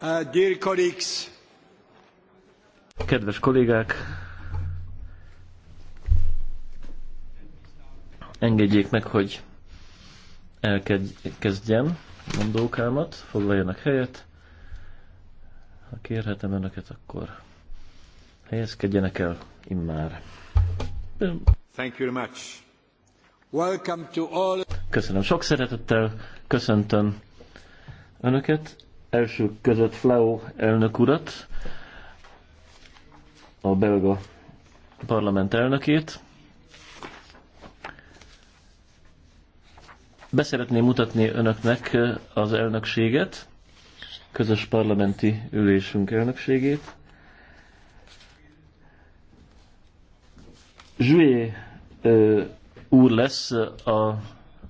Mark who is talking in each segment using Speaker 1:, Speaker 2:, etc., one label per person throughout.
Speaker 1: Uh,
Speaker 2: Kedves kollégák, engedjék meg, hogy elkezdjem mondókámat, foglaljanak helyet. Ha kérhetem önöket, akkor helyezkedjenek el immár.
Speaker 3: Thank you very much. Welcome to all...
Speaker 2: Köszönöm sok szeretettel, köszöntöm önöket elsők között Fleo elnök urat, a belga parlament elnökét. Beszeretném mutatni önöknek az elnökséget, közös parlamenti ülésünk elnökségét. Zsué úr lesz a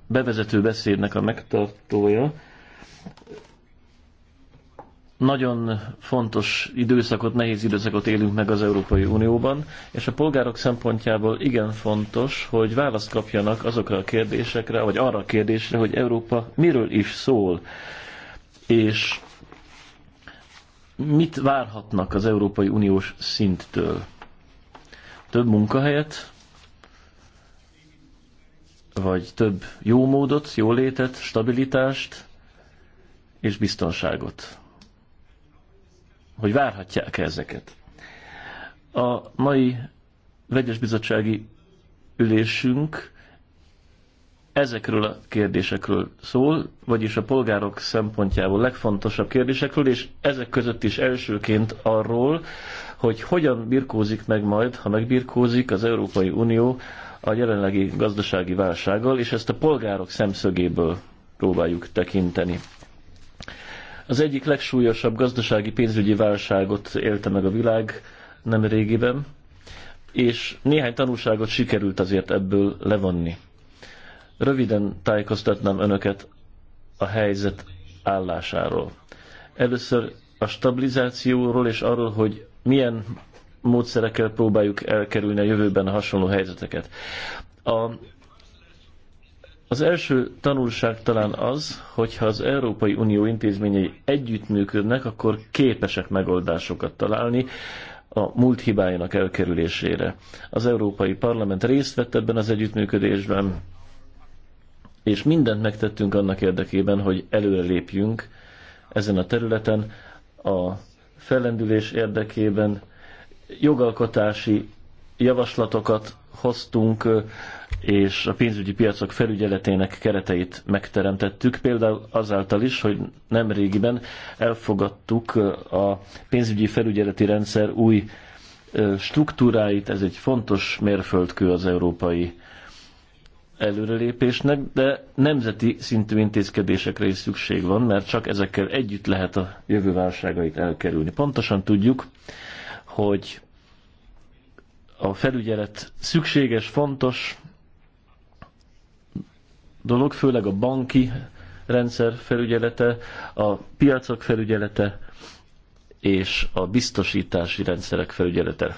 Speaker 2: bevezető beszédnek a megtartója nagyon fontos időszakot, nehéz időszakot élünk meg az Európai Unióban, és a polgárok szempontjából igen fontos, hogy választ kapjanak azokra a kérdésekre, vagy arra a kérdésre, hogy Európa miről is szól, és mit várhatnak az Európai Uniós szinttől. Több munkahelyet, vagy több jó módot, jólétet, stabilitást és biztonságot hogy várhatják -e ezeket. A mai vegyes bizottsági ülésünk ezekről a kérdésekről szól, vagyis a polgárok szempontjából legfontosabb kérdésekről, és ezek között is elsőként arról, hogy hogyan birkózik meg majd, ha megbirkózik az Európai Unió a jelenlegi gazdasági válsággal, és ezt a polgárok szemszögéből próbáljuk tekinteni. Az egyik legsúlyosabb gazdasági pénzügyi válságot élte meg a világ nem régiben, és néhány tanulságot sikerült azért ebből levonni. Röviden tájékoztatnám önöket a helyzet állásáról. Először a stabilizációról és arról, hogy milyen módszerekkel próbáljuk elkerülni a jövőben a hasonló helyzeteket. A az első tanulság talán az, hogyha az Európai Unió intézményei együttműködnek, akkor képesek megoldásokat találni a múlt hibáinak elkerülésére. Az Európai Parlament részt vett ebben az együttműködésben, és mindent megtettünk annak érdekében, hogy előrelépjünk ezen a területen a fellendülés érdekében jogalkotási javaslatokat hoztunk, és a pénzügyi piacok felügyeletének kereteit megteremtettük, például azáltal is, hogy nemrégiben elfogadtuk a pénzügyi felügyeleti rendszer új struktúráit, ez egy fontos mérföldkő az európai előrelépésnek, de nemzeti szintű intézkedésekre is szükség van, mert csak ezekkel együtt lehet a jövő válságait elkerülni. Pontosan tudjuk, hogy a felügyelet szükséges, fontos dolog, főleg a banki rendszer felügyelete, a piacok felügyelete és a biztosítási rendszerek felügyelete.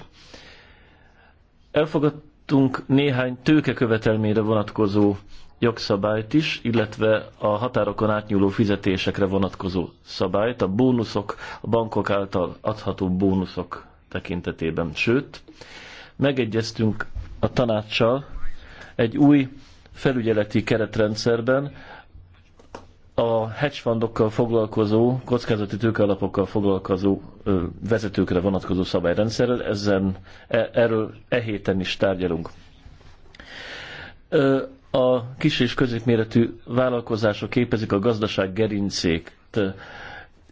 Speaker 2: Elfogadtunk néhány tőkekövetelmére vonatkozó jogszabályt is, illetve a határokon átnyúló fizetésekre vonatkozó szabályt, a bónuszok, a bankok által adható bónuszok tekintetében. Sőt, megegyeztünk a tanácssal egy új felügyeleti keretrendszerben a hedge fundokkal foglalkozó, kockázati tőkealapokkal foglalkozó ö, vezetőkre vonatkozó szabályrendszerrel, ezen, e, erről e héten is tárgyalunk. Ö, a kis és középméretű vállalkozások képezik a gazdaság gerincét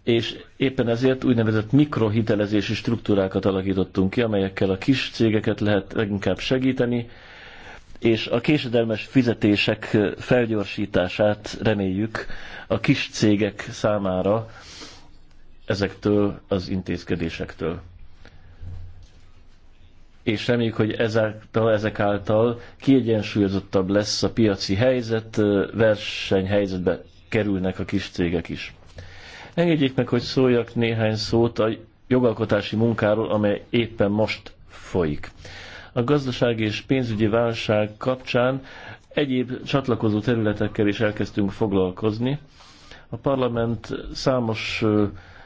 Speaker 2: és éppen ezért úgynevezett mikrohitelezési struktúrákat alakítottunk ki, amelyekkel a kis cégeket lehet leginkább segíteni, és a késedelmes fizetések felgyorsítását reméljük a kis cégek számára ezektől az intézkedésektől. És reméljük, hogy ezáltal, ezek által kiegyensúlyozottabb lesz a piaci helyzet, versenyhelyzetbe kerülnek a kis cégek is. Engedjék meg, hogy szóljak néhány szót a jogalkotási munkáról, amely éppen most folyik. A gazdasági és pénzügyi válság kapcsán egyéb csatlakozó területekkel is elkezdtünk foglalkozni. A parlament számos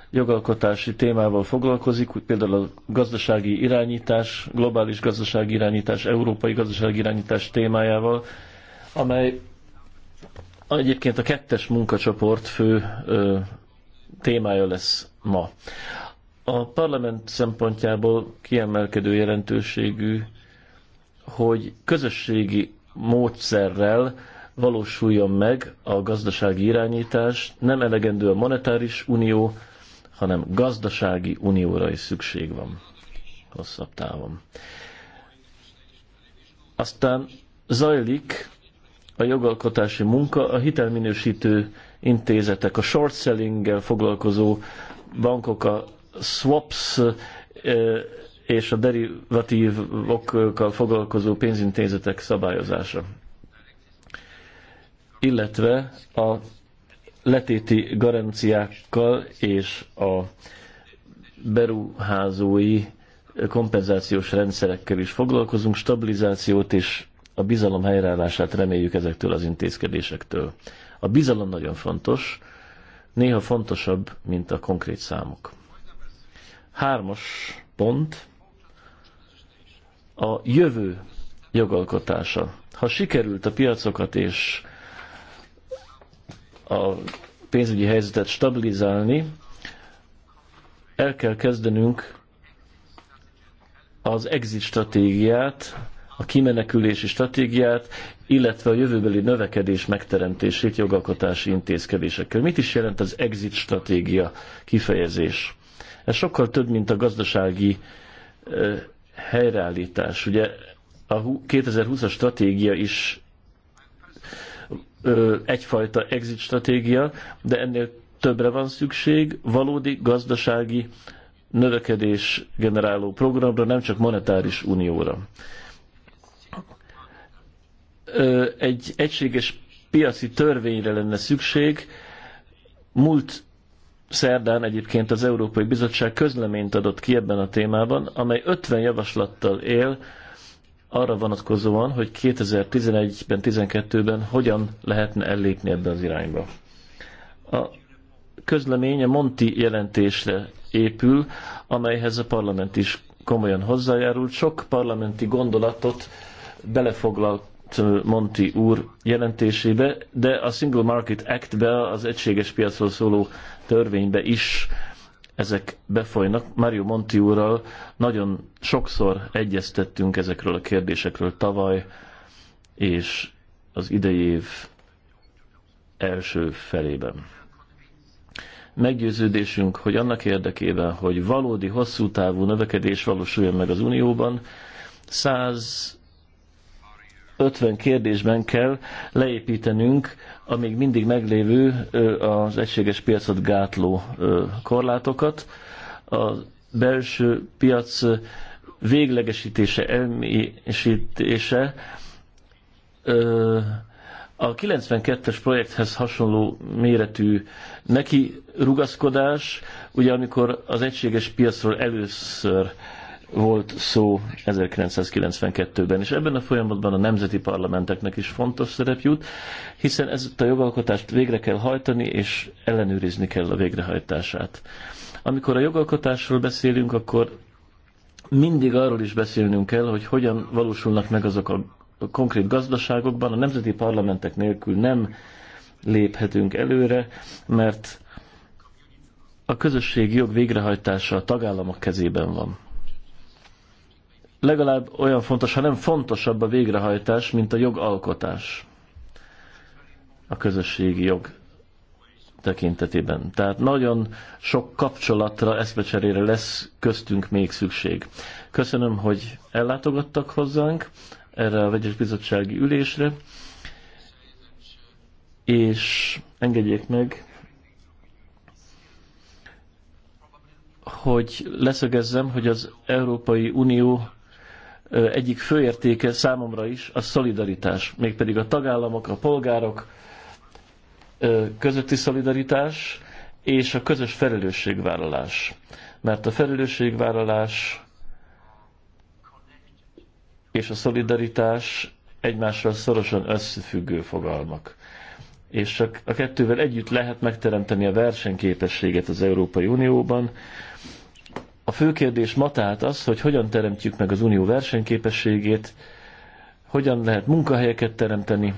Speaker 2: jogalkotási témával foglalkozik, úgy például a gazdasági irányítás, globális gazdasági irányítás, európai gazdasági irányítás témájával, amely egyébként a kettes munkacsoport fő témája lesz ma. A parlament szempontjából kiemelkedő jelentőségű, hogy közösségi módszerrel valósuljon meg a gazdasági irányítás, nem elegendő a monetáris unió, hanem gazdasági unióra is szükség van hosszabb távon. Aztán zajlik a jogalkotási munka a hitelminősítő intézetek, a short selling foglalkozó bankok, a swaps eh, és a derivatívokkal foglalkozó pénzintézetek szabályozása. Illetve a letéti garanciákkal és a beruházói kompenzációs rendszerekkel is foglalkozunk, stabilizációt és a bizalom helyreállását reméljük ezektől az intézkedésektől. A bizalom nagyon fontos, néha fontosabb, mint a konkrét számok. Hármas pont a jövő jogalkotása. Ha sikerült a piacokat és a pénzügyi helyzetet stabilizálni, el kell kezdenünk az exit stratégiát, a kimenekülési stratégiát, illetve a jövőbeli növekedés megteremtését jogalkotási intézkedésekkel. Mit is jelent az exit stratégia kifejezés? Ez sokkal több, mint a gazdasági ö, helyreállítás. Ugye a 2020-as stratégia is ö, egyfajta exit stratégia, de ennél többre van szükség, valódi gazdasági növekedés generáló programra, nem csak monetáris unióra egy egységes piaci törvényre lenne szükség. Múlt szerdán egyébként az Európai Bizottság közleményt adott ki ebben a témában, amely 50 javaslattal él arra vonatkozóan, hogy 2011-ben, 12-ben hogyan lehetne ellépni ebbe az irányba. A közlemény a Monti jelentésre épül, amelyhez a parlament is komolyan hozzájárult. Sok parlamenti gondolatot belefoglalt Monti úr jelentésébe, de a Single Market Act-be, az egységes piacról szóló törvénybe is ezek befolynak. Mario Monti úrral nagyon sokszor egyeztettünk ezekről a kérdésekről tavaly, és az idei év első felében. Meggyőződésünk, hogy annak érdekében, hogy valódi hosszú távú növekedés valósuljon meg az Unióban, 100 50 kérdésben kell leépítenünk a még mindig meglévő az egységes piacot gátló korlátokat. A belső piac véglegesítése, elmésítése a 92-es projekthez hasonló méretű neki rugaszkodás, ugye amikor az egységes piacról először volt szó 1992-ben, és ebben a folyamatban a nemzeti parlamenteknek is fontos szerep jut, hiszen ezt a jogalkotást végre kell hajtani, és ellenőrizni kell a végrehajtását. Amikor a jogalkotásról beszélünk, akkor mindig arról is beszélnünk kell, hogy hogyan valósulnak meg azok a konkrét gazdaságokban, a nemzeti parlamentek nélkül nem léphetünk előre, mert a közösségi jog végrehajtása a tagállamok kezében van legalább olyan fontos, ha nem fontosabb a végrehajtás, mint a jogalkotás a közösségi jog tekintetében. Tehát nagyon sok kapcsolatra, eszbecserére lesz köztünk még szükség. Köszönöm, hogy ellátogattak hozzánk erre a vegyes bizottsági ülésre, és engedjék meg, hogy leszögezzem, hogy az Európai Unió egyik főértéke számomra is a szolidaritás, mégpedig a tagállamok, a polgárok közötti szolidaritás és a közös felelősségvállalás. Mert a felelősségvállalás és a szolidaritás egymással szorosan összefüggő fogalmak. És csak a kettővel együtt lehet megteremteni a versenyképességet az Európai Unióban, a fő kérdés ma tehát az, hogy hogyan teremtjük meg az unió versenyképességét, hogyan lehet munkahelyeket teremteni.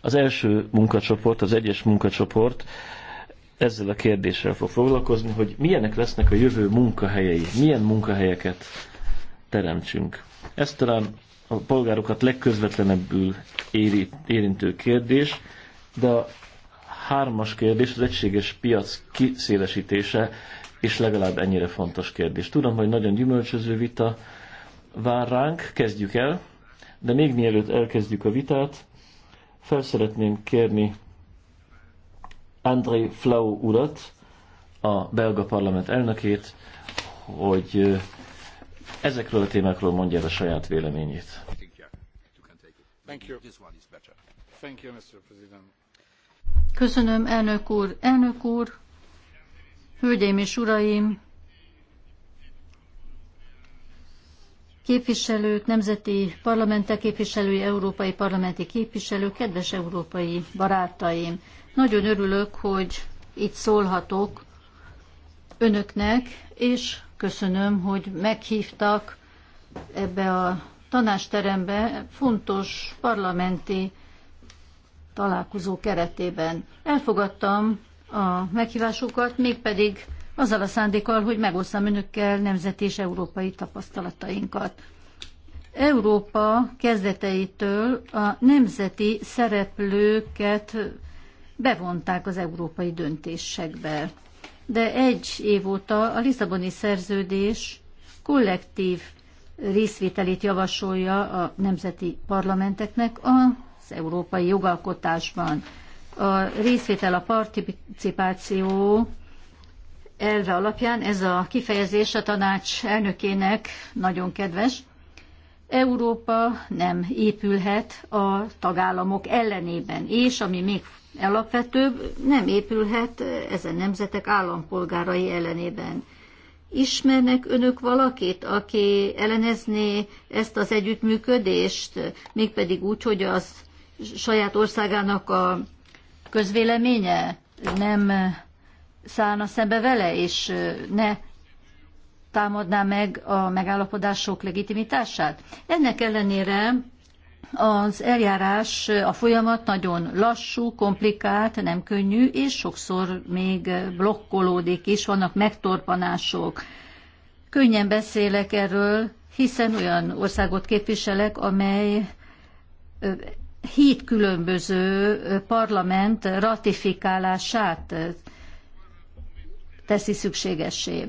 Speaker 2: Az első munkacsoport, az egyes munkacsoport ezzel a kérdéssel fog foglalkozni, hogy milyenek lesznek a jövő munkahelyei, milyen munkahelyeket teremtsünk. Ez talán a polgárokat legközvetlenebbül éri, érintő kérdés, de a hármas kérdés, az egységes piac kiszélesítése és legalább ennyire fontos kérdés. Tudom, hogy nagyon gyümölcsöző vita vár ránk, kezdjük el, de még mielőtt elkezdjük a vitát, fel szeretném kérni André Flau urat, a belga parlament elnökét, hogy ezekről a témákról mondja el a saját véleményét.
Speaker 4: Köszönöm, elnök úr. Elnök úr, Hölgyeim és uraim, képviselők, nemzeti parlamentek képviselői, európai parlamenti képviselők, kedves európai barátaim! Nagyon örülök, hogy itt szólhatok önöknek, és köszönöm, hogy meghívtak ebbe a tanásterembe fontos parlamenti találkozó keretében. Elfogadtam a meghívásukat, mégpedig azzal a szándékkal, hogy megosztam önökkel nemzeti és európai tapasztalatainkat. Európa kezdeteitől a nemzeti szereplőket bevonták az európai döntésekbe. De egy év óta a Lisszaboni szerződés kollektív részvételét javasolja a nemzeti parlamenteknek az európai jogalkotásban a részvétel, a participáció elve alapján ez a kifejezés a tanács elnökének nagyon kedves. Európa nem épülhet a tagállamok ellenében, és ami még alapvetőbb, nem épülhet ezen nemzetek állampolgárai ellenében. Ismernek önök valakit, aki ellenezné ezt az együttműködést, mégpedig úgy, hogy az saját országának a közvéleménye nem eh, szállna szembe vele, és eh, ne támadná meg a megállapodások legitimitását. Ennek ellenére az eljárás, eh, a folyamat nagyon lassú, komplikált, nem könnyű, és sokszor még blokkolódik is, vannak megtorpanások. Könnyen beszélek erről, hiszen olyan országot képviselek, amely hét különböző parlament ratifikálását teszi szükségessé.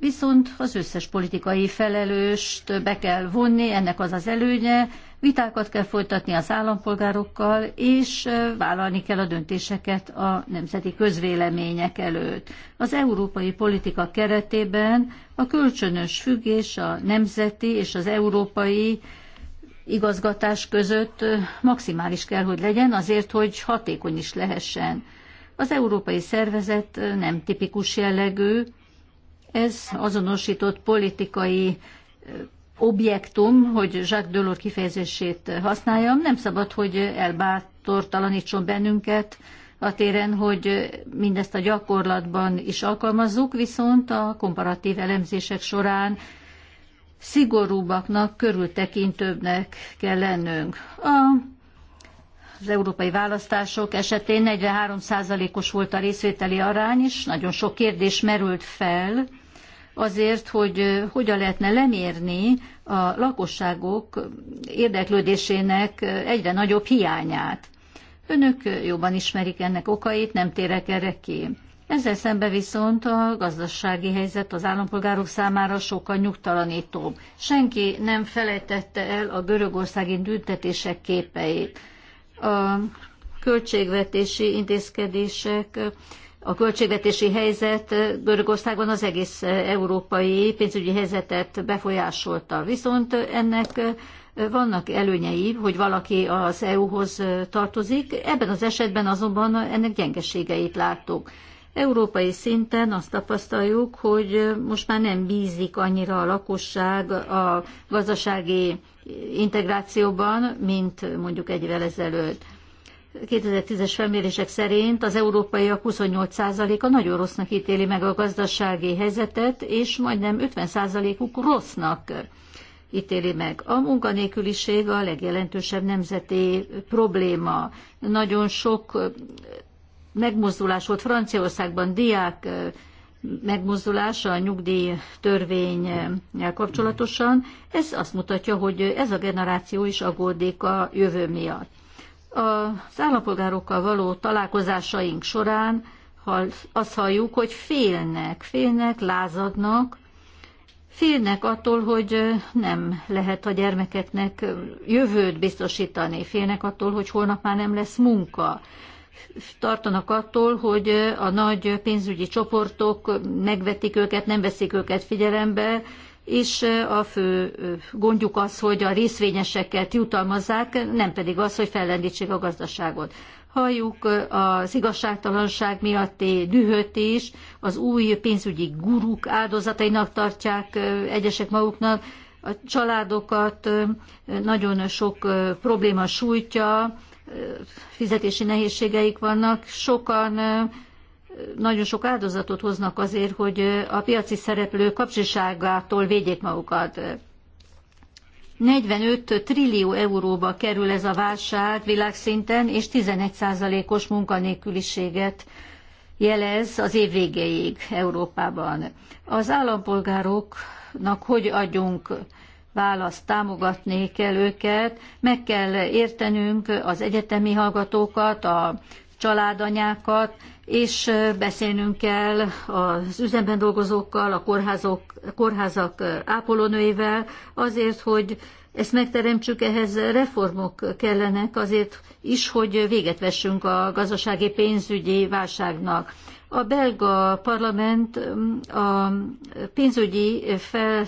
Speaker 4: Viszont az összes politikai felelőst be kell vonni, ennek az az előnye, vitákat kell folytatni az állampolgárokkal, és vállalni kell a döntéseket a nemzeti közvélemények előtt. Az európai politika keretében a kölcsönös függés a nemzeti és az európai igazgatás között maximális kell, hogy legyen, azért, hogy hatékony is lehessen. Az európai szervezet nem tipikus jellegű, ez azonosított politikai objektum, hogy Jacques Delors kifejezését használjam, nem szabad, hogy elbátortalanítson bennünket a téren, hogy mindezt a gyakorlatban is alkalmazzuk, viszont a komparatív elemzések során szigorúbbaknak, körültekintőbbnek kell lennünk. A az európai választások esetén 43%-os volt a részvételi arány, és nagyon sok kérdés merült fel azért, hogy hogyan lehetne lemérni a lakosságok érdeklődésének egyre nagyobb hiányát. Önök jobban ismerik ennek okait, nem térek erre ki. Ezzel szemben viszont a gazdasági helyzet az állampolgárok számára sokkal nyugtalanítóbb. Senki nem felejtette el a görögországi tüntetések képeit. A költségvetési intézkedések, a költségvetési helyzet Görögországban az egész európai pénzügyi helyzetet befolyásolta. Viszont ennek vannak előnyei, hogy valaki az EU-hoz tartozik, ebben az esetben azonban ennek gyengeségeit láttuk. Európai szinten azt tapasztaljuk, hogy most már nem bízik annyira a lakosság a gazdasági integrációban, mint mondjuk egy évvel ezelőtt. 2010-es felmérések szerint az európaiak 28%-a nagyon rossznak ítéli meg a gazdasági helyzetet, és majdnem 50%-uk rossznak ítéli meg. A munkanélküliség a legjelentősebb nemzeti probléma. Nagyon sok megmozdulás volt Franciaországban, diák megmozdulása a nyugdíj kapcsolatosan. Ez azt mutatja, hogy ez a generáció is aggódik a jövő miatt. Az állampolgárokkal való találkozásaink során azt halljuk, hogy félnek, félnek, lázadnak, Félnek attól, hogy nem lehet a gyermekeknek jövőt biztosítani, félnek attól, hogy holnap már nem lesz munka, tartanak attól, hogy a nagy pénzügyi csoportok megvetik őket, nem veszik őket figyelembe, és a fő gondjuk az, hogy a részvényeseket jutalmazzák, nem pedig az, hogy fellendítsék a gazdaságot. Halljuk az igazságtalanság miatti dühöt is, az új pénzügyi guruk áldozatainak tartják egyesek maguknak, a családokat nagyon sok probléma sújtja, fizetési nehézségeik vannak, sokan nagyon sok áldozatot hoznak azért, hogy a piaci szereplő kapcsiságától védjék magukat. 45 trillió euróba kerül ez a válság világszinten, és 11%-os munkanélküliséget jelez az év végéig Európában. Az állampolgároknak hogy adjunk választ, támogatni kell őket, meg kell értenünk az egyetemi hallgatókat, a családanyákat, és beszélnünk kell az üzemben dolgozókkal, a kórházok, kórházak ápolónőivel, azért, hogy ezt megteremtsük, ehhez reformok kellenek azért is, hogy véget vessünk a gazdasági pénzügyi válságnak. A belga parlament mm, a pénzügyi fel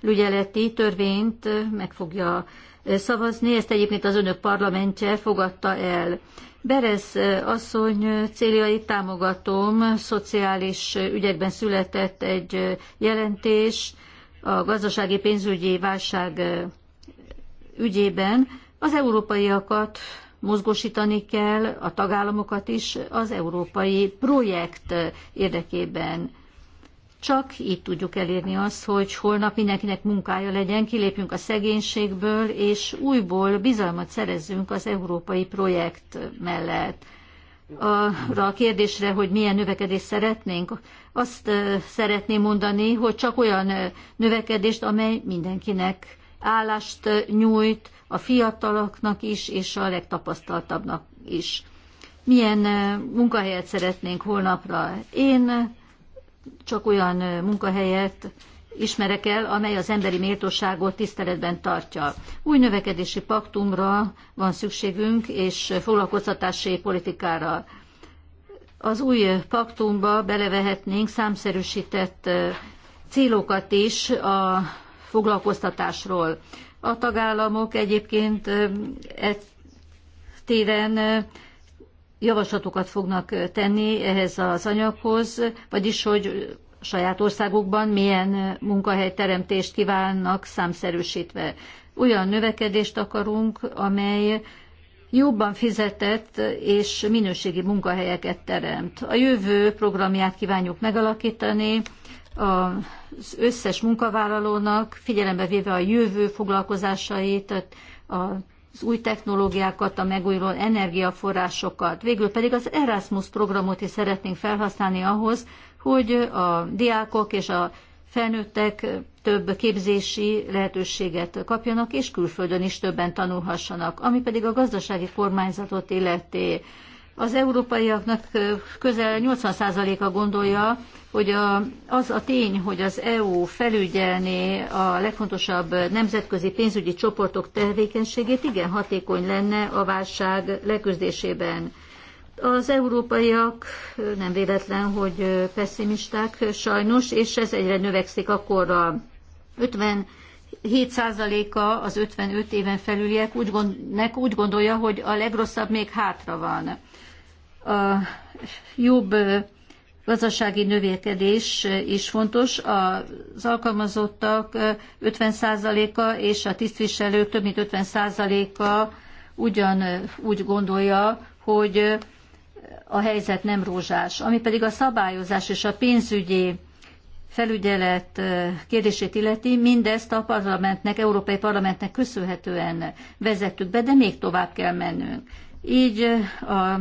Speaker 4: lügyeleti törvényt meg fogja eh, szavazni. Ezt egyébként az önök parlamentje fogadta el. Berez eh, asszony eh, céljai támogatom, szociális ügyekben született egy jelentés a gazdasági pénzügyi válság ügyében. Az európaiakat mozgósítani kell, a tagállamokat is az európai projekt érdekében. Csak így tudjuk elérni azt, hogy holnap mindenkinek munkája legyen, kilépjünk a szegénységből, és újból bizalmat szerezzünk az európai projekt mellett. Arra a kérdésre, hogy milyen növekedést szeretnénk, azt szeretném mondani, hogy csak olyan növekedést, amely mindenkinek állást nyújt, a fiataloknak is, és a legtapasztaltabbnak is milyen munkahelyet szeretnénk holnapra. Én csak olyan munkahelyet ismerek el, amely az emberi méltóságot tiszteletben tartja. Új növekedési paktumra van szükségünk, és foglalkoztatási politikára. Az új paktumba belevehetnénk számszerűsített célokat is a foglalkoztatásról. A tagállamok egyébként e téren javaslatokat fognak tenni ehhez az anyaghoz, vagyis hogy saját országukban milyen munkahelyteremtést kívánnak számszerűsítve. Olyan növekedést akarunk, amely jobban fizetett és minőségi munkahelyeket teremt. A jövő programját kívánjuk megalakítani, az összes munkavállalónak figyelembe véve a jövő foglalkozásait, a az új technológiákat, a megújuló energiaforrásokat. Végül pedig az Erasmus programot is szeretnénk felhasználni ahhoz, hogy a diákok és a felnőttek több képzési lehetőséget kapjanak, és külföldön is többen tanulhassanak. Ami pedig a gazdasági kormányzatot illeti, az európaiaknak közel 80%-a gondolja, hogy a, az a tény, hogy az EU felügyelné a legfontosabb nemzetközi pénzügyi csoportok tevékenységét, igen hatékony lenne a válság leküzdésében. Az európaiak nem véletlen, hogy pessimisták sajnos, és ez egyre növekszik akkor a 50 7%-a az 55 éven felüliek úgy, gond, úgy gondolja, hogy a legrosszabb még hátra van. A jobb gazdasági növekedés is fontos. Az alkalmazottak 50%-a és a tisztviselők több mint 50%-a ugyan úgy gondolja, hogy a helyzet nem rózsás. Ami pedig a szabályozás és a pénzügyi felügyelet kérdését illeti, mindezt a parlamentnek, Európai Parlamentnek köszönhetően vezettük be, de még tovább kell mennünk. Így a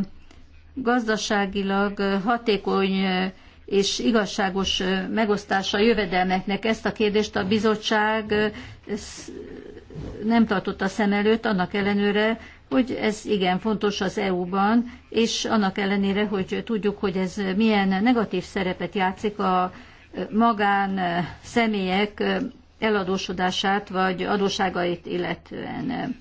Speaker 4: gazdaságilag hatékony és igazságos megosztása a jövedelmeknek. Ezt a kérdést a bizottság nem tartotta szem előtt, annak ellenőre, hogy ez igen fontos az EU-ban, és annak ellenére, hogy tudjuk, hogy ez milyen negatív szerepet játszik a magán személyek eladósodását vagy adóságait illetően.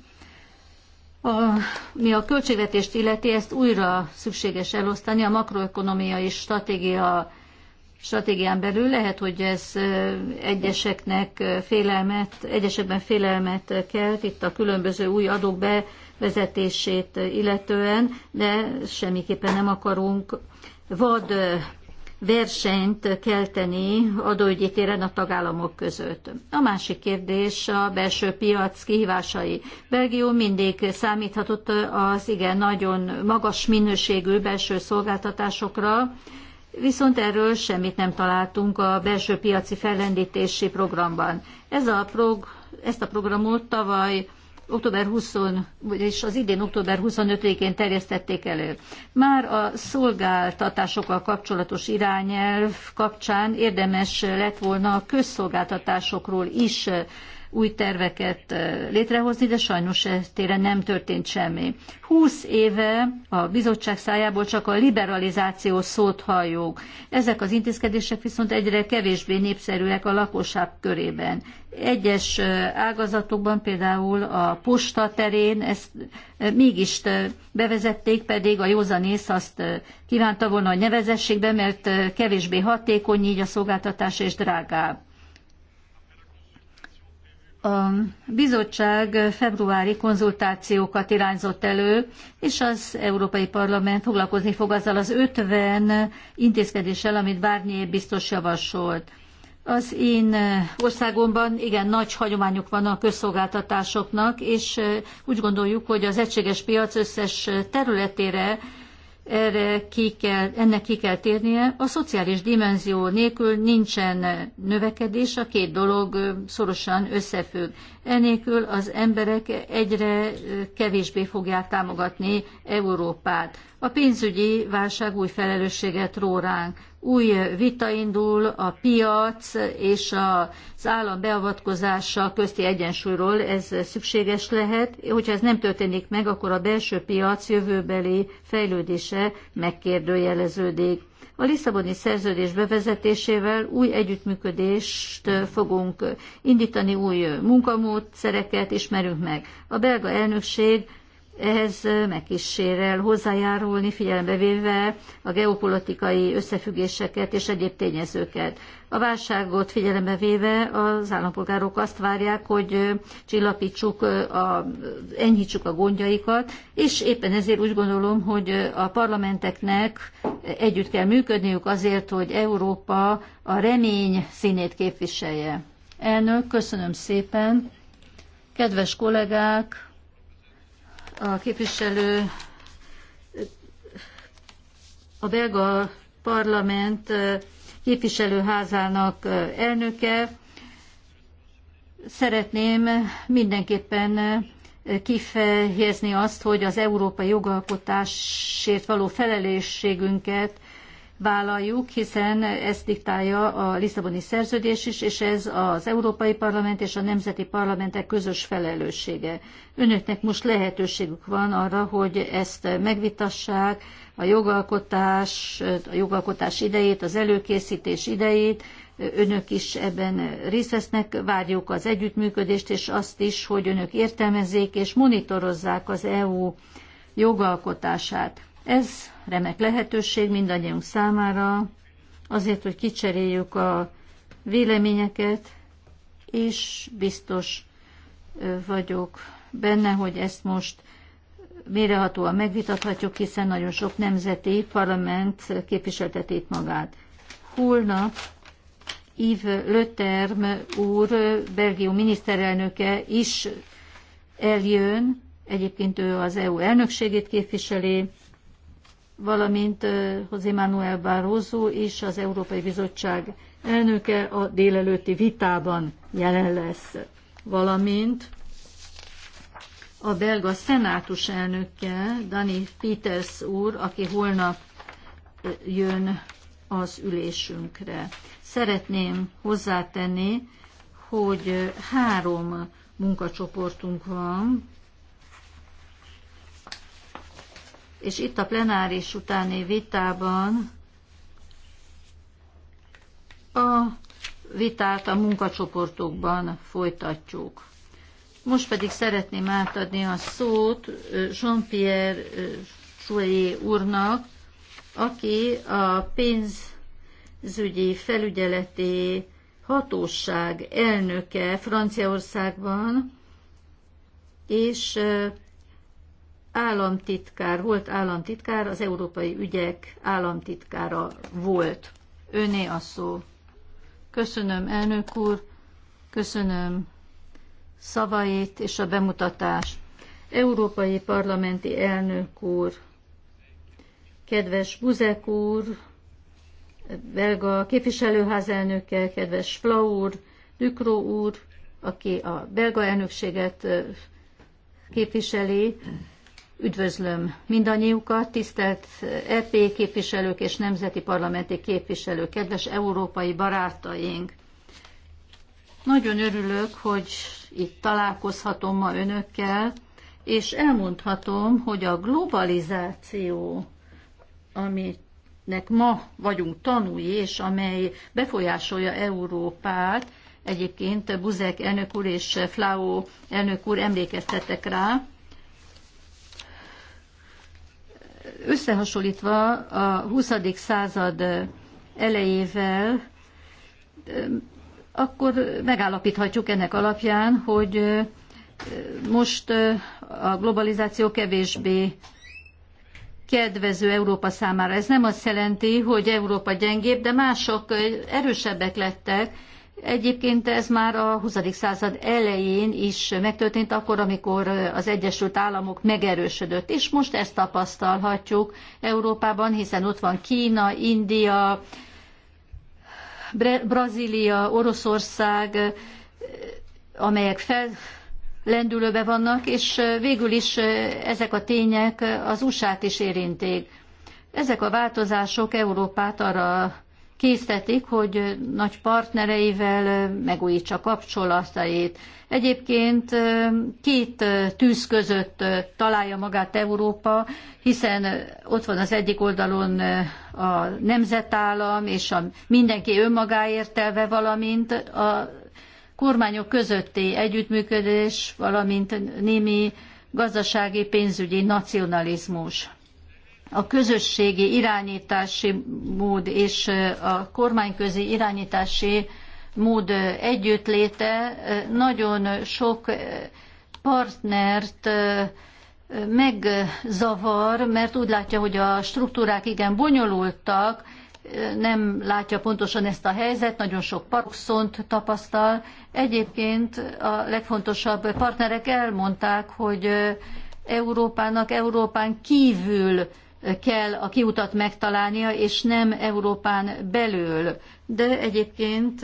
Speaker 4: A, mi a költségvetést illeti, ezt újra szükséges elosztani a makroökonomiai stratégia stratégián belül. Lehet, hogy ez egyeseknek félelmet, egyesekben félelmet kelt itt a különböző új adók bevezetését illetően, de semmiképpen nem akarunk vad versenyt kelteni adóügyi téren a tagállamok között. A másik kérdés a belső piac kihívásai. Belgium mindig számíthatott az igen nagyon magas minőségű belső szolgáltatásokra, viszont erről semmit nem találtunk a belső piaci fellendítési programban. Ez a prog- ezt a programot tavaly október 20, vagyis az idén október 25-én terjesztették elő. Már a szolgáltatásokkal kapcsolatos irányelv kapcsán érdemes lett volna a közszolgáltatásokról is új terveket létrehozni, de sajnos e téren nem történt semmi. Húsz éve a bizottság szájából csak a liberalizáció szót halljuk. Ezek az intézkedések viszont egyre kevésbé népszerűek a lakosság körében. Egyes ágazatokban, például a posta terén ezt mégis bevezették, pedig a józanész azt kívánta volna, hogy nevezessék be, mert kevésbé hatékony, így a szolgáltatás és drágább a bizottság februári konzultációkat irányzott elő, és az Európai Parlament foglalkozni fog azzal az 50 intézkedéssel, amit Barnier biztos javasolt. Az én országomban igen nagy hagyományuk van a közszolgáltatásoknak, és úgy gondoljuk, hogy az egységes piac összes területére erre ki kell, ennek ki kell térnie. A szociális dimenzió nélkül nincsen növekedés, a két dolog szorosan összefügg. Enélkül az emberek egyre kevésbé fogják támogatni Európát. A pénzügyi válság új felelősséget ró ránk új vita indul a piac és az állam beavatkozása közti egyensúlyról, ez szükséges lehet. Hogyha ez nem történik meg, akkor a belső piac jövőbeli fejlődése megkérdőjeleződik. A Lisszaboni szerződés bevezetésével új együttműködést fogunk indítani, új munkamódszereket ismerünk meg. A belga elnökség ehhez megkísérel hozzájárulni, figyelembe véve a geopolitikai összefüggéseket és egyéb tényezőket. A válságot figyelembe véve az állampolgárok azt várják, hogy csillapítsuk, a, enyhítsuk a gondjaikat, és éppen ezért úgy gondolom, hogy a parlamenteknek együtt kell működniük azért, hogy Európa a remény színét képviselje. Elnök, köszönöm szépen. Kedves kollégák, a képviselő a belga parlament képviselőházának elnöke. Szeretném mindenképpen kifejezni azt, hogy az európai jogalkotásért való felelősségünket vállaljuk, hiszen ezt diktálja a Lisszaboni szerződés is, és ez az Európai Parlament és a nemzeti parlamentek közös felelőssége. Önöknek most lehetőségük van arra, hogy ezt megvitassák, a jogalkotás, a jogalkotás idejét, az előkészítés idejét, önök is ebben részt vesznek, várjuk az együttműködést, és azt is, hogy önök értelmezzék és monitorozzák az EU jogalkotását. Ez remek lehetőség mindannyiunk számára, azért, hogy kicseréljük a véleményeket, és biztos vagyok benne, hogy ezt most mérehatóan megvitathatjuk, hiszen nagyon sok nemzeti parlament képviselteti itt magát. Holnap Yves Löterm úr, Belgium miniszterelnöke is eljön, egyébként ő az EU elnökségét képviseli, valamint José Manuel Barroso és az Európai Bizottság elnöke a délelőtti vitában jelen lesz, valamint a belga szenátus elnöke, Dani Peters úr, aki holnap jön az ülésünkre. Szeretném hozzátenni, hogy három munkacsoportunk van, és itt a plenáris utáni vitában a vitát a munkacsoportokban folytatjuk. Most pedig szeretném átadni a szót Jean-Pierre Chouet úrnak, aki a pénzügyi felügyeleti hatóság elnöke Franciaországban, és államtitkár, volt államtitkár, az európai ügyek államtitkára volt. Öné a szó. Köszönöm, elnök úr, köszönöm szavait és a bemutatást. Európai Parlamenti elnök úr, kedves Buzek úr, belga képviselőház elnöke, kedves Fla úr, Dükró úr, aki a belga elnökséget képviseli, Üdvözlöm mindannyiukat, tisztelt EP képviselők és nemzeti parlamenti képviselők, kedves európai barátaink! Nagyon örülök, hogy itt találkozhatom ma önökkel, és elmondhatom, hogy a globalizáció, aminek ma vagyunk tanúi, és amely befolyásolja Európát, egyébként Buzek elnök úr és Flau elnök úr emlékeztettek rá, összehasonlítva a 20. század elejével, akkor megállapíthatjuk ennek alapján, hogy most a globalizáció kevésbé kedvező Európa számára. Ez nem azt jelenti, hogy Európa gyengébb, de mások erősebbek lettek, Egyébként ez már a 20. század elején is megtörtént, akkor, amikor az Egyesült Államok megerősödött, és most ezt tapasztalhatjuk Európában, hiszen ott van Kína, India, Brazília, Oroszország, amelyek fel lendülőbe vannak, és végül is ezek a tények az USA-t is érinték. Ezek a változások Európát arra késztetik, hogy nagy partnereivel megújítsa kapcsolatait. Egyébként két tűz között találja magát Európa, hiszen ott van az egyik oldalon a nemzetállam és a mindenki önmagáért telve, valamint a kormányok közötti együttműködés, valamint némi gazdasági pénzügyi nacionalizmus a közösségi irányítási mód és a kormányközi irányítási mód együttléte nagyon sok partnert megzavar, mert úgy látja, hogy a struktúrák igen bonyolultak, nem látja pontosan ezt a helyzet, nagyon sok paroxont tapasztal. Egyébként a legfontosabb partnerek elmondták, hogy Európának Európán kívül kell a kiutat megtalálnia, és nem Európán belül. De egyébként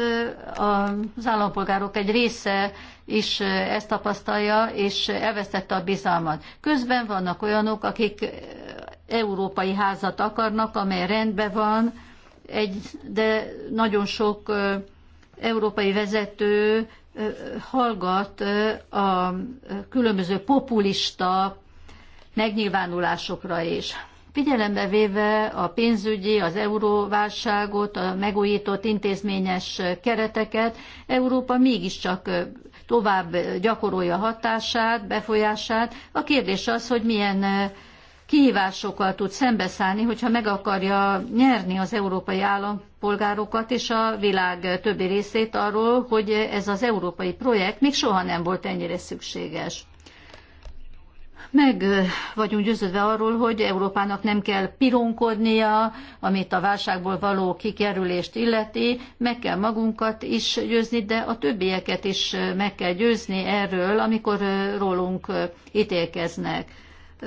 Speaker 4: az állampolgárok egy része is ezt tapasztalja, és elvesztette a bizalmat. Közben vannak olyanok, akik európai házat akarnak, amely rendben van, egy, de nagyon sok európai vezető hallgat a különböző populista megnyilvánulásokra is. Figyelembe véve a pénzügyi, az euróválságot, a megújított intézményes kereteket, Európa mégiscsak tovább gyakorolja hatását, befolyását. A kérdés az, hogy milyen kihívásokkal tud szembeszállni, hogyha meg akarja nyerni az európai állampolgárokat és a világ többi részét arról, hogy ez az európai projekt még soha nem volt ennyire szükséges. Meg vagyunk győződve arról, hogy Európának nem kell pironkodnia, amit a válságból való kikerülést illeti, meg kell magunkat is győzni, de a többieket is meg kell győzni erről, amikor rólunk ítélkeznek.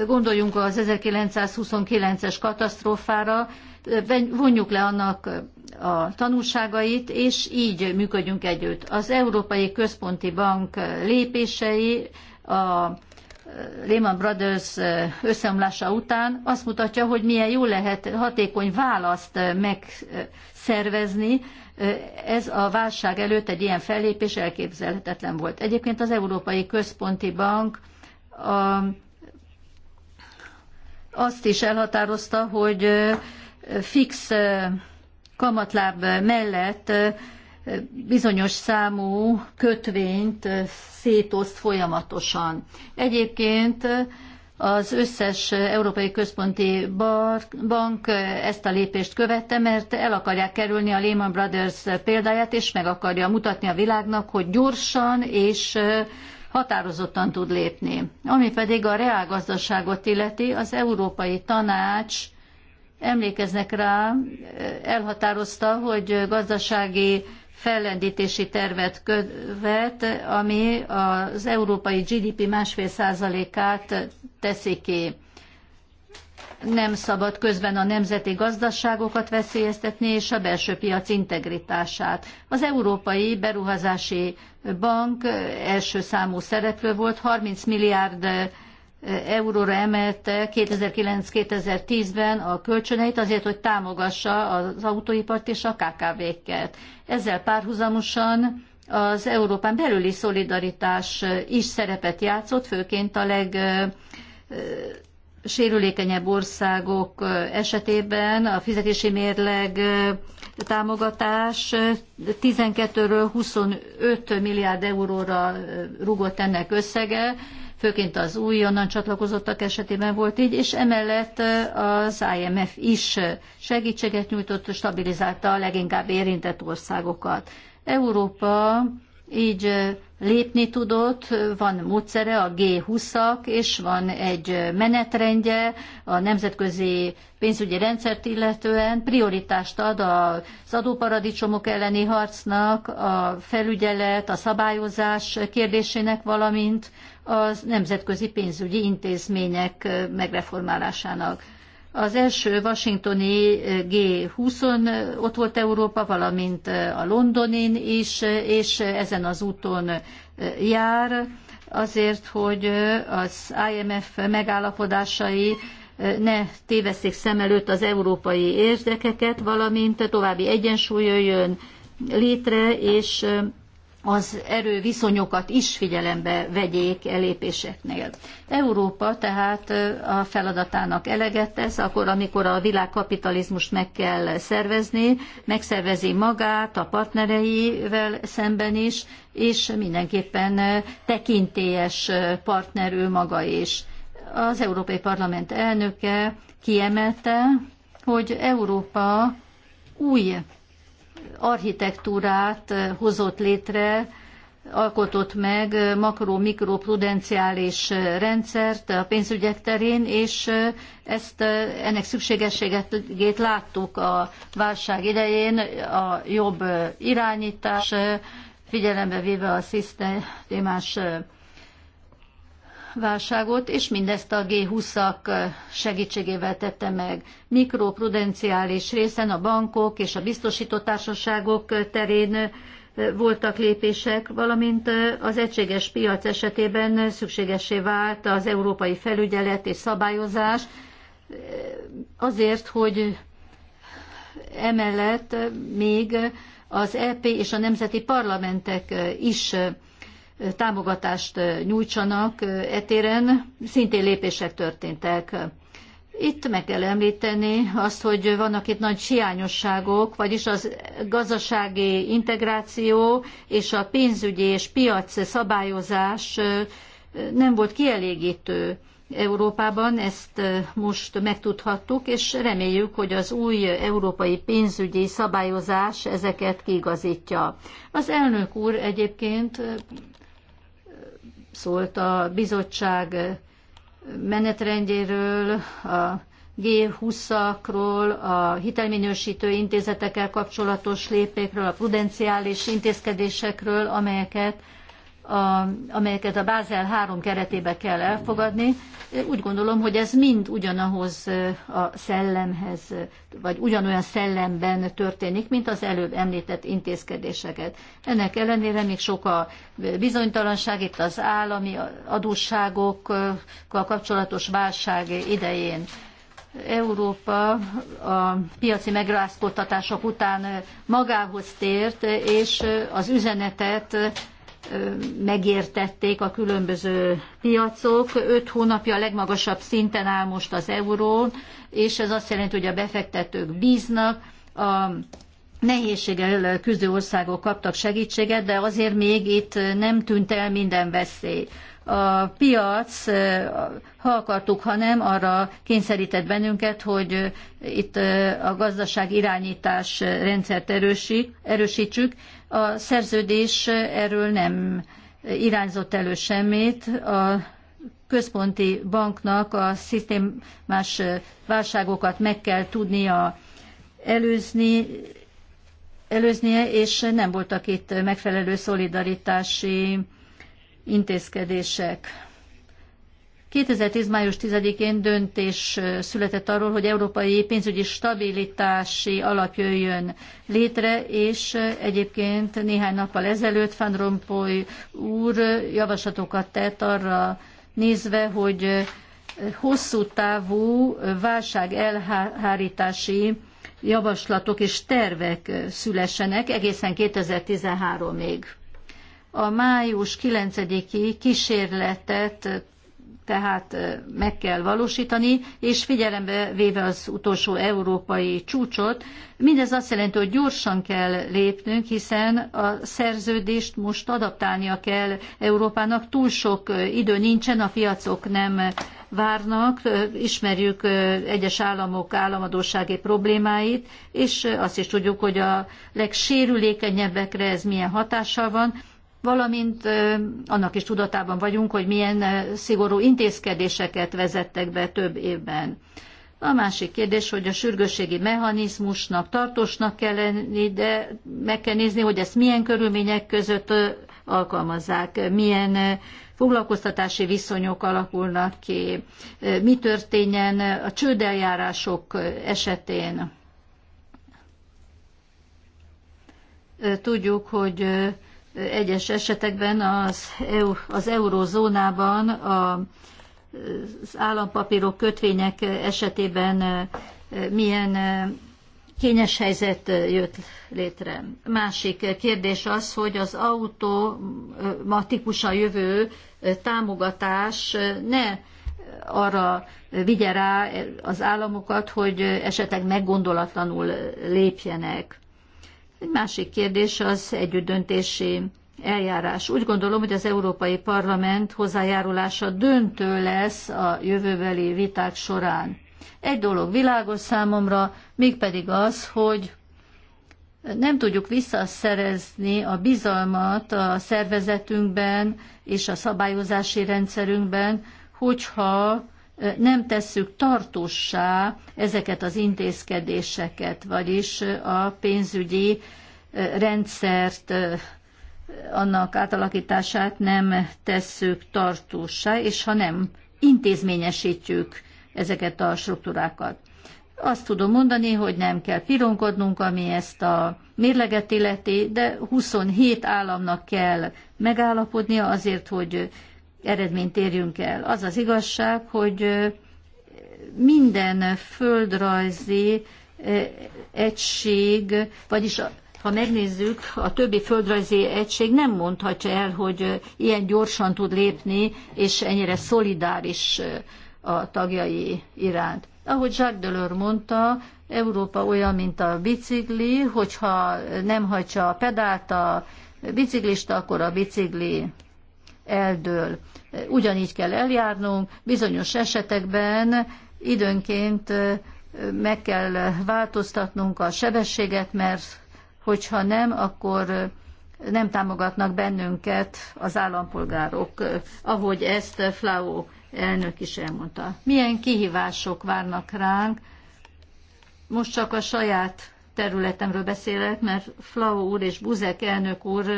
Speaker 4: Gondoljunk az 1929-es katasztrófára, vonjuk le annak a tanulságait, és így működjünk együtt. Az Európai Központi Bank lépései, a Lehman Brothers összeomlása után azt mutatja, hogy milyen jó lehet hatékony választ megszervezni. Ez a válság előtt egy ilyen fellépés elképzelhetetlen volt. Egyébként az Európai Központi Bank a, azt is elhatározta, hogy fix kamatláb mellett bizonyos számú kötvényt szétoszt folyamatosan. Egyébként az összes Európai Központi Bank ezt a lépést követte, mert el akarják kerülni a Lehman Brothers példáját, és meg akarja mutatni a világnak, hogy gyorsan és határozottan tud lépni. Ami pedig a reálgazdaságot illeti, az Európai Tanács emlékeznek rá, elhatározta, hogy gazdasági fellendítési tervet követ, ami az európai GDP másfél százalékát teszi ki. Nem szabad közben a nemzeti gazdaságokat veszélyeztetni és a belső piac integritását. Az Európai Beruházási Bank első számú szereplő volt, 30 milliárd euróra emelte 2009-2010-ben a kölcsöneit azért, hogy támogassa az autóipart és a KKV-ket. Ezzel párhuzamosan az Európán belüli szolidaritás is szerepet játszott, főként a leg sérülékenyebb országok esetében a fizetési mérleg támogatás 12-ről 25 milliárd euróra rugott ennek összege, főként az újonnan csatlakozottak esetében volt így, és emellett az IMF is segítséget nyújtott, stabilizálta a leginkább érintett országokat. Európa így lépni tudott, van módszere, a G20-ak, és van egy menetrendje a nemzetközi pénzügyi rendszert illetően, prioritást ad az adóparadicsomok elleni harcnak, a felügyelet, a szabályozás kérdésének, valamint az nemzetközi pénzügyi intézmények megreformálásának. Az első washingtoni eh, g 20 eh, ott volt Európa, valamint eh, a Londonin is, és ezen az úton jár, azért, hogy az IMF megállapodásai ne téveszik szem előtt az európai érdekeket, valamint további egyensúly jöjjön létre, és az erőviszonyokat is figyelembe vegyék elépéseknél. Európa tehát a feladatának eleget tesz, akkor, amikor a világkapitalizmust meg kell szervezni, megszervezi magát a partnereivel szemben is, és mindenképpen tekintélyes partner ő maga is. Az Európai Parlament elnöke kiemelte, hogy Európa új architektúrát eh, hozott létre, alkotott meg eh, makro-mikroprudenciális eh, rendszert a pénzügyek terén, és ezt ennek szükségességét láttuk a válság idején, a jobb irányítás, figyelembe véve a szisztémás válságot, és mindezt a G20-ak segítségével tette meg. Mikroprudenciális részen a bankok és a biztosító társaságok terén voltak lépések, valamint az egységes piac esetében szükségesé vált az európai felügyelet és szabályozás azért, hogy emellett még az EP és a nemzeti parlamentek is támogatást nyújtsanak etéren, szintén lépések történtek. Itt meg kell említeni azt, hogy vannak itt nagy hiányosságok, vagyis az gazdasági integráció és a pénzügyi és piac szabályozás nem volt kielégítő Európában, ezt most megtudhattuk, és reméljük, hogy az új európai pénzügyi szabályozás ezeket kiigazítja. Az elnök úr egyébként szólt a bizottság menetrendjéről, a G20-akról, a hitelminősítő intézetekkel kapcsolatos lépékről, a prudenciális intézkedésekről, amelyeket a, amelyeket a Bázel 3 keretébe kell elfogadni. Úgy gondolom, hogy ez mind ugyanahoz eh, a szellemhez, vagy ugyanolyan szellemben történik, mint az előbb említett intézkedéseket. Ennek ellenére még sok a bizonytalanság itt az állami adósságokkal kapcsolatos válság idején. Európa a piaci megrázkodtatások után magához tért, és az üzenetet megértették a különböző piacok. Öt hónapja a legmagasabb szinten áll most az euró, és ez azt jelenti, hogy a befektetők bíznak, a nehézséggel küzdő országok kaptak segítséget, de azért még itt nem tűnt el minden veszély a piac, eh, ha akartuk, ha nem, arra kényszerített bennünket, hogy eh, itt eh, a gazdaság irányítás rendszert erősítsük. A szerződés erről nem irányzott elő semmit. A központi banknak a szisztémás válságokat meg kell tudnia előzni, előznie, és nem voltak itt megfelelő szolidaritási intézkedések. 2010. május 10-én döntés született arról, hogy európai pénzügyi stabilitási alap jöjjön létre, és egyébként néhány nappal ezelőtt Van Rompuy úr javaslatokat tett arra nézve, hogy hosszú távú válság elhárítási javaslatok és tervek szülessenek egészen 2013-ig. A május 9-i kísérletet tehát meg kell valósítani, és figyelembe véve az utolsó európai csúcsot, mindez azt jelenti, hogy gyorsan kell lépnünk, hiszen a szerződést most adaptálnia kell Európának, túl sok idő nincsen, a piacok nem várnak, ismerjük egyes államok államadósági problémáit, és azt is tudjuk, hogy a legsérülékenyebbekre ez milyen hatással van, valamint annak is tudatában vagyunk, hogy milyen szigorú intézkedéseket vezettek be több évben. A másik kérdés, hogy a sürgősségi mechanizmusnak tartósnak kell lenni, de meg kell nézni, hogy ezt milyen körülmények között alkalmazzák, milyen foglalkoztatási viszonyok alakulnak ki, mi történjen a csődeljárások esetén. Tudjuk, hogy egyes esetekben az, EU, az Eurózónában a, az állampapírok, kötvények esetében milyen kényes helyzet jött létre. Másik kérdés az, hogy az automatikusan jövő támogatás ne arra vigye rá az államokat, hogy esetleg meggondolatlanul lépjenek. Egy másik kérdés az együttdöntési eljárás. Úgy gondolom, hogy az Európai Parlament hozzájárulása döntő lesz a jövőbeli viták során. Egy dolog világos számomra, mégpedig az, hogy nem tudjuk visszaszerezni a bizalmat a szervezetünkben és a szabályozási rendszerünkben, hogyha nem tesszük tartósá ezeket az intézkedéseket, vagyis a pénzügyi rendszert, annak átalakítását nem tesszük tartósá, és ha nem intézményesítjük ezeket a struktúrákat. Azt tudom mondani, hogy nem kell pironkodnunk, ami ezt a mérleget illeti, de 27 államnak kell megállapodnia azért, hogy eredményt érjünk el. Az az igazság, hogy minden földrajzi egység, vagyis ha megnézzük, a többi földrajzi egység nem mondhatja el, hogy ilyen gyorsan tud lépni, és ennyire szolidáris a tagjai iránt. Ahogy Jacques Delors mondta, Európa olyan, mint a bicikli, hogyha nem hagyja a pedált a biciklista, akkor a bicikli eldől ugyanígy kell eljárnunk, bizonyos esetekben időnként meg kell változtatnunk a sebességet, mert hogyha nem, akkor nem támogatnak bennünket az állampolgárok, ahogy ezt Flau elnök is elmondta. Milyen kihívások várnak ránk? Most csak a saját területemről beszélek, mert Flau úr és Buzek elnök úr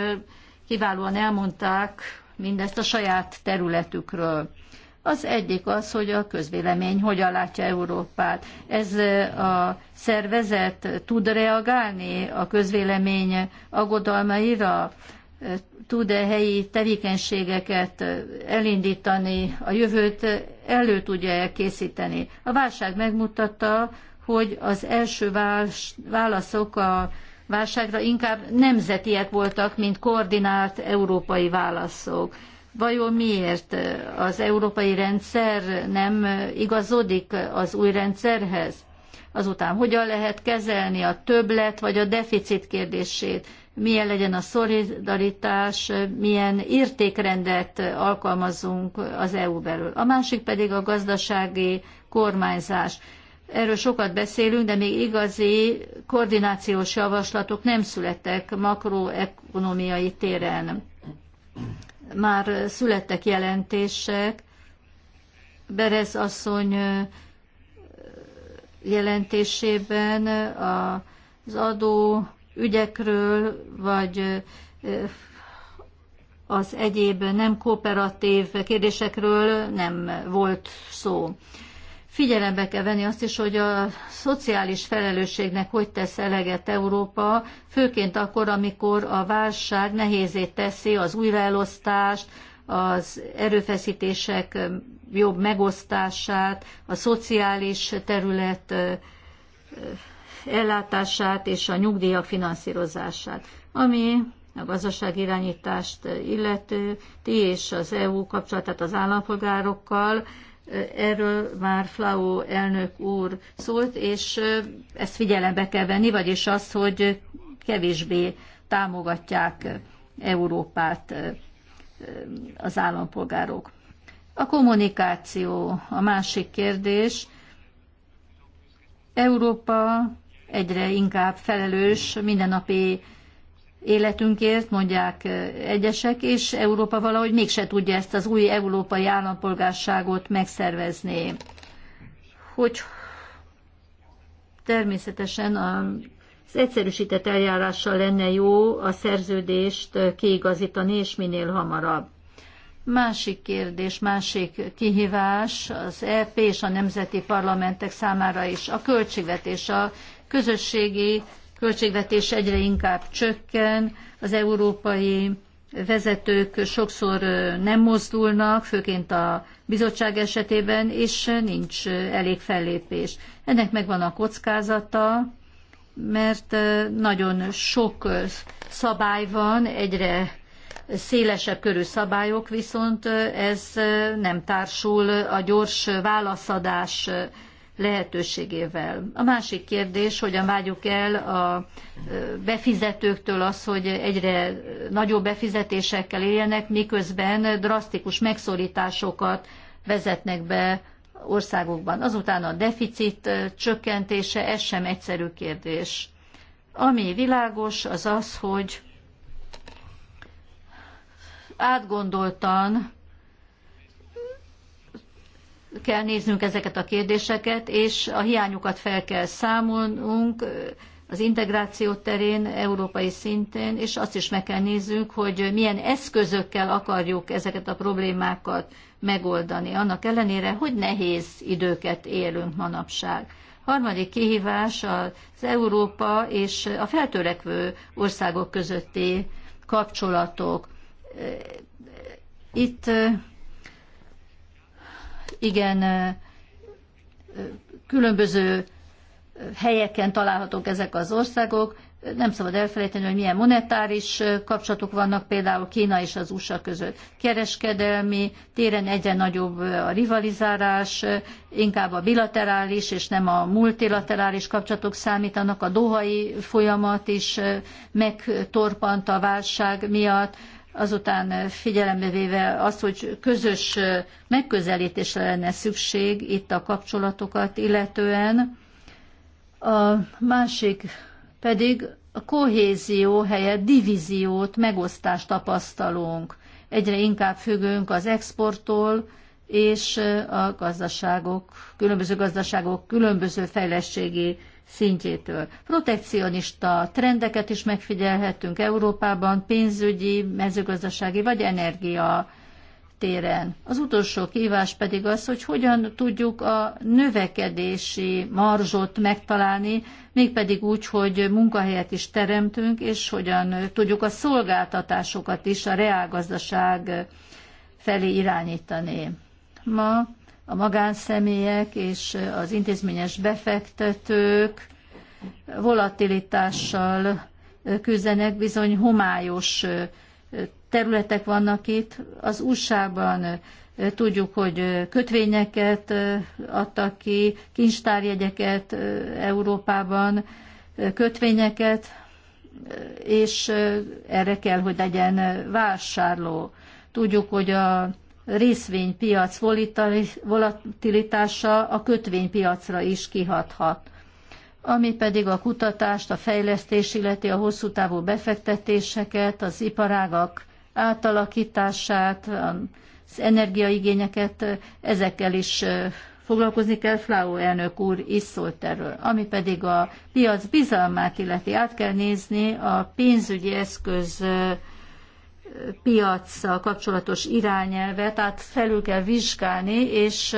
Speaker 4: kiválóan elmondták mindezt a saját területükről. Az egyik az, hogy a közvélemény hogyan látja Európát. Ez a szervezet tud reagálni a közvélemény aggodalmaira, tud-e helyi tevékenységeket elindítani, a jövőt elő tudja elkészíteni. A válság megmutatta, hogy az első válaszok a válságra inkább nemzetiek voltak, mint koordinált európai válaszok. Vajon miért az európai rendszer nem igazodik az új rendszerhez? Azután hogyan lehet kezelni a többlet vagy a deficit kérdését? Milyen legyen a szolidaritás, milyen értékrendet alkalmazunk az EU belül? A másik pedig a gazdasági kormányzás. Erről sokat beszélünk, de még igazi koordinációs javaslatok nem születtek makroekonomiai téren. Már születtek jelentések, Berez asszony jelentésében az adó ügyekről, vagy az egyéb nem kooperatív kérdésekről nem volt szó figyelembe kell venni azt is, hogy a szociális felelősségnek hogy tesz eleget Európa, főként akkor, amikor a válság nehézé teszi az újraelosztást, az erőfeszítések jobb megosztását, a szociális terület ellátását és a nyugdíjak finanszírozását, ami a gazdaság irányítást illető, ti és az EU kapcsolatát az állampolgárokkal, erről már Flau elnök úr szólt, és ezt figyelembe kell venni, vagyis az, hogy kevésbé támogatják Európát az állampolgárok. A kommunikáció a másik kérdés. Európa egyre inkább felelős mindennapi életünkért, mondják egyesek, és Európa valahogy mégse tudja ezt az új európai állampolgárságot megszervezni. Hogy természetesen az egyszerűsített eljárással lenne jó a szerződést kiigazítani, és minél hamarabb. Másik kérdés, másik kihívás az EP és a nemzeti parlamentek számára is a költségvetés, a közösségi költségvetés egyre inkább csökken, az európai vezetők sokszor nem mozdulnak, főként a bizottság esetében, és nincs elég fellépés. Ennek megvan a kockázata, mert nagyon sok szabály van, egyre szélesebb körű szabályok, viszont ez nem társul a gyors válaszadás lehetőségével. A másik kérdés, hogyan vágyuk el a befizetőktől az, hogy egyre nagyobb befizetésekkel éljenek, miközben drasztikus megszorításokat vezetnek be országokban. Azután a deficit csökkentése, ez sem egyszerű kérdés. Ami világos, az az, hogy átgondoltan kell néznünk ezeket a kérdéseket, és a hiányokat fel kell számolnunk az integráció terén, európai szinten, és azt is meg kell néznünk, hogy milyen eszközökkel akarjuk ezeket a problémákat megoldani, annak ellenére, hogy nehéz időket élünk manapság. Harmadik kihívás az Európa és a feltörekvő országok közötti kapcsolatok. Itt Hát igen különböző helyeken találhatók ezek az országok. Nem szabad elfelejteni, hogy milyen monetáris kapcsolatok vannak például Kína és az USA között. Kereskedelmi téren egyre nagyobb a rivalizálás, inkább a bilaterális és nem a multilaterális kapcsolatok számítanak. A dohai folyamat is megtorpant a válság miatt azután figyelembe véve azt, hogy közös megközelítésre lenne szükség itt a kapcsolatokat illetően, a másik pedig a kohézió helyett divíziót, megosztást tapasztalunk. Egyre inkább függünk az exporttól, és a gazdaságok, különböző gazdaságok különböző fejlesztési szintjétől. Protekcionista trendeket is megfigyelhetünk Európában, pénzügyi, mezőgazdasági vagy energia téren. Az utolsó kívás pedig az, hogy hogyan tudjuk a növekedési marzsot megtalálni, mégpedig úgy, hogy munkahelyet is teremtünk, és hogyan tudjuk a szolgáltatásokat is a reálgazdaság felé irányítani. Ma a magánszemélyek és az intézményes befektetők volatilitással küzdenek, bizony homályos területek vannak itt. Az USA-ban tudjuk, hogy kötvényeket adtak ki, kincstárjegyeket Európában, kötvényeket, és erre kell, hogy legyen vásárló. Tudjuk, hogy a részvénypiac volatilitása a kötvénypiacra is kihathat. Ami pedig a kutatást, a fejlesztés, illeti a hosszú távú befektetéseket, az iparágak átalakítását, az energiaigényeket, ezekkel is foglalkozni kell, Flau elnök úr is szólt erről. Ami pedig a piac bizalmát illeti, át kell nézni a pénzügyi eszköz piacsal kapcsolatos irányelvet, tehát felül kell vizsgálni, és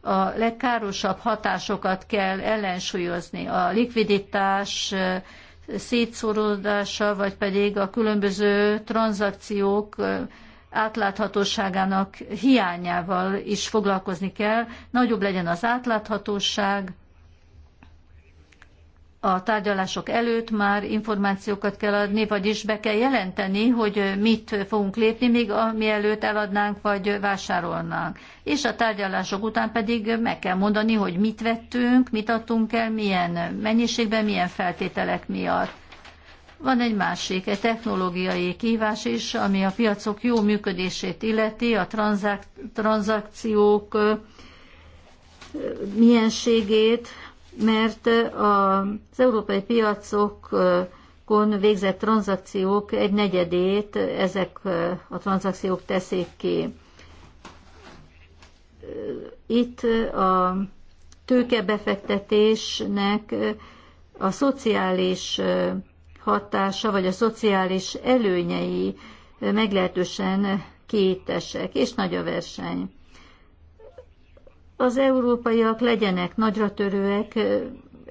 Speaker 4: a legkárosabb hatásokat kell ellensúlyozni. A likviditás szétszóródása, vagy pedig a különböző tranzakciók átláthatóságának hiányával is foglalkozni kell. Nagyobb legyen az átláthatóság, a tárgyalások előtt már információkat kell adni, vagyis be kell jelenteni, hogy mit fogunk lépni, még mielőtt eladnánk vagy vásárolnánk. És a tárgyalások után pedig meg kell mondani, hogy mit vettünk, mit adtunk el, milyen mennyiségben, milyen feltételek miatt. Van egy másik, egy technológiai kívás is, ami a piacok jó működését illeti, a tranzak- tranzakciók mienségét, mert az európai piacokon végzett tranzakciók egy negyedét ezek a tranzakciók teszik ki. Itt a tőkebefektetésnek a szociális hatása, vagy a szociális előnyei meglehetősen kétesek, és nagy a verseny az európaiak legyenek nagyra törőek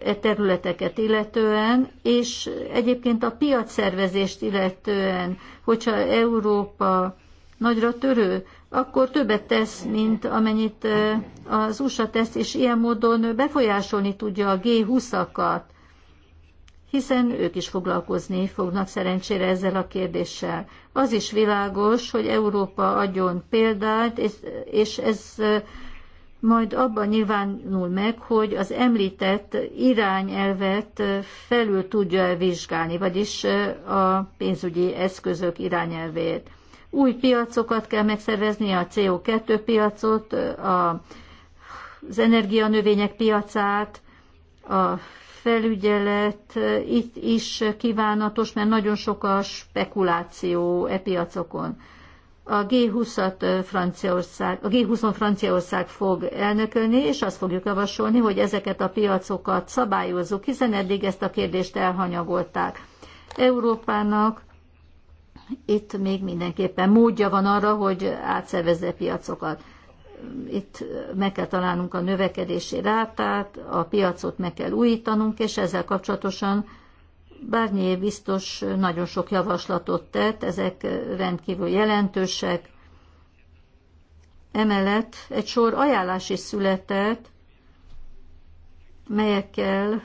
Speaker 4: e területeket illetően, és egyébként a piacszervezést illetően, hogyha Európa nagyra törő, akkor többet tesz, mint amennyit az USA tesz, és ilyen módon befolyásolni tudja a G20-akat, hiszen ők is foglalkozni fognak szerencsére ezzel a kérdéssel. Az is világos, hogy Európa adjon példát, és, és ez majd abban nyilvánul meg, hogy az említett irányelvet felül tudja -e vizsgálni, vagyis a pénzügyi eszközök irányelvét. Új piacokat kell megszervezni, a CO2 piacot, a, az energianövények piacát, a felügyelet itt is kívánatos, mert nagyon sok a spekuláció e piacokon. A g 20 Franciaország, a g 20 Franciaország fog elnökölni, és azt fogjuk javasolni, hogy ezeket a piacokat szabályozzuk, hiszen eddig ezt a kérdést elhanyagolták. Európának itt még mindenképpen módja van arra, hogy átszervezze piacokat. Itt meg kell találnunk a növekedési rátát, a piacot meg kell újítanunk, és ezzel kapcsolatosan Barnier biztos nagyon sok javaslatot tett, ezek rendkívül jelentősek. Emellett egy sor ajánlás is született, melyekkel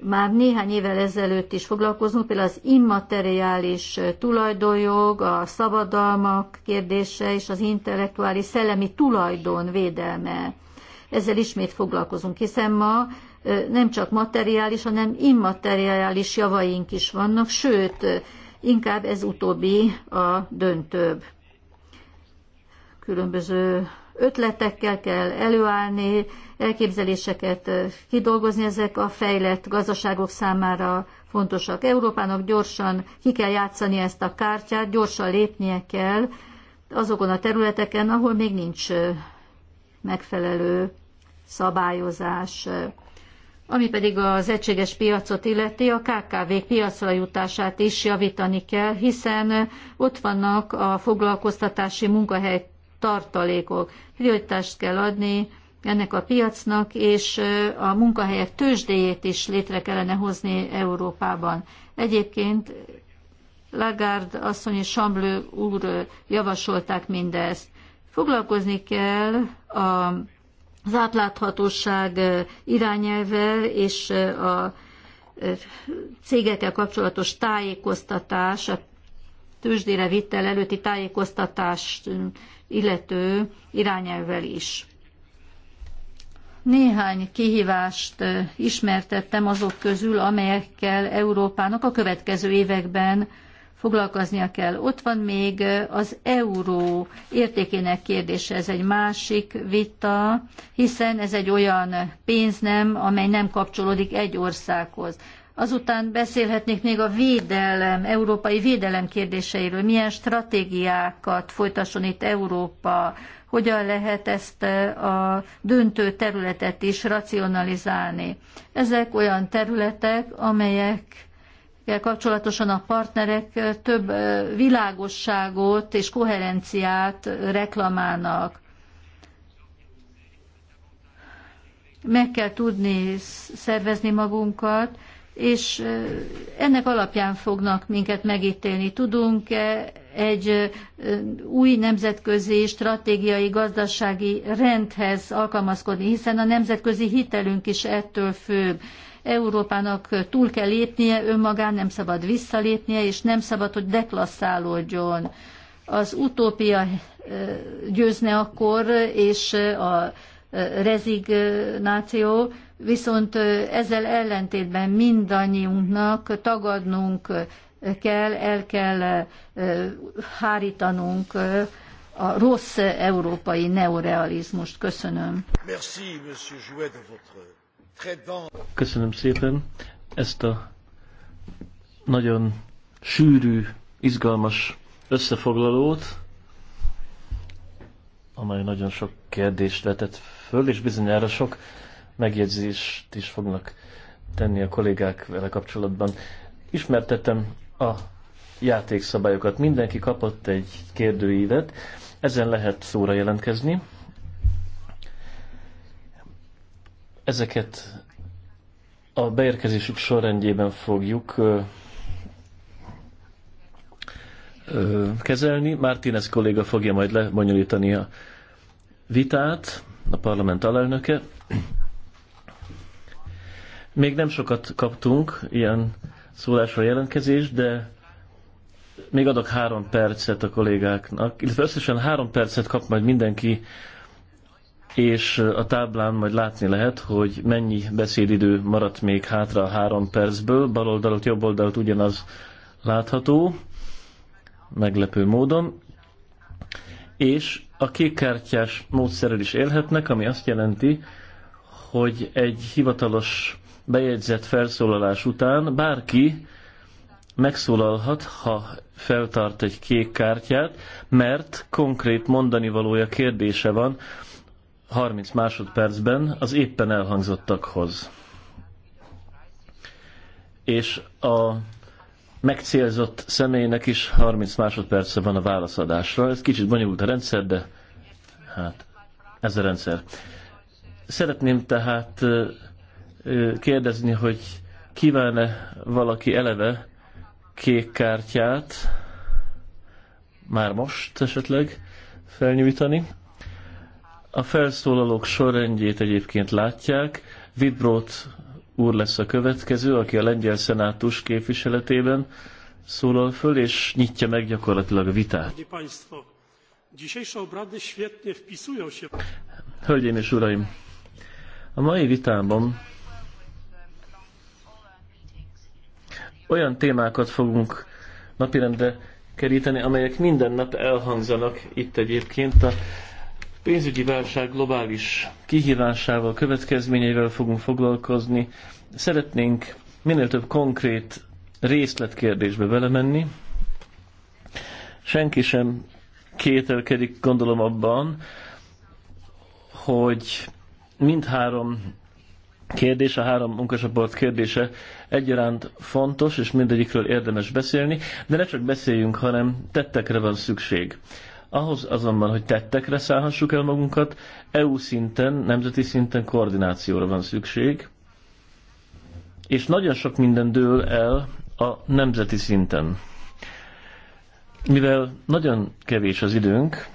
Speaker 4: már néhány évvel ezelőtt is foglalkozunk, például az immateriális tulajdonjog, a szabadalmak kérdése és az intellektuális szellemi tulajdon védelme. Ezzel ismét foglalkozunk, hiszen ma nem csak materiális, hanem immateriális javaink is vannak, sőt, inkább ez utóbbi a döntőbb. Különböző ötletekkel kell előállni, elképzeléseket kidolgozni, ezek a fejlett gazdaságok számára fontosak. Európának gyorsan ki kell játszani ezt a kártyát, gyorsan lépnie kell azokon a területeken, ahol még nincs megfelelő szabályozás. Ami pedig az egységes piacot illeti, a KKV piacra jutását is javítani kell, hiszen ott vannak a foglalkoztatási munkahely tartalékok. Prioritást kell adni ennek a piacnak, és a munkahelyek tőzsdéjét is létre kellene hozni Európában. Egyébként Lagarde asszony és Samblő úr javasolták mindezt. Foglalkozni kell a az átláthatóság irányelve és a cégekkel kapcsolatos tájékoztatás, a tőzsdére vittel előtti tájékoztatást illető irányelvvel is. Néhány kihívást ismertettem azok közül, amelyekkel Európának a következő években foglalkoznia kell. Ott van még az euró értékének kérdése, ez egy másik vita, hiszen ez egy olyan pénznem, amely nem kapcsolódik egy országhoz. Azután beszélhetnék még a védelem, európai védelem kérdéseiről. Milyen stratégiákat folytasson itt Európa? Hogyan lehet ezt a döntő területet is racionalizálni? Ezek olyan területek, amelyek kapcsolatosan a partnerek több világosságot és koherenciát reklamálnak. Meg kell tudni szervezni magunkat, és ennek alapján fognak minket megítélni. tudunk -e egy új nemzetközi stratégiai gazdasági rendhez alkalmazkodni, hiszen a nemzetközi hitelünk is ettől függ. Európának túl kell lépnie önmagán, nem szabad visszalépnie, és nem szabad, hogy deklasszálódjon. Az utópia eh, győzne akkor, és eh, a eh, rezignáció, viszont ezzel ellentétben mindannyiunknak tagadnunk kell, el kell hárítanunk a rossz európai neorealizmust. Köszönöm. Merci, Köszönöm
Speaker 2: szépen ezt a nagyon sűrű, izgalmas összefoglalót, amely nagyon sok kérdést vetett föl, és bizonyára sok megjegyzést is fognak tenni a kollégák vele kapcsolatban. Ismertettem a játékszabályokat. Mindenki kapott egy kérdőívet, ezen lehet szóra jelentkezni. Ezeket a beérkezésük sorrendjében fogjuk ö, ö, kezelni. Martínez kolléga fogja majd lebonyolítani a vitát, a parlament alelnöke. Még nem sokat kaptunk ilyen szólásra jelentkezést, de még adok három percet a kollégáknak, illetve összesen három percet kap majd mindenki és a táblán majd látni lehet, hogy mennyi beszédidő maradt még hátra a három percből. Bal oldalt, jobb oldalt ugyanaz látható, meglepő módon. És a kékkártyás módszerrel is élhetnek, ami azt jelenti, hogy egy hivatalos bejegyzett felszólalás után bárki megszólalhat, ha feltart egy kék kártyát, mert konkrét mondani valója kérdése van 30 másodpercben az éppen elhangzottakhoz. És a megcélzott személynek is 30 másodperce van a válaszadásra. Ez kicsit bonyolult a rendszer, de hát ez a rendszer. Szeretném tehát kérdezni, hogy kíván-e valaki eleve kék kártyát már most esetleg felnyújtani? A felszólalók sorrendjét egyébként látják. Vidbrot úr lesz a következő, aki a lengyel szenátus képviseletében szólal föl, és nyitja meg gyakorlatilag a vitát. Hölgyeim és uraim! A mai vitában olyan témákat fogunk napirendre keríteni, amelyek minden nap elhangzanak itt egyébként a pénzügyi válság globális kihívásával, következményeivel fogunk foglalkozni. Szeretnénk minél több konkrét részletkérdésbe belemenni. Senki sem kételkedik, gondolom abban, hogy mindhárom kérdés, a három munkacsoport kérdése egyaránt fontos, és mindegyikről érdemes beszélni, de ne csak beszéljünk, hanem tettekre van szükség. Ahhoz azonban, hogy tettekre szállhassuk el magunkat, EU szinten, nemzeti szinten koordinációra van szükség, és nagyon sok minden dől el a nemzeti szinten. Mivel nagyon kevés az időnk,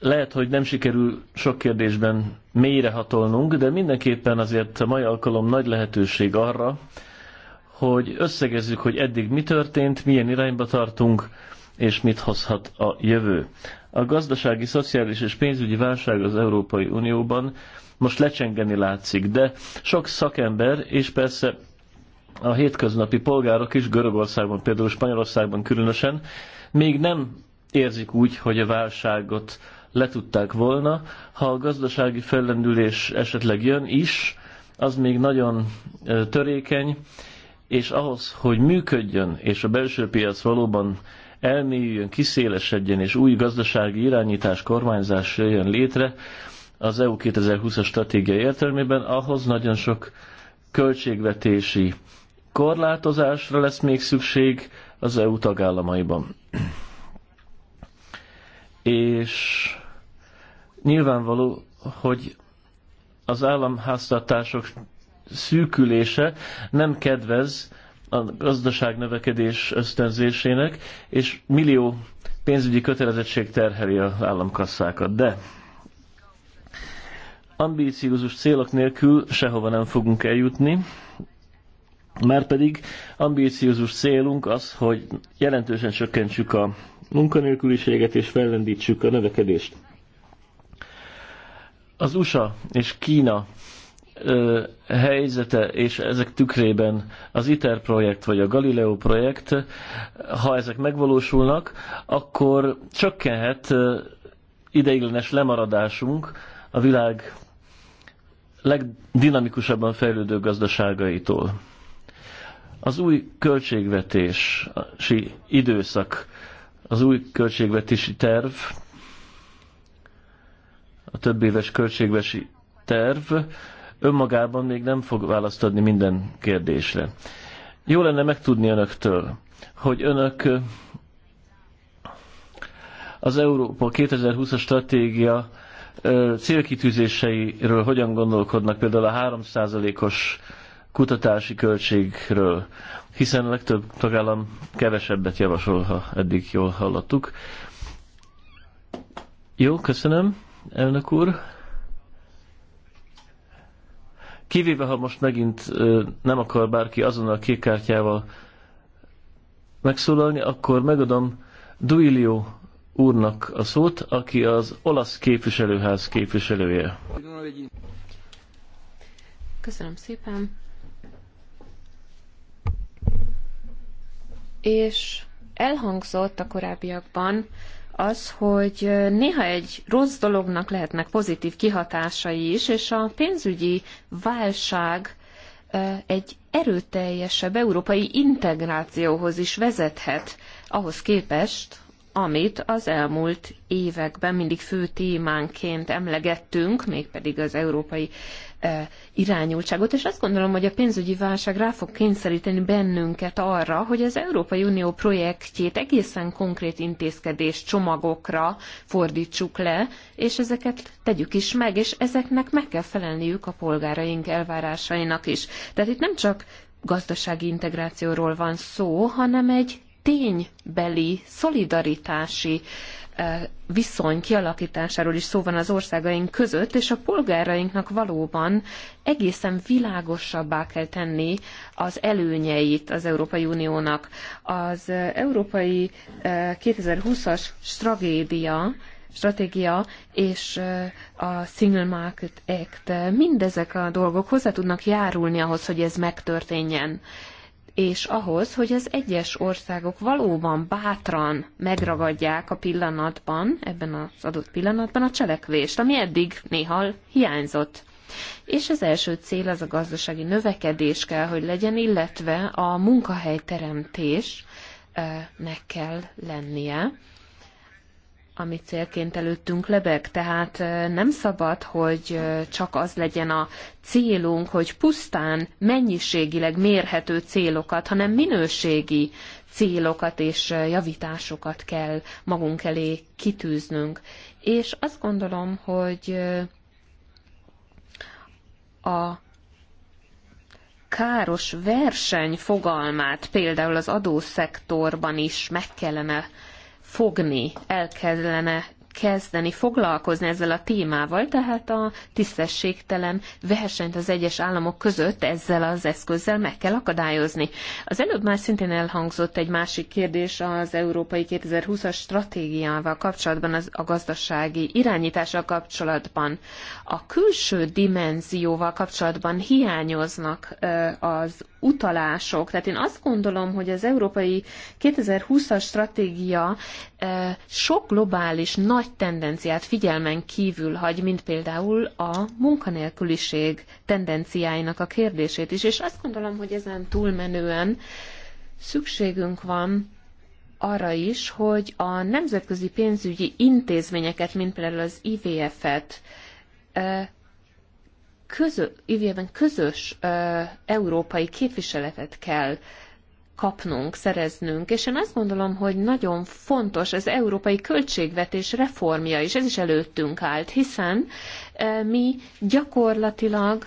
Speaker 2: lehet, hogy nem sikerül sok kérdésben mélyre hatolnunk, de mindenképpen azért a mai alkalom nagy lehetőség arra, hogy összegezzük, hogy eddig mi történt, milyen irányba tartunk, és mit hozhat a jövő. A gazdasági, szociális és pénzügyi válság az Európai Unióban most lecsengeni látszik, de sok szakember és persze a hétköznapi polgárok is Görögországban, például Spanyolországban különösen még nem érzik úgy, hogy a válságot letudták volna. Ha a gazdasági fellendülés esetleg jön is, az még nagyon törékeny, és ahhoz, hogy működjön, és a belső piac valóban elmélyüljön, kiszélesedjen és új gazdasági irányítás, kormányzás jöjjön létre az EU 2020-as stratégia értelmében, ahhoz nagyon sok költségvetési korlátozásra lesz még szükség az EU tagállamaiban. És nyilvánvaló, hogy az államháztartások szűkülése nem kedvez a gazdaság növekedés ösztönzésének, és millió pénzügyi kötelezettség terheli az államkasszákat. De ambíciózus célok nélkül sehova nem fogunk eljutni, pedig ambíciózus célunk az, hogy jelentősen csökkentsük a munkanélküliséget és fellendítsük a növekedést. Az USA és Kína ö, helyzete, és ezek tükrében az ITER projekt vagy a Galileo projekt, ha ezek megvalósulnak, akkor csökkenhet ö, ideiglenes lemaradásunk a világ legdinamikusabban fejlődő gazdaságaitól. Az új költségvetési időszak, az új költségvetési terv, a több éves költségvetési terv önmagában még nem fog választ adni minden kérdésre. Jó lenne megtudni önöktől, hogy önök az Európa 2020-as stratégia célkitűzéseiről hogyan gondolkodnak, például a 3%-os kutatási költségről, hiszen a legtöbb tagállam kevesebbet javasol, ha eddig jól hallottuk. Jó, köszönöm, elnök úr. Kivéve, ha most megint nem akar bárki azonnal kék kártyával megszólalni, akkor megadom Duilio úrnak a szót, aki az olasz képviselőház képviselője.
Speaker 3: Köszönöm szépen. És elhangzott a korábbiakban, az, hogy néha egy rossz dolognak lehetnek pozitív kihatásai is, és a pénzügyi válság egy erőteljesebb európai integrációhoz is vezethet ahhoz képest, amit az elmúlt években mindig fő témánként emlegettünk, mégpedig az európai irányultságot, és azt gondolom, hogy a pénzügyi válság rá fog kényszeríteni bennünket arra, hogy az Európai Unió projektjét egészen konkrét intézkedés csomagokra fordítsuk le, és ezeket tegyük is meg, és ezeknek meg kell felelniük a polgáraink elvárásainak is. Tehát itt nem csak gazdasági integrációról van szó, hanem egy ténybeli, szolidaritási uh, viszony kialakításáról is szó van az országaink között, és a polgárainknak valóban egészen világosabbá kell tenni az előnyeit az Európai Uniónak. Az Európai 2020-as stratégia stratégia és a Single Market Act, mindezek a dolgok hozzá tudnak járulni ahhoz, hogy ez megtörténjen és ahhoz, hogy az egyes országok valóban bátran megragadják a pillanatban, ebben az adott pillanatban a cselekvést, ami eddig néha hiányzott. És az első cél az a gazdasági növekedés kell, hogy legyen, illetve a munkahelyteremtésnek kell lennie amit célként előttünk lebeg. Tehát nem szabad, hogy csak az legyen a célunk, hogy pusztán mennyiségileg mérhető célokat, hanem minőségi célokat és javításokat kell magunk elé kitűznünk. És azt gondolom, hogy a káros verseny fogalmát például az adószektorban is meg kellene fogni, el kellene kezdeni foglalkozni ezzel a témával, tehát a tisztességtelen versenyt az egyes államok között ezzel az eszközzel meg kell akadályozni. Az előbb már szintén elhangzott egy másik kérdés az Európai 2020-as stratégiával kapcsolatban, az a gazdasági irányítással kapcsolatban. A külső dimenzióval kapcsolatban hiányoznak az utalások. Tehát én azt gondolom, hogy az európai 2020-as stratégia e, sok globális nagy tendenciát figyelmen kívül hagy, mint például a munkanélküliség tendenciáinak a kérdését is, és azt gondolom, hogy ezen túlmenően szükségünk van arra is, hogy a nemzetközi pénzügyi intézményeket, mint például az IVF-et e, közö, jövőben közös ö, európai képviseletet kell kapnunk, szereznünk, és én azt gondolom, hogy nagyon fontos az európai költségvetés reformja is, ez is előttünk állt, hiszen mi gyakorlatilag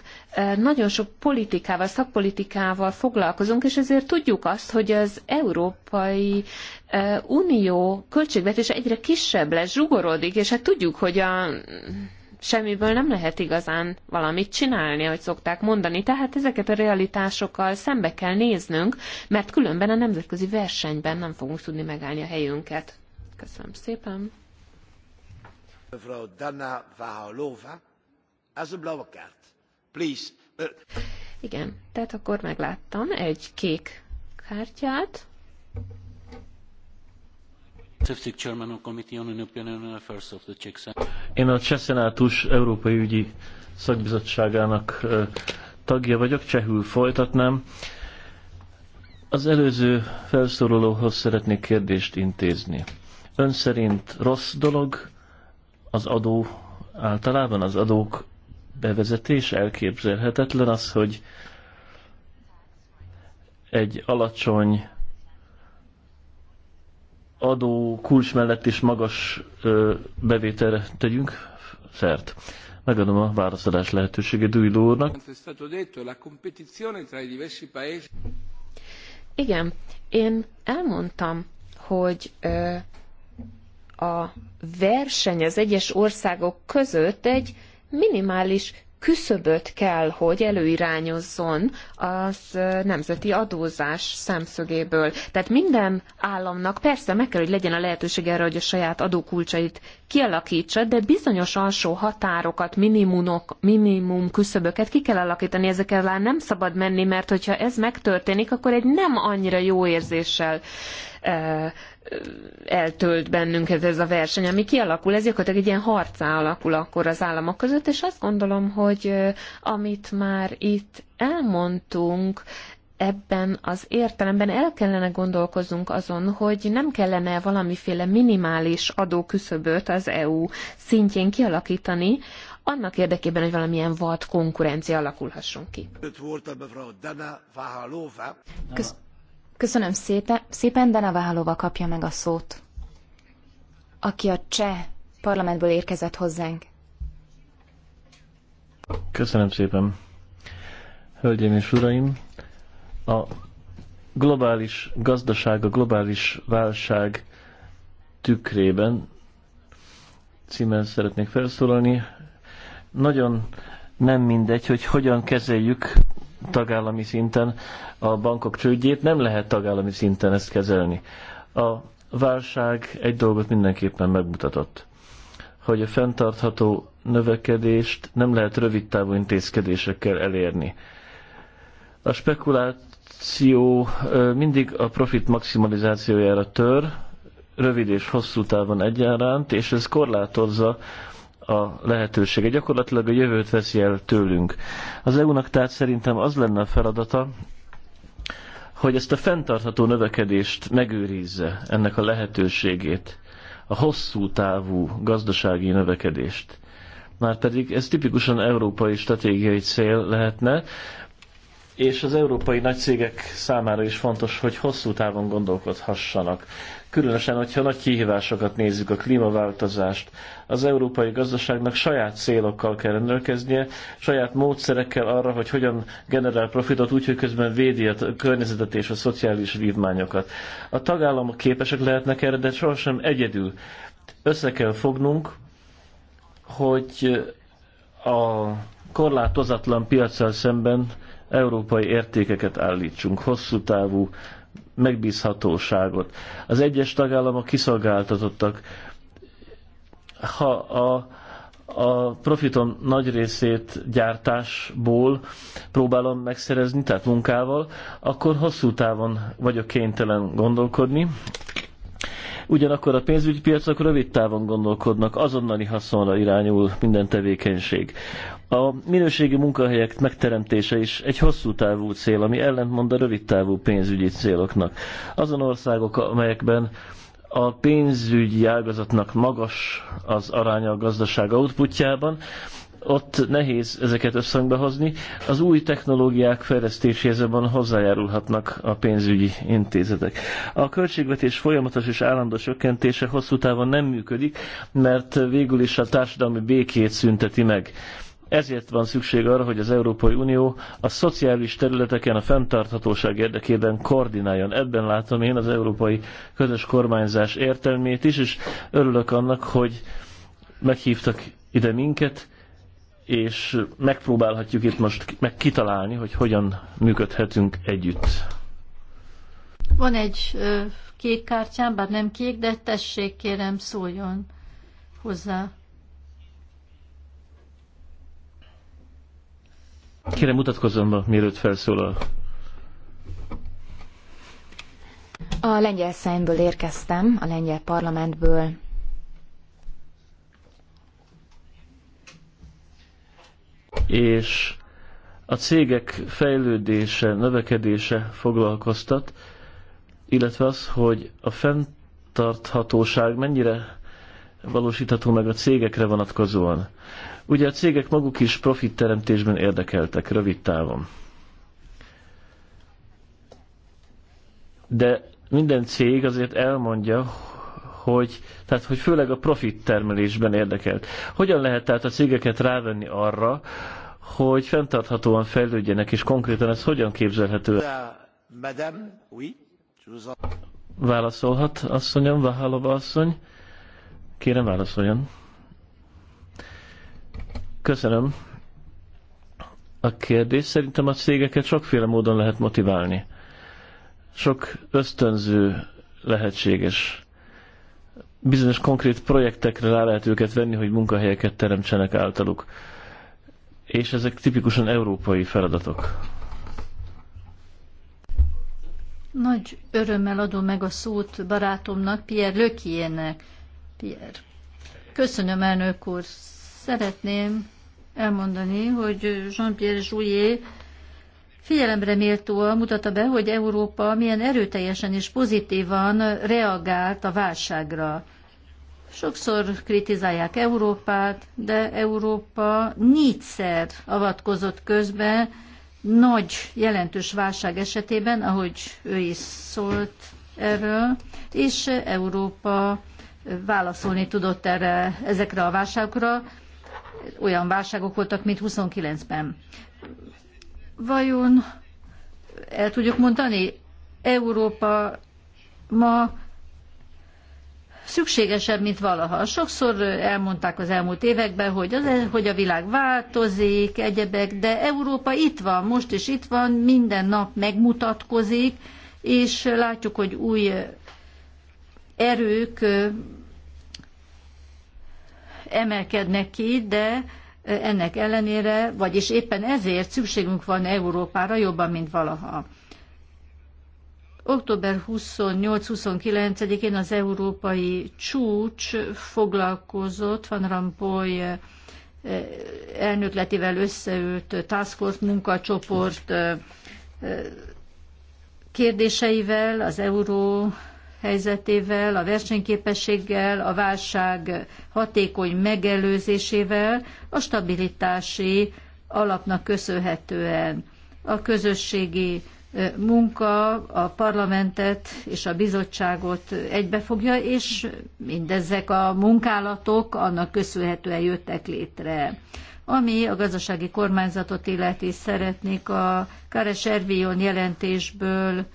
Speaker 3: nagyon sok politikával, szakpolitikával foglalkozunk, és ezért tudjuk azt, hogy az Európai Unió költségvetése egyre kisebb lesz, zsugorodik, és hát tudjuk, hogy a semmiből nem lehet igazán valamit csinálni, ahogy szokták mondani. Tehát ezeket a realitásokkal szembe kell néznünk, mert különben a nemzetközi versenyben nem fogunk tudni megállni a helyünket. Köszönöm szépen. Dana Vahalova, az a Please. Igen, tehát akkor megláttam egy kék kártyát.
Speaker 2: Chairman of Committee on European Affairs of the Czech én a Csehszenátus Európai Ügyi Szakbizottságának tagja vagyok, csehül folytatnám. Az előző felszólalóhoz szeretnék kérdést intézni. Ön szerint rossz dolog az adó, általában az adók bevezetés elképzelhetetlen az, hogy egy alacsony adó kulcs mellett is magas bevételre tegyünk szert. Megadom a válaszadás lehetőséget Dújló úrnak.
Speaker 3: Igen, én elmondtam, hogy a verseny az egyes országok között egy minimális küszöböt kell, hogy előirányozzon az nemzeti adózás szemszögéből. Tehát minden államnak persze meg kell, hogy legyen a lehetőség erre, hogy a saját adókulcsait kialakítsa, de bizonyos alsó határokat, minimum küszöböket ki kell alakítani, ezekkel már nem szabad menni, mert hogyha ez megtörténik, akkor egy nem annyira jó érzéssel eltölt bennünket ez a verseny, ami kialakul, ez gyakorlatilag egy ilyen harcá alakul akkor az államok között, és azt gondolom, hogy amit már itt elmondtunk, ebben az értelemben el kellene gondolkoznunk azon, hogy nem kellene valamiféle minimális adóküszöböt az EU szintjén kialakítani, annak érdekében, hogy valamilyen vad konkurencia alakulhasson ki. Kösz... Köszönöm szépen, szépen
Speaker 1: de Naválova kapja meg a szót, aki a cseh parlamentből érkezett hozzánk.
Speaker 2: Köszönöm szépen. Hölgyeim és uraim, a globális gazdaság, a globális válság tükrében címmel szeretnék felszólalni. Nagyon nem mindegy, hogy hogyan kezeljük tagállami szinten a bankok csődjét, nem lehet tagállami szinten ezt kezelni. A válság egy dolgot mindenképpen megmutatott, hogy a fenntartható növekedést nem lehet rövid távú intézkedésekkel elérni. A spekuláció mindig a profit maximalizációjára tör, rövid és hosszú távon egyaránt, és ez korlátozza a lehetősége. Gyakorlatilag a jövőt veszi el tőlünk. Az EU-nak tehát szerintem az lenne a feladata, hogy ezt a fenntartható növekedést megőrizze, ennek a lehetőségét, a hosszú távú gazdasági növekedést. Márpedig ez tipikusan európai stratégiai cél lehetne, és az európai nagycégek számára is fontos, hogy hosszú távon gondolkodhassanak. Különösen, hogyha nagy kihívásokat nézzük, a klímaváltozást, az európai gazdaságnak saját célokkal kell rendelkeznie, saját módszerekkel arra, hogy hogyan generál profitot úgy, hogy közben védi a környezetet és a szociális vívmányokat. A tagállamok képesek lehetnek erre, de sohasem egyedül. Össze kell fognunk, hogy a korlátozatlan piacsal szemben európai értékeket állítsunk, hosszú távú megbízhatóságot. Az egyes tagállamok kiszolgáltatottak. Ha a, a profitom nagy részét gyártásból próbálom megszerezni, tehát munkával, akkor hosszú távon vagyok kénytelen gondolkodni, Ugyanakkor a pénzügyi piacok rövid távon gondolkodnak, azonnali haszonra irányul minden tevékenység. A minőségi munkahelyek megteremtése is egy hosszú távú cél, ami ellentmond a rövid távú pénzügyi céloknak. Azon országok, amelyekben a pénzügyi ágazatnak magas az aránya a gazdaság outputjában, ott nehéz ezeket összhangba hozni. Az új technológiák fejlesztéséhez ebben hozzájárulhatnak a pénzügyi intézetek. A költségvetés folyamatos és állandó csökkentése hosszú távon nem működik, mert végül is a társadalmi békét szünteti meg. Ezért van szükség arra, hogy az Európai Unió a szociális területeken a fenntarthatóság érdekében koordináljon. Ebben látom én az európai közös kormányzás értelmét is, és örülök annak, hogy meghívtak ide minket, és megpróbálhatjuk itt most meg kitalálni, hogy hogyan működhetünk együtt.
Speaker 4: Van egy ö, kék kártyám, bár nem kék, de tessék, kérem, szóljon hozzá.
Speaker 2: Kérem, mutatkozzon be, mielőtt felszólal.
Speaker 1: A lengyel szemből érkeztem, a lengyel parlamentből
Speaker 2: és a cégek fejlődése, növekedése foglalkoztat, illetve az, hogy a fenntarthatóság mennyire valósítható meg a cégekre vonatkozóan. Ugye a cégek maguk is profitteremtésben érdekeltek rövid távon. De minden cég azért elmondja, hogy, tehát hogy főleg a profit termelésben érdekelt. Hogyan lehet tehát a cégeket rávenni arra, hogy fenntarthatóan fejlődjenek, és konkrétan ez hogyan képzelhető? Válaszolhat, asszonyom, Vahalova asszony. Kérem, válaszoljon. Köszönöm. A kérdés szerintem a cégeket sokféle módon lehet motiválni. Sok ösztönző lehetséges bizonyos konkrét projektekre rá lehet őket venni, hogy munkahelyeket teremtsenek általuk. És ezek tipikusan európai feladatok.
Speaker 4: Nagy örömmel adom meg a szót barátomnak, Pierre Lökiének. Pierre. Köszönöm, elnök úr. Szeretném elmondani, hogy Jean-Pierre Jouyé Figyelemre méltó mutatta be, hogy Európa milyen erőteljesen és pozitívan reagált a válságra. Sokszor kritizálják Európát, de Európa négyszer avatkozott közbe nagy jelentős válság esetében, ahogy ő is szólt erről, és Európa válaszolni tudott erre, ezekre a válságokra. Olyan válságok voltak, mint 29-ben. Vajon el tudjuk mondani, Európa ma szükségesebb, mint valaha. Sokszor elmondták az elmúlt években, hogy, az, e- hogy a világ változik, egyebek, de Európa itt van, most is itt van, minden nap megmutatkozik, és látjuk, hogy új erők emelkednek ki, de ennek ellenére, vagyis éppen ezért szükségünk van Európára jobban, mint valaha. Október 28-29-én az európai csúcs foglalkozott Van Rampoy eh, elnökletivel összeült Taskforce munkacsoport eh, eh, kérdéseivel, az euró helyzetével, a versenyképességgel, a válság hatékony megelőzésével, a stabilitási alapnak köszönhetően. A közösségi munka a parlamentet és a bizottságot egybefogja, és mindezek a munkálatok annak köszönhetően jöttek létre. Ami a gazdasági kormányzatot illeti, szeretnék a Káres Ervion jelentésből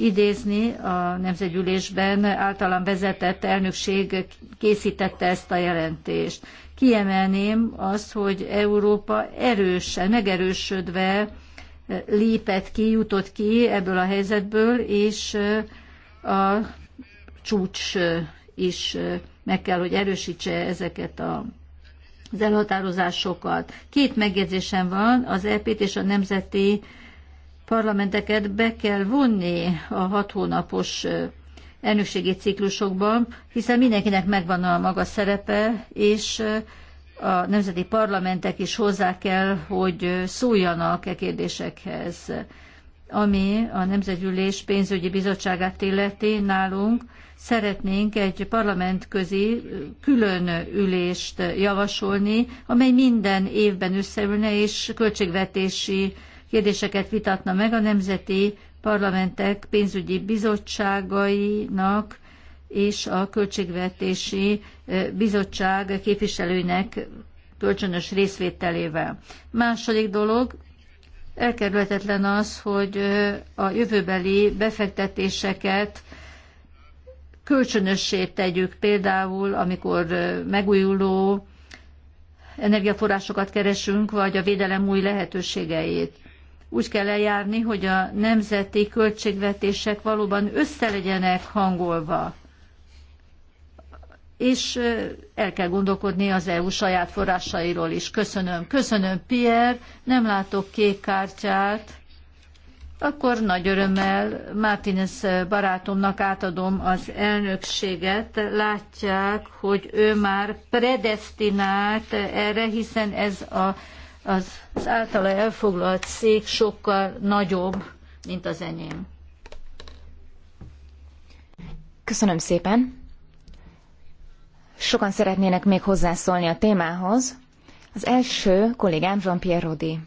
Speaker 4: idézni. A Nemzetgyűlésben általán vezetett elnökség készítette ezt a jelentést. Kiemelném azt, hogy Európa erősen, megerősödve lépett ki, jutott ki ebből a helyzetből, és a csúcs is meg kell, hogy erősítse ezeket a az elhatározásokat. Két megjegyzésem van, az EP-t és a Nemzeti parlamenteket be kell vonni a hat hónapos elnökségi ciklusokban, hiszen mindenkinek megvan a maga szerepe, és a nemzeti parlamentek is hozzá kell, hogy szóljanak e kérdésekhez. Ami a Nemzetgyűlés pénzügyi bizottságát illeti nálunk, szeretnénk egy parlamentközi külön ülést javasolni, amely minden évben összeülne és költségvetési kérdéseket vitatna meg a nemzeti parlamentek pénzügyi bizottságainak és a Költségvetési Bizottság képviselőinek kölcsönös részvételével. Második dolog, elkerülhetetlen az, hogy a jövőbeli befektetéseket kölcsönössé tegyük, például amikor megújuló energiaforrásokat keresünk, vagy a védelem új lehetőségeit úgy kell eljárni, hogy a nemzeti költségvetések valóban összelegyenek hangolva. És el kell gondolkodni az EU saját forrásairól is. Köszönöm. Köszönöm, Pierre. Nem látok kék kártyát. Akkor nagy örömmel Martinez barátomnak átadom az elnökséget. Látják, hogy ő már predestinált erre, hiszen ez a az, az általa elfoglalt szék sokkal nagyobb, mint az enyém.
Speaker 1: Köszönöm szépen. Sokan szeretnének még hozzászólni a
Speaker 4: témához. Az első kollégám Jean-Pierre Rodi.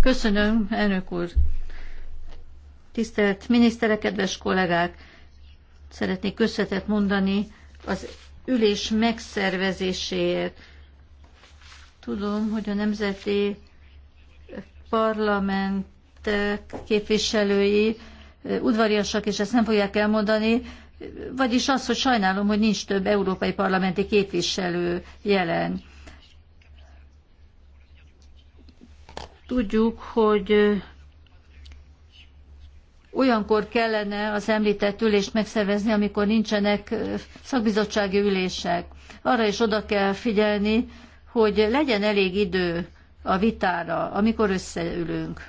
Speaker 4: Köszönöm, elnök úr. Tisztelt miniszterek, kedves kollégák! Szeretnék köszönetet mondani az ülés megszervezéséért. Tudom, hogy a nemzeti parlament képviselői udvariasak, és ezt nem fogják elmondani, vagyis az, hogy sajnálom, hogy nincs több európai parlamenti képviselő jelen. Tudjuk, hogy olyankor kellene az említett ülést megszervezni, amikor nincsenek szakbizottsági ülések. Arra is oda kell figyelni, hogy legyen elég idő a vitára, amikor összeülünk.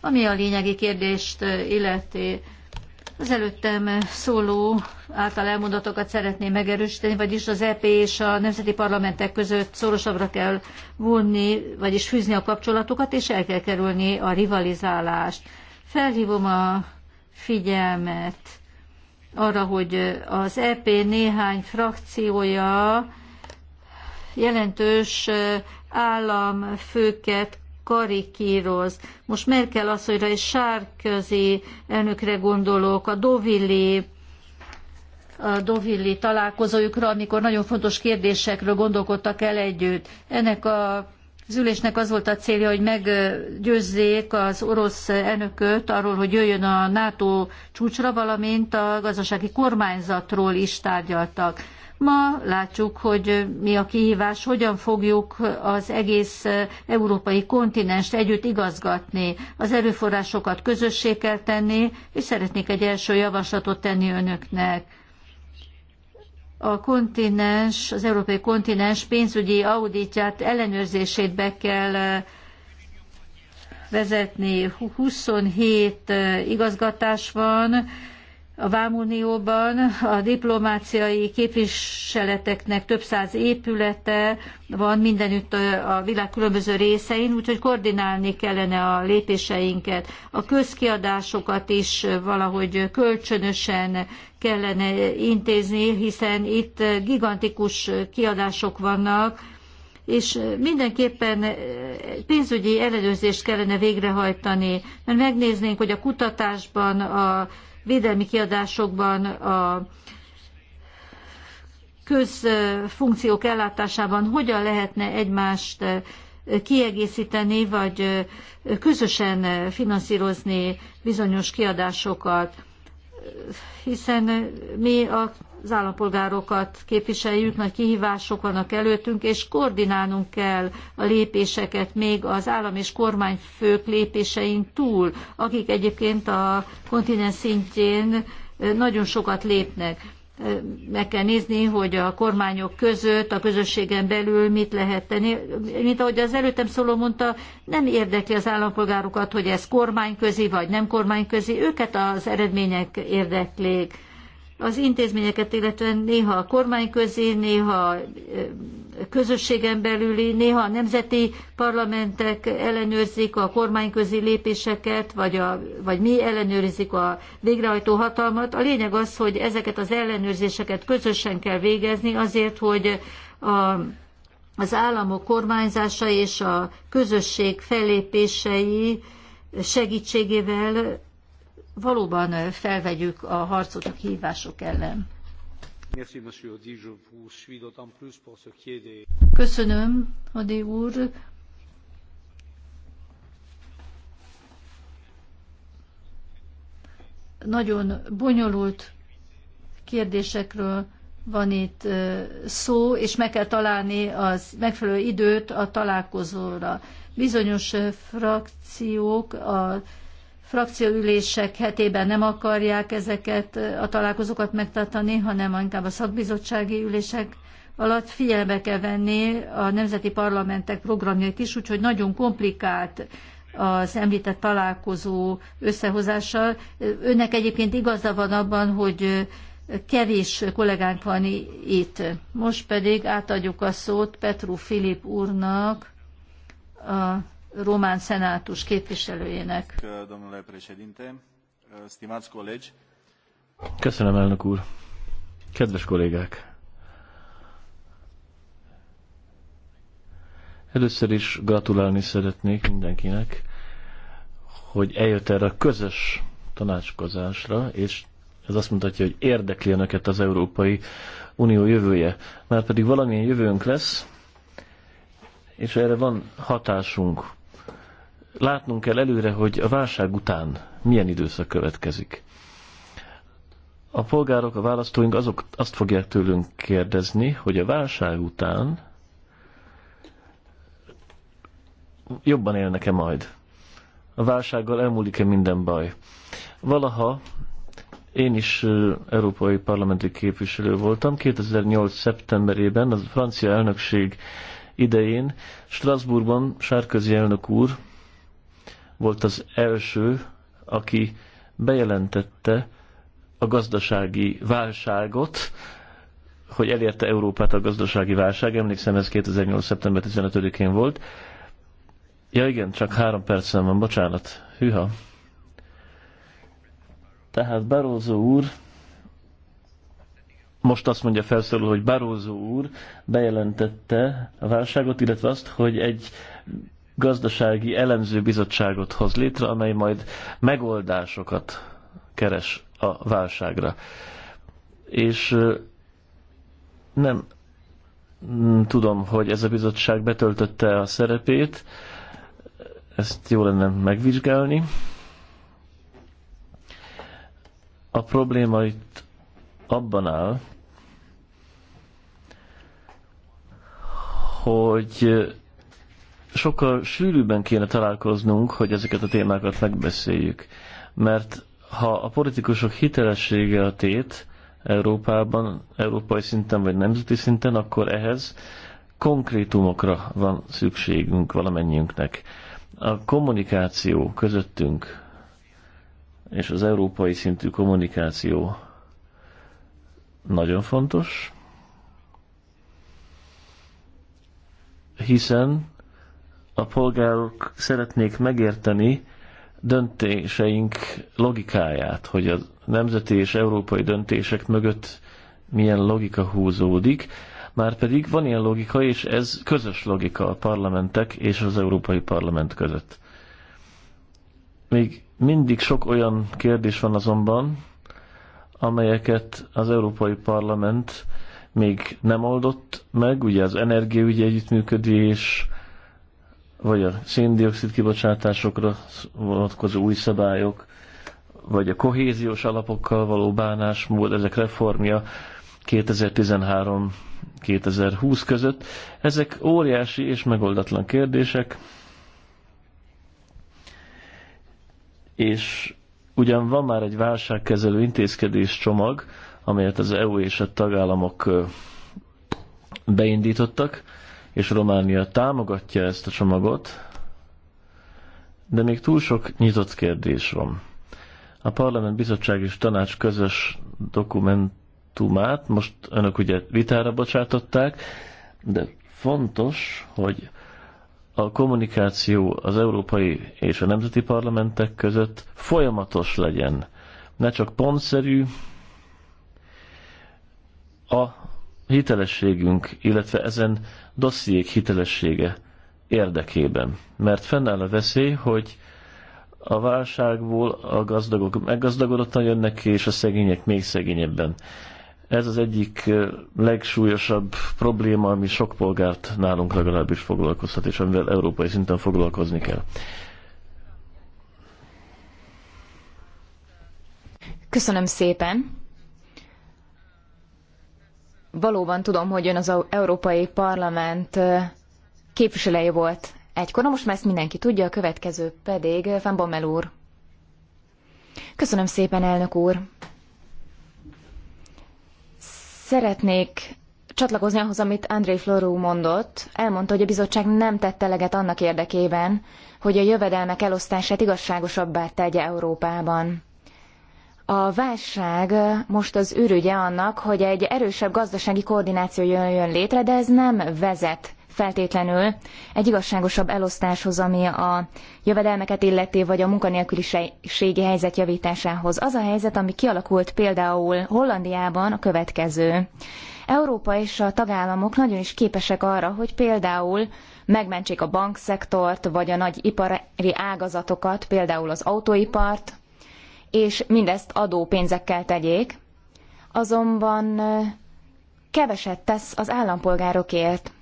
Speaker 4: Ami a lényegi kérdést eh, illeti, az előttem szóló által elmondatokat szeretném megerősíteni, vagyis az EP és a nemzeti parlamentek között szorosabbra kell vonni, vagyis fűzni a kapcsolatokat, és el kell kerülni a rivalizálást. Felhívom a figyelmet arra, hogy az EP néhány frakciója jelentős államfőket karikíroz. Most Merkel asszonyra és Sárközi elnökre gondolok, a Dovilli a Dovilli találkozójukra, amikor nagyon fontos kérdésekről gondolkodtak el együtt. Ennek a az ülésnek az volt a célja, hogy meggyőzzék az orosz elnököt arról, hogy jöjjön a NATO csúcsra, valamint a gazdasági kormányzatról is tárgyaltak. Ma látjuk, hogy mi a kihívás, hogyan fogjuk az egész európai kontinenst együtt igazgatni, az erőforrásokat közössé kell tenni, és szeretnék egy első javaslatot tenni önöknek a kontinens, az európai kontinens pénzügyi auditját, ellenőrzését be kell eh, vezetni. 27 eh, igazgatás van, a Vámunióban a diplomáciai képviseleteknek több száz épülete van mindenütt a világ különböző részein, úgyhogy koordinálni kellene a lépéseinket. A közkiadásokat is valahogy kölcsönösen kellene intézni, hiszen itt gigantikus kiadások vannak, és mindenképpen pénzügyi ellenőrzést kellene végrehajtani, mert megnéznénk, hogy a kutatásban, a védelmi kiadásokban, a közfunkciók ellátásában hogyan lehetne egymást kiegészíteni, vagy közösen finanszírozni bizonyos kiadásokat, hiszen mi a az állampolgárokat képviseljük, nagy kihívások vannak előttünk, és koordinálnunk kell a lépéseket még az állam és kormányfők lépésein túl, akik egyébként a kontinens szintjén nagyon sokat lépnek meg kell nézni, hogy a kormányok között, a közösségen belül mit lehet tenni. Mint ahogy az előttem szóló mondta, nem érdekli az állampolgárokat, hogy ez kormányközi vagy nem kormányközi, őket az eredmények érdeklik az intézményeket, illetően néha a kormányközi, néha közösségen belüli, néha a nemzeti parlamentek ellenőrzik a kormányközi lépéseket, vagy, a, vagy mi ellenőrizik a végrehajtó hatalmat. A lényeg az, hogy ezeket az ellenőrzéseket közösen kell végezni azért, hogy a, az államok kormányzása és a közösség fellépései segítségével valóban felvegyük a harcot a kihívások ellen.
Speaker 3: Köszönöm,
Speaker 4: Adi úr. Nagyon bonyolult kérdésekről van itt szó, és meg kell találni az megfelelő időt a találkozóra. Bizonyos frakciók a frakcióülések hetében nem akarják ezeket a találkozókat megtartani, hanem inkább a szakbizottsági ülések alatt figyelembe kell venni a nemzeti parlamentek programjait is, úgyhogy nagyon komplikált az említett találkozó összehozással. Önnek egyébként igaza van abban, hogy kevés kollégánk van itt. Most pedig átadjuk a szót Petru Filip úrnak, a román szenátus képviselőjének.
Speaker 2: Köszönöm, elnök úr. Kedves kollégák! Először is gratulálni szeretnék mindenkinek, hogy eljött erre a közös tanácskozásra, és ez azt mutatja, hogy érdekli önöket az Európai Unió jövője. Már pedig valamilyen jövőnk lesz, és erre van hatásunk látnunk kell előre, hogy a válság után milyen időszak következik. A polgárok, a választóink azok azt fogják tőlünk kérdezni, hogy a válság után jobban élnek-e majd? A válsággal elmúlik-e minden baj? Valaha én is európai parlamenti képviselő voltam. 2008. szeptemberében a francia elnökség idején Strasbourgban Sárközi elnök úr volt az első, aki bejelentette a gazdasági válságot, hogy elérte Európát a gazdasági válság. Emlékszem, ez 2008. szeptember 15-én volt. Ja igen, csak három percem van, bocsánat. Hűha. Tehát Barózó úr, most azt mondja felszólaló, hogy Barózó úr bejelentette a válságot, illetve azt, hogy egy gazdasági elemző bizottságot hoz létre, amely majd megoldásokat keres a válságra. És nem tudom, hogy ez a bizottság betöltötte a szerepét, ezt jó lenne megvizsgálni. A probléma itt abban áll, hogy sokkal sűrűbben kéne találkoznunk, hogy ezeket a témákat megbeszéljük. Mert ha a politikusok hitelessége a tét Európában, európai szinten vagy nemzeti szinten, akkor ehhez konkrétumokra van szükségünk valamennyiünknek. A kommunikáció közöttünk és az európai szintű kommunikáció nagyon fontos, hiszen a polgárok szeretnék megérteni döntéseink logikáját, hogy a nemzeti és európai döntések mögött milyen logika húzódik, már pedig van ilyen logika, és ez közös logika a parlamentek és az Európai Parlament között. Még mindig sok olyan kérdés van azonban, amelyeket az Európai Parlament még nem oldott meg, ugye az energiaügyi együttműködés, vagy a széndiokszid kibocsátásokra vonatkozó új szabályok, vagy a kohéziós alapokkal való bánásmód, ezek reformja 2013-2020 között. Ezek óriási és megoldatlan kérdések, és ugyan van már egy válságkezelő intézkedés csomag, amelyet az EU és a tagállamok beindítottak, és Románia támogatja ezt a csomagot, de még túl sok nyitott kérdés van. A Parlament Bizottság és Tanács közös dokumentumát most önök ugye vitára bocsátották, de fontos, hogy a kommunikáció az európai és a nemzeti parlamentek között folyamatos legyen. Ne csak pontszerű, a hitelességünk, illetve ezen dossziék hitelessége érdekében. Mert fennáll a veszély, hogy a válságból a gazdagok meggazdagodottan jönnek ki, és a szegények még szegényebben. Ez az egyik legsúlyosabb probléma, ami sok polgárt nálunk legalábbis foglalkoztat, és amivel európai szinten foglalkozni kell.
Speaker 1: Köszönöm szépen! valóban tudom, hogy ön az Európai Parlament képviselője volt egykor. Na most már ezt mindenki tudja, a következő pedig Van Bommel úr. Köszönöm szépen, elnök úr. Szeretnék csatlakozni ahhoz, amit André Florú mondott. Elmondta, hogy a bizottság nem tette eleget annak érdekében, hogy a jövedelmek elosztását igazságosabbá tegye Európában. A válság most az ürügye annak, hogy egy erősebb gazdasági koordináció jön létre, de ez nem vezet feltétlenül egy igazságosabb elosztáshoz, ami a jövedelmeket illeti, vagy a munkanélküliségi helyzet javításához. Az a helyzet, ami kialakult például Hollandiában a következő. Európa és a tagállamok nagyon is képesek arra, hogy például megmentsék a bankszektort, vagy a nagy ipari ágazatokat, például az autóipart, és mindezt adópénzekkel tegyék, azonban keveset tesz az állampolgárokért.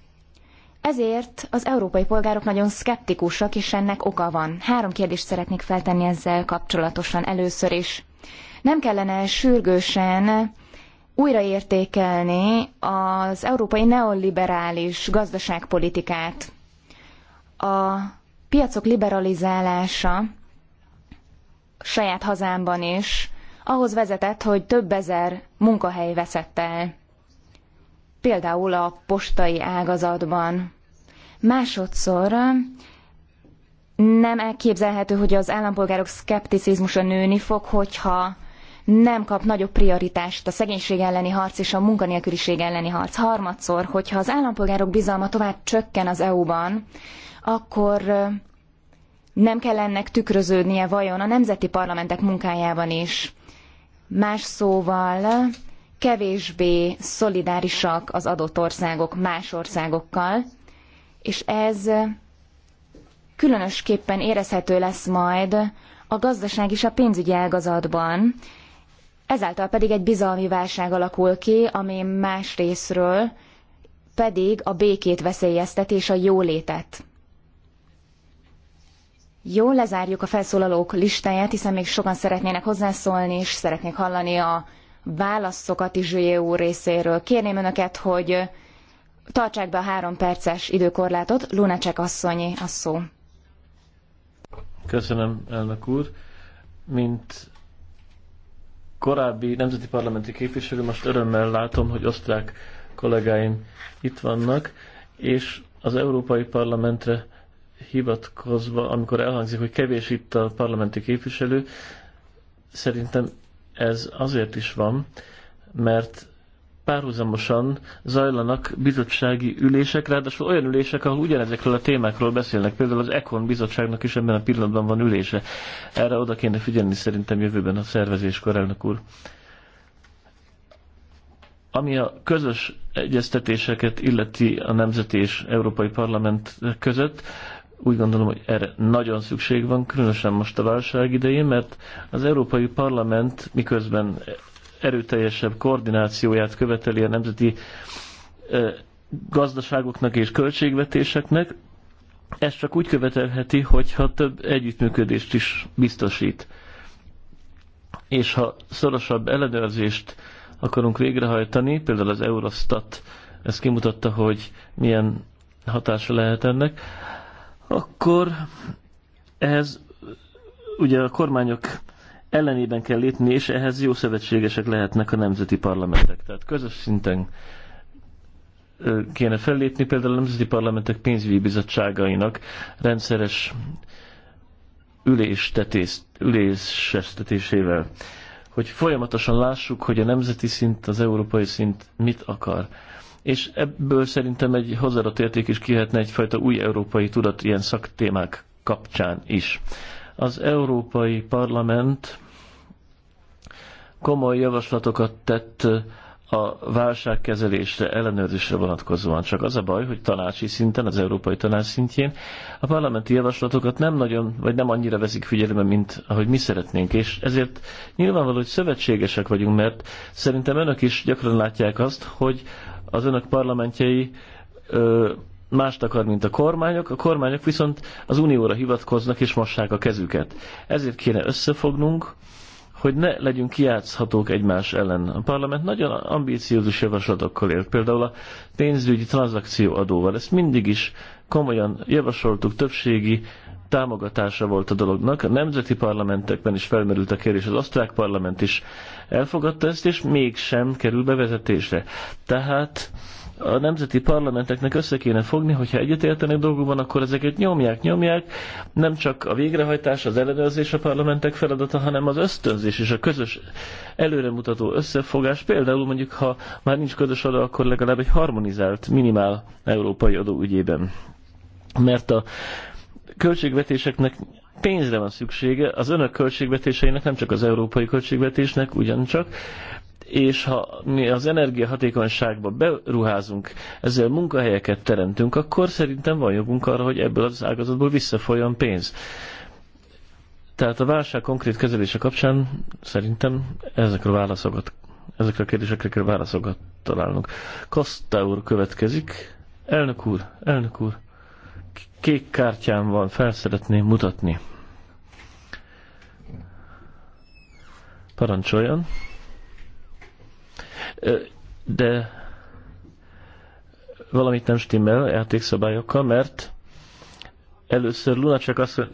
Speaker 1: Ezért az európai polgárok nagyon szkeptikusak, és ennek oka van. Három kérdést szeretnék feltenni ezzel kapcsolatosan először is. Nem kellene sürgősen újraértékelni az európai neoliberális gazdaságpolitikát. A piacok liberalizálása saját hazámban is, ahhoz vezetett, hogy több ezer munkahely veszett el. Például a postai ágazatban. Másodszor nem elképzelhető, hogy az állampolgárok szkepticizmusa nőni fog, hogyha nem kap nagyobb prioritást a szegénység elleni harc és a munkanélküliség elleni harc. Harmadszor, hogyha az állampolgárok bizalma tovább csökken az EU-ban, akkor nem kell ennek tükröződnie vajon a nemzeti parlamentek munkájában is. Más szóval kevésbé szolidárisak az adott országok más országokkal, és ez különösképpen érezhető lesz majd a gazdaság és a pénzügyi ágazatban, ezáltal pedig egy bizalmi válság alakul ki, ami más részről pedig a békét veszélyezteti és a jólétet. Jó, lezárjuk a felszólalók listáját, hiszen még sokan szeretnének hozzászólni, és szeretnék hallani a válaszokat is Zsülyé úr részéről. Kérném önöket, hogy tartsák be a három perces időkorlátot. Lunacek asszonyi a szó.
Speaker 2: Köszönöm, elnök úr. Mint korábbi nemzeti parlamenti képviselő, most örömmel látom, hogy osztrák kollégáim itt vannak, és az Európai Parlamentre hivatkozva, amikor elhangzik, hogy kevés itt a parlamenti képviselő, szerintem ez azért is van, mert párhuzamosan zajlanak bizottsági ülések, ráadásul olyan ülések, ahol ugyanezekről a témákról beszélnek. Például az Econ bizottságnak is ebben a pillanatban van ülése. Erre oda kéne figyelni szerintem jövőben a szervezéskor, elnök úr. Ami a közös egyeztetéseket illeti a nemzeti és európai parlament között, úgy gondolom, hogy erre nagyon szükség van, különösen most a válság idején, mert az Európai Parlament miközben erőteljesebb koordinációját követeli a nemzeti gazdaságoknak és költségvetéseknek, ezt csak úgy követelheti, hogyha több együttműködést is biztosít. És ha szorosabb ellenőrzést akarunk végrehajtani, például az Eurostat ezt kimutatta, hogy milyen hatása lehet ennek, akkor ez ugye a kormányok ellenében kell lépni, és ehhez jó szövetségesek lehetnek a nemzeti parlamentek. Tehát közös szinten kéne fellépni, például a Nemzeti Parlamentek pénzügyi bizottságainak rendszeres üléstetés, ülésestetésével, hogy folyamatosan lássuk, hogy a nemzeti szint, az európai szint mit akar és ebből szerintem egy hozzáadott érték is kihetne egyfajta új európai tudat ilyen szaktémák kapcsán is. Az Európai Parlament komoly javaslatokat tett a válságkezelésre, ellenőrzésre vonatkozóan. Csak az a baj, hogy tanácsi szinten, az Európai Tanács szintjén a parlamenti javaslatokat nem nagyon, vagy nem annyira veszik figyelembe, mint ahogy mi szeretnénk. És ezért nyilvánvaló, hogy szövetségesek vagyunk, mert szerintem önök is gyakran látják azt, hogy az önök parlamentjei ö, mást akar, mint a kormányok, a kormányok viszont az unióra hivatkoznak és mossák a kezüket. Ezért kéne összefognunk, hogy ne legyünk kiátszhatók egymás ellen. A parlament nagyon ambíciózus javaslatokkal élt, például a pénzügyi tranzakcióadóval. Ezt mindig is komolyan javasoltuk, többségi támogatása volt a dolognak. A nemzeti parlamentekben is felmerült a kérdés, az osztrák parlament is elfogadta ezt, és mégsem kerül bevezetésre. Tehát a nemzeti parlamenteknek össze kéne fogni, hogyha egyetértenek dolgokban, akkor ezeket nyomják, nyomják. Nem csak a végrehajtás, az ellenőrzés a parlamentek feladata, hanem az ösztönzés és a közös előremutató összefogás. Például mondjuk, ha már nincs közös adó, akkor legalább egy harmonizált, minimál európai adó ügyében. Mert a költségvetéseknek pénzre van szüksége, az önök költségvetéseinek, nem csak az európai költségvetésnek ugyancsak, és ha mi az energiahatékonyságba beruházunk, ezzel munkahelyeket teremtünk, akkor szerintem van jogunk arra, hogy ebből az ágazatból visszafolyjon pénz. Tehát a válság konkrét kezelése kapcsán szerintem ezekre a válaszokat, ezekre a kérdésekre kell válaszokat találnunk. Kosta úr következik. Elnök úr, elnök úr, kék kártyám van, fel szeretném mutatni. Parancsoljon. De valamit nem stimmel játékszabályokkal, mert először Luna csak azt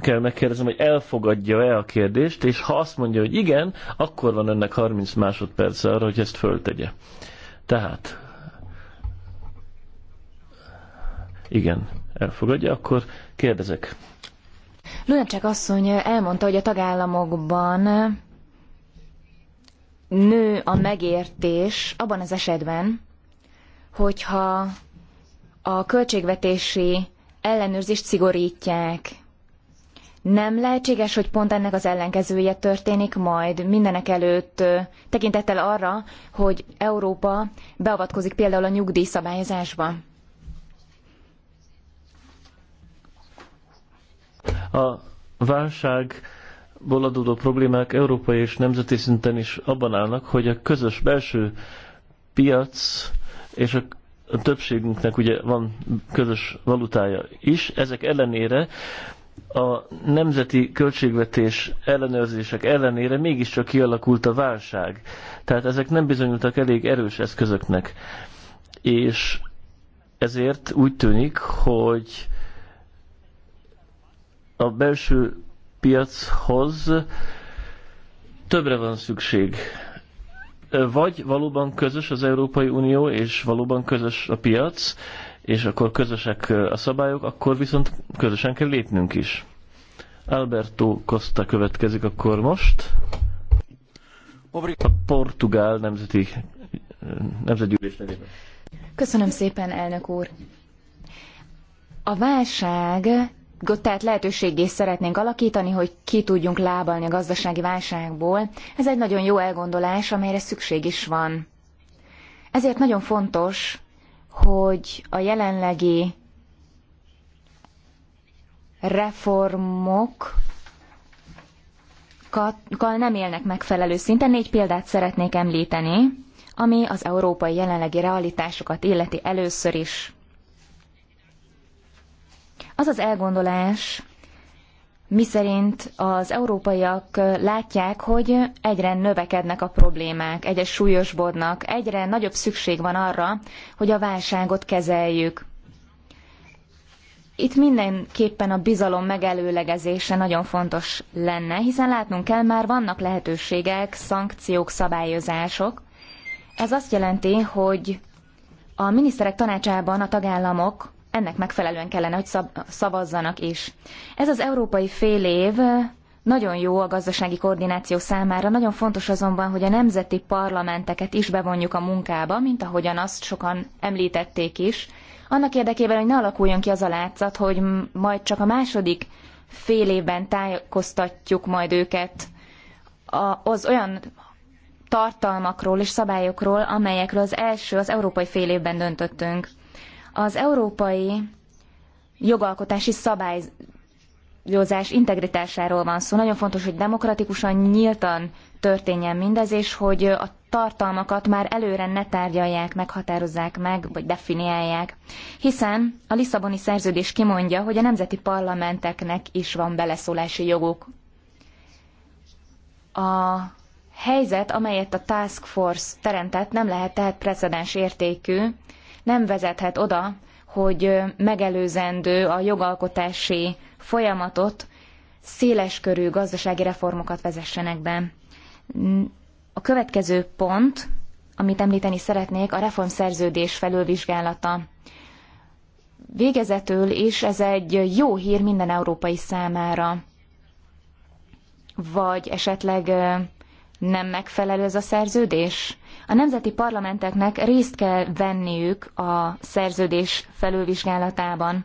Speaker 2: kell megkérdezem, hogy elfogadja-e a kérdést, és ha azt mondja, hogy igen, akkor van ennek 30 másodperc, arra, hogy ezt föltegye. Tehát, igen, elfogadja, akkor kérdezek.
Speaker 1: Lunacek asszony elmondta, hogy a tagállamokban nő a megértés abban az esetben, hogyha a költségvetési ellenőrzést szigorítják. Nem lehetséges, hogy pont ennek az ellenkezője történik majd mindenek előtt tekintettel arra, hogy Európa beavatkozik például a nyugdíjszabályozásba.
Speaker 2: A válság adódó problémák európai és nemzeti szinten is abban állnak, hogy a közös belső piac és a a többségünknek ugye van közös valutája is, ezek ellenére a nemzeti költségvetés ellenőrzések ellenére mégiscsak kialakult a válság. Tehát ezek nem bizonyultak elég erős eszközöknek. És ezért úgy tűnik, hogy a belső piachoz többre van szükség. Vagy valóban közös az Európai Unió, és valóban közös a piac, és akkor közösek a szabályok, akkor viszont közösen kell lépnünk is. Alberto Costa következik akkor most. A portugál nemzeti nemzetgyűlés nevében.
Speaker 1: Köszönöm szépen, elnök úr. A válság tehát lehetőségé szeretnénk alakítani, hogy ki tudjunk lábalni a gazdasági válságból. Ez egy nagyon jó elgondolás, amelyre szükség is van. Ezért nagyon fontos, hogy a jelenlegi reformokkal nem élnek megfelelő szinten. Négy példát szeretnék említeni, ami az európai jelenlegi realitásokat illeti először is. Az az elgondolás, miszerint az európaiak látják, hogy egyre növekednek a problémák, egyre súlyosbodnak, egyre nagyobb szükség van arra, hogy a válságot kezeljük. Itt mindenképpen a bizalom megelőlegezése nagyon fontos lenne, hiszen látnunk kell, már vannak lehetőségek, szankciók, szabályozások. Ez azt jelenti, hogy a miniszterek tanácsában a tagállamok ennek megfelelően kellene, hogy szavazzanak is. Ez az európai fél év nagyon jó a gazdasági koordináció számára, nagyon fontos azonban, hogy a nemzeti parlamenteket is bevonjuk a munkába, mint ahogyan azt sokan említették is, annak érdekében, hogy ne alakuljon ki az a látszat, hogy majd csak a második fél évben tájékoztatjuk majd őket az olyan tartalmakról és szabályokról, amelyekről az első, az európai fél évben döntöttünk. Az európai jogalkotási szabályozás integritásáról van szó. Nagyon fontos, hogy demokratikusan, nyíltan történjen mindez, és hogy a tartalmakat már előre ne tárgyalják, meghatározzák meg, vagy definiálják. Hiszen a Lisszaboni szerződés kimondja, hogy a nemzeti parlamenteknek is van beleszólási joguk. A helyzet, amelyet a Task Force teremtett, nem lehet tehát precedens értékű, nem vezethet oda, hogy megelőzendő a jogalkotási folyamatot, széleskörű gazdasági reformokat vezessenek be. A következő pont, amit említeni szeretnék, a reformszerződés felülvizsgálata. Végezetül is ez egy jó hír minden európai számára. Vagy esetleg nem megfelelő ez a szerződés? A nemzeti parlamenteknek részt kell venniük a szerződés felülvizsgálatában.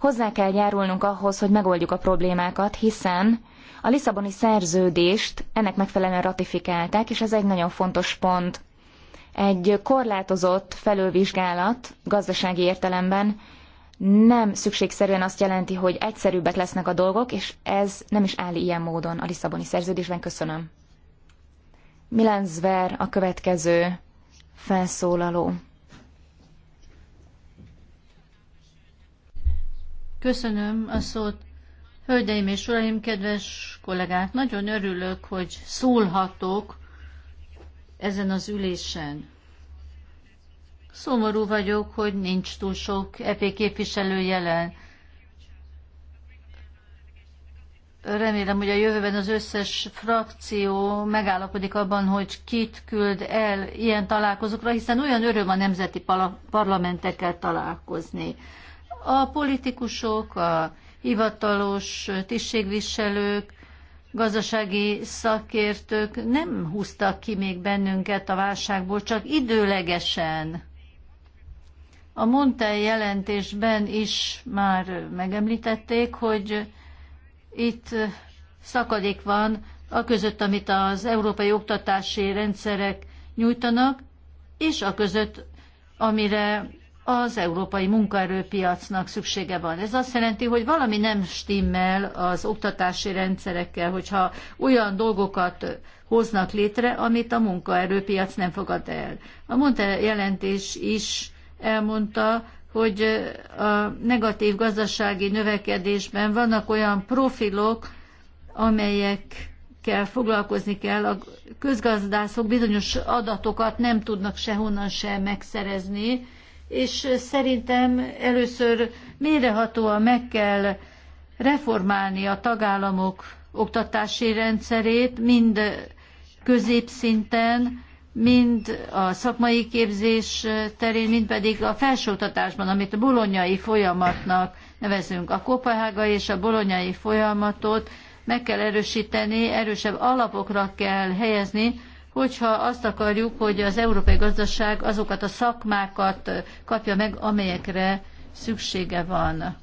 Speaker 1: Hozzá kell járulnunk ahhoz, hogy megoldjuk a problémákat, hiszen a Lisszaboni szerződést ennek megfelelően ratifikálták, és ez egy nagyon fontos pont. Egy korlátozott felülvizsgálat gazdasági értelemben nem szükségszerűen azt jelenti, hogy egyszerűbbek lesznek a dolgok, és ez nem is áll ilyen módon a Lisszaboni szerződésben. Köszönöm. Milán Zver a következő felszólaló.
Speaker 4: Köszönöm a szót. Hölgyeim és uraim, kedves kollégák, nagyon örülök, hogy szólhatok ezen az ülésen. Szomorú vagyok, hogy nincs túl sok EP képviselő jelen. remélem, hogy a jövőben az összes frakció megállapodik abban, hogy kit küld el ilyen találkozókra, hiszen olyan öröm a nemzeti parlamentekkel találkozni. A politikusok, a hivatalos tisztségviselők, gazdasági szakértők nem húztak ki még bennünket a válságból, csak időlegesen. A Montel jelentésben is már megemlítették, hogy itt szakadék van a között, amit az európai oktatási rendszerek nyújtanak, és a között, amire az európai munkaerőpiacnak szüksége van. Ez azt jelenti, hogy valami nem stimmel az oktatási rendszerekkel, hogyha olyan dolgokat hoznak létre, amit a munkaerőpiac nem fogad el. A mondta jelentés is elmondta, hogy a negatív gazdasági növekedésben vannak olyan profilok, amelyekkel foglalkozni kell. A közgazdászok bizonyos adatokat nem tudnak sehonnan se megszerezni, és szerintem először mérehatóan meg kell reformálni a tagállamok oktatási rendszerét, mind középszinten, mind a szakmai képzés terén, mind pedig a felsőoktatásban, amit a bolonyai folyamatnak nevezünk. A kopenhágai és a bolonyai folyamatot meg kell erősíteni, erősebb alapokra kell helyezni, hogyha azt akarjuk, hogy az európai gazdaság azokat a szakmákat kapja meg, amelyekre szüksége van.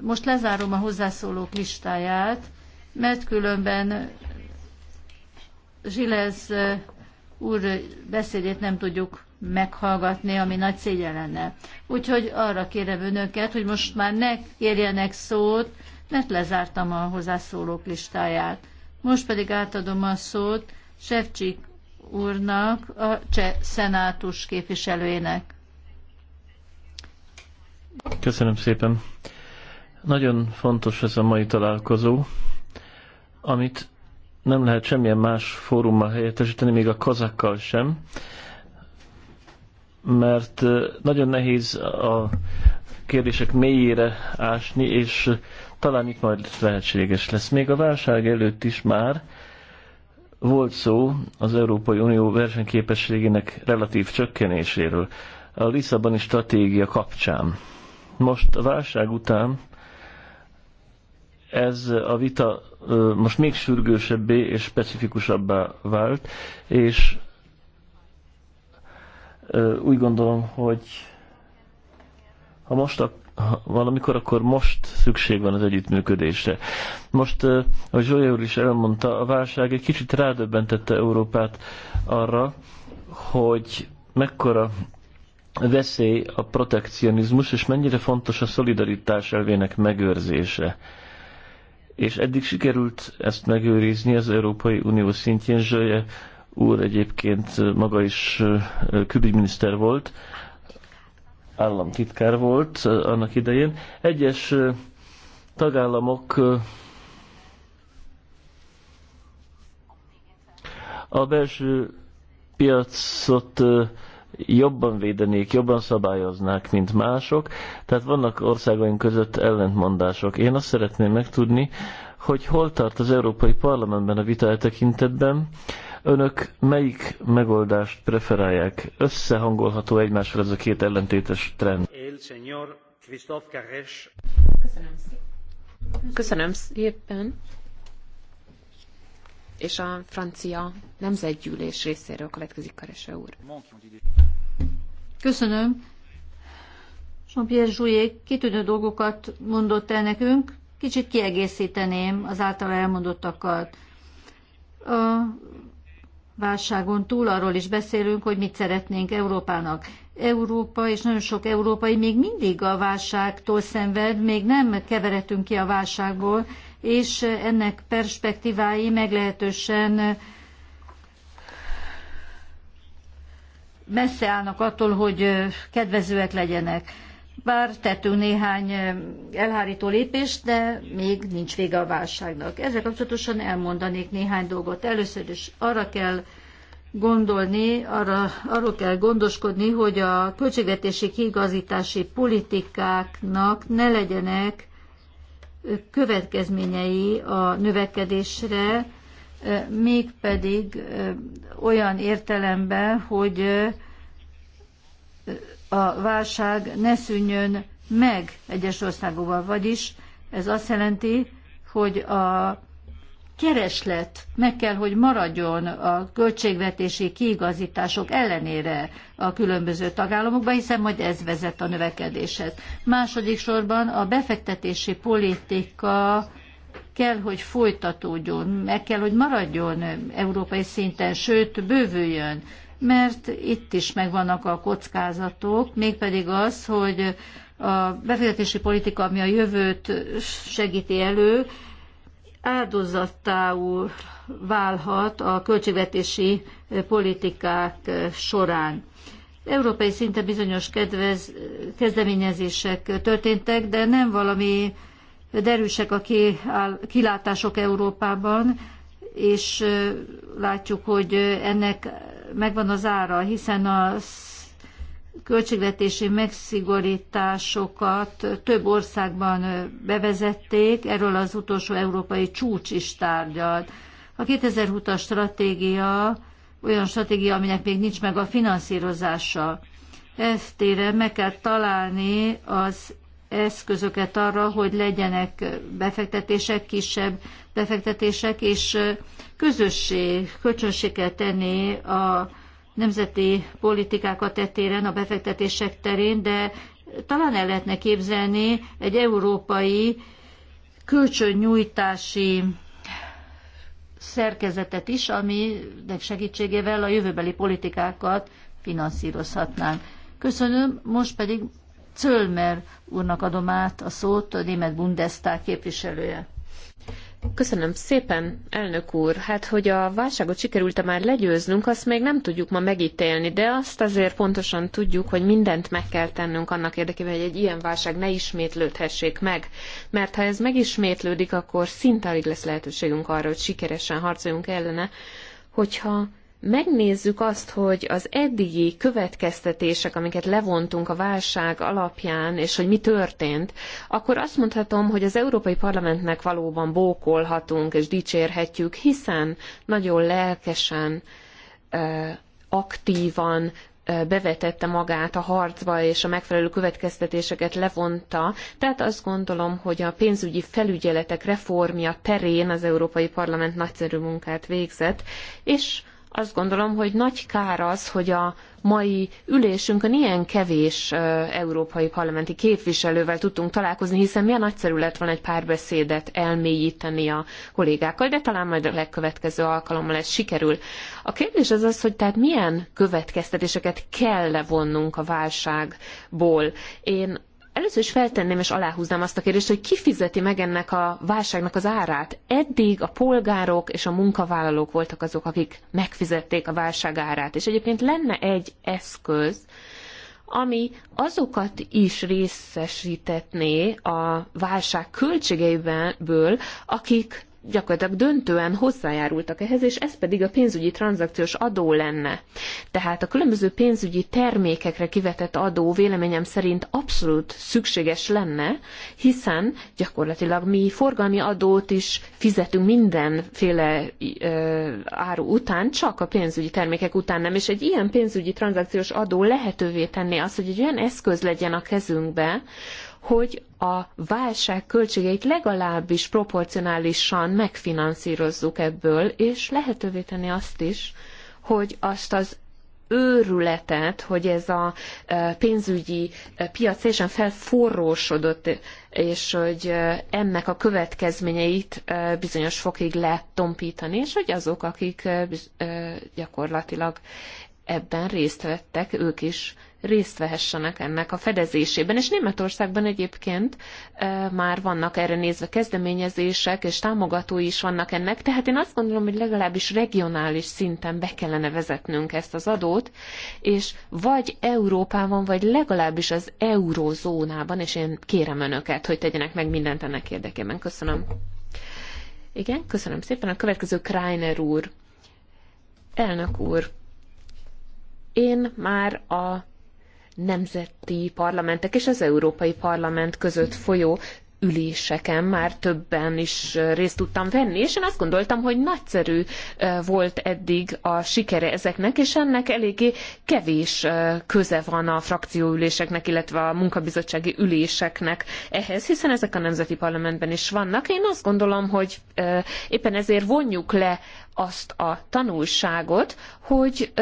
Speaker 4: Most lezárom a hozzászólók listáját, mert különben Zsilez úr beszédét nem tudjuk meghallgatni, ami nagy szégyen lenne. Úgyhogy arra kérem önöket, hogy most már ne kérjenek szót, mert lezártam a hozzászólók listáját. Most pedig átadom a szót Sevcsik úrnak, a cseh szenátus képviselőjének.
Speaker 2: Köszönöm szépen. Nagyon fontos ez a mai találkozó, amit nem lehet semmilyen más fórummal helyettesíteni, még a kazakkal sem, mert nagyon nehéz a kérdések mélyére ásni, és talán itt majd lehetséges lesz. Még a válság előtt is már volt szó az Európai Unió versenyképességének relatív csökkenéséről a Lisszaboni stratégia kapcsán. Most a válság után ez a vita most még sürgősebbé és specifikusabbá vált, és úgy gondolom, hogy ha most a, ha valamikor, akkor most szükség van az együttműködésre. Most, ahogy Zsolya úr is elmondta, a válság egy kicsit rádöbbentette Európát arra, hogy mekkora veszély a protekcionizmus, és mennyire fontos a szolidaritás elvének megőrzése és eddig sikerült ezt megőrizni az Európai Unió szintjén. Zsölye úr egyébként maga is külügyminiszter volt, államtitkár volt annak idején. Egyes tagállamok a belső piacot jobban védenék, jobban szabályoznák, mint mások. Tehát vannak országaink között ellentmondások. Én azt szeretném megtudni, hogy hol tart az Európai Parlamentben a vita e tekintetben, önök melyik megoldást preferálják? Összehangolható egymással ez a két ellentétes trend.
Speaker 4: Köszönöm
Speaker 3: szépen. És a francia nemzetgyűlés részéről következik Karese úr.
Speaker 4: Köszönöm. Jean-Pierre Zsujék kitűnő dolgokat mondott el nekünk, kicsit kiegészíteném az általa elmondottakat. A válságon túl arról is beszélünk, hogy mit szeretnénk Európának. Európa és nagyon sok európai még mindig a válságtól szenved, még nem keveretünk ki a válságból, és ennek perspektívái meglehetősen messze állnak attól, hogy kedvezőek legyenek. Bár tettünk néhány elhárító lépést, de még nincs vége a válságnak. Ezzel kapcsolatosan elmondanék néhány dolgot. Először is arra kell gondolni, arra, arról kell gondoskodni, hogy a költségvetési kiigazítási politikáknak ne legyenek következményei a növekedésre, mégpedig olyan értelemben, hogy a válság ne szűnjön meg egyes országokban, vagyis ez azt jelenti, hogy a kereslet meg kell, hogy maradjon a költségvetési kiigazítások ellenére a különböző tagállamokban, hiszen majd ez vezet a növekedéshez. Második sorban a befektetési politika kell, hogy folytatódjon, meg kell, hogy maradjon európai szinten, sőt, bővüljön, mert itt is megvannak a kockázatok, mégpedig az, hogy a befektetési politika, ami a jövőt segíti elő, áldozattául válhat a költségvetési politikák során. Európai szinte bizonyos kedvez, kezdeményezések történtek, de nem valami derűsek a kilátások Európában, és látjuk, hogy ennek megvan az ára, hiszen a költségvetési megszigorításokat több országban bevezették, erről az utolsó európai csúcs is tárgyalt. A 2020-as stratégia olyan stratégia, aminek még nincs meg a finanszírozása. Ezt téren meg kell találni az eszközöket arra, hogy legyenek befektetések, kisebb befektetések, és közösség, kölcsönség kell tenni a nemzeti politikákat tetéren, a befektetések terén, de talán el lehetne képzelni egy európai kölcsönnyújtási szerkezetet is, aminek segítségével a jövőbeli politikákat finanszírozhatnánk. Köszönöm, most pedig Zöllmer úrnak adom át a szót, a német Bundestag képviselője. Köszönöm szépen,
Speaker 3: elnök úr. Hát, hogy a válságot sikerült-e már legyőznünk, azt még nem tudjuk ma megítélni, de azt azért pontosan tudjuk, hogy mindent meg kell tennünk annak érdekében, hogy egy ilyen válság ne ismétlődhessék meg. Mert ha ez megismétlődik, akkor szinte alig lesz lehetőségünk arra, hogy sikeresen harcoljunk ellene, hogyha megnézzük azt, hogy az eddigi következtetések, amiket levontunk a válság alapján, és hogy mi történt, akkor azt mondhatom, hogy az Európai Parlamentnek valóban bókolhatunk és dicsérhetjük, hiszen nagyon lelkesen, aktívan bevetette magát a harcba, és a megfelelő következtetéseket levonta. Tehát azt gondolom, hogy a pénzügyi felügyeletek reformja terén az Európai Parlament nagyszerű munkát végzett, és azt gondolom, hogy nagy kár az, hogy a mai ülésünkön ilyen kevés európai parlamenti képviselővel tudtunk találkozni, hiszen milyen nagyszerű lett volna egy párbeszédet elmélyíteni a kollégákkal, de talán majd a legkövetkező alkalommal ez sikerül. A kérdés az az, hogy tehát milyen következtetéseket kell levonnunk a válságból. Én Először is feltenném és aláhúznám azt a kérdést, hogy ki fizeti meg ennek a válságnak az árát. Eddig a polgárok és a munkavállalók voltak azok, akik megfizették a válság árát. És egyébként lenne egy eszköz, ami azokat is részesítetné a válság költségeiből, akik gyakorlatilag döntően hozzájárultak ehhez, és ez pedig a pénzügyi tranzakciós adó lenne. Tehát a különböző pénzügyi termékekre kivetett adó véleményem szerint abszolút szükséges lenne, hiszen gyakorlatilag mi forgalmi adót is fizetünk mindenféle ö, áru után, csak a pénzügyi termékek után nem, és egy ilyen pénzügyi tranzakciós adó lehetővé tenné azt, hogy egy olyan eszköz legyen a kezünkbe, hogy a válság költségeit legalábbis proporcionálisan megfinanszírozzuk ebből, és lehetővé tenni azt is, hogy azt az őrületet, hogy ez a e, pénzügyi e, piac teljesen felforrósodott, és hogy e, ennek a következményeit bizonyos fokig letompítani, és hogy azok, akik gyakorlatilag ebben részt vettek, ők is részt vehessenek ennek a fedezésében. És Németországban egyébként e, már vannak erre nézve kezdeményezések, és támogatói is vannak ennek, tehát én azt gondolom, hogy legalábbis regionális szinten be kellene vezetnünk ezt az adót, és vagy Európában, vagy legalábbis az eurozónában, és én kérem önöket, hogy tegyenek meg mindent ennek érdekében. Köszönöm. Igen, köszönöm szépen. A következő Kreiner úr. Elnök úr, én már a nemzeti parlamentek és az Európai Parlament között folyó üléseken már többen is részt tudtam venni, és én azt gondoltam, hogy nagyszerű volt eddig a sikere ezeknek, és ennek eléggé kevés köze van a frakcióüléseknek, illetve a munkabizottsági üléseknek ehhez, hiszen ezek a nemzeti parlamentben is vannak. Én azt gondolom, hogy éppen ezért vonjuk le azt a tanulságot, hogy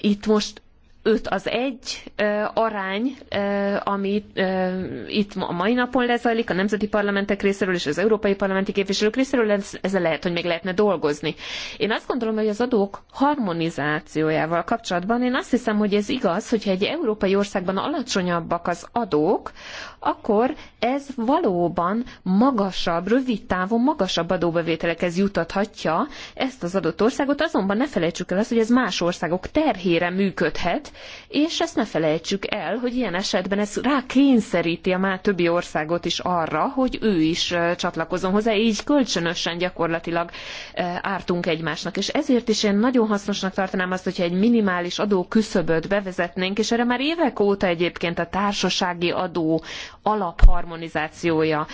Speaker 3: itt most 5 az 1 arány, ami itt a mai napon lezajlik, a nemzeti parlamentek részéről és az európai parlamenti képviselők részéről, ezzel lehet, hogy még lehetne dolgozni. Én azt gondolom, hogy az adók harmonizációjával kapcsolatban én azt hiszem, hogy ez igaz, hogyha egy európai országban alacsonyabbak az adók, akkor ez valóban magasabb, rövid távon magasabb adóbevételekhez jutathatja ezt az adott országot, azonban ne felejtsük el azt, hogy ez más országok terhére működhet, és ezt ne felejtsük el, hogy ilyen esetben ez rá kényszeríti a már többi országot is arra, hogy ő is csatlakozom hozzá, így kölcsönösen gyakorlatilag ártunk egymásnak. És ezért is én nagyon hasznosnak tartanám azt, hogyha egy minimális adó küszöböt bevezetnénk, és erre már évek óta egyébként a társasági adó alapharmonizációja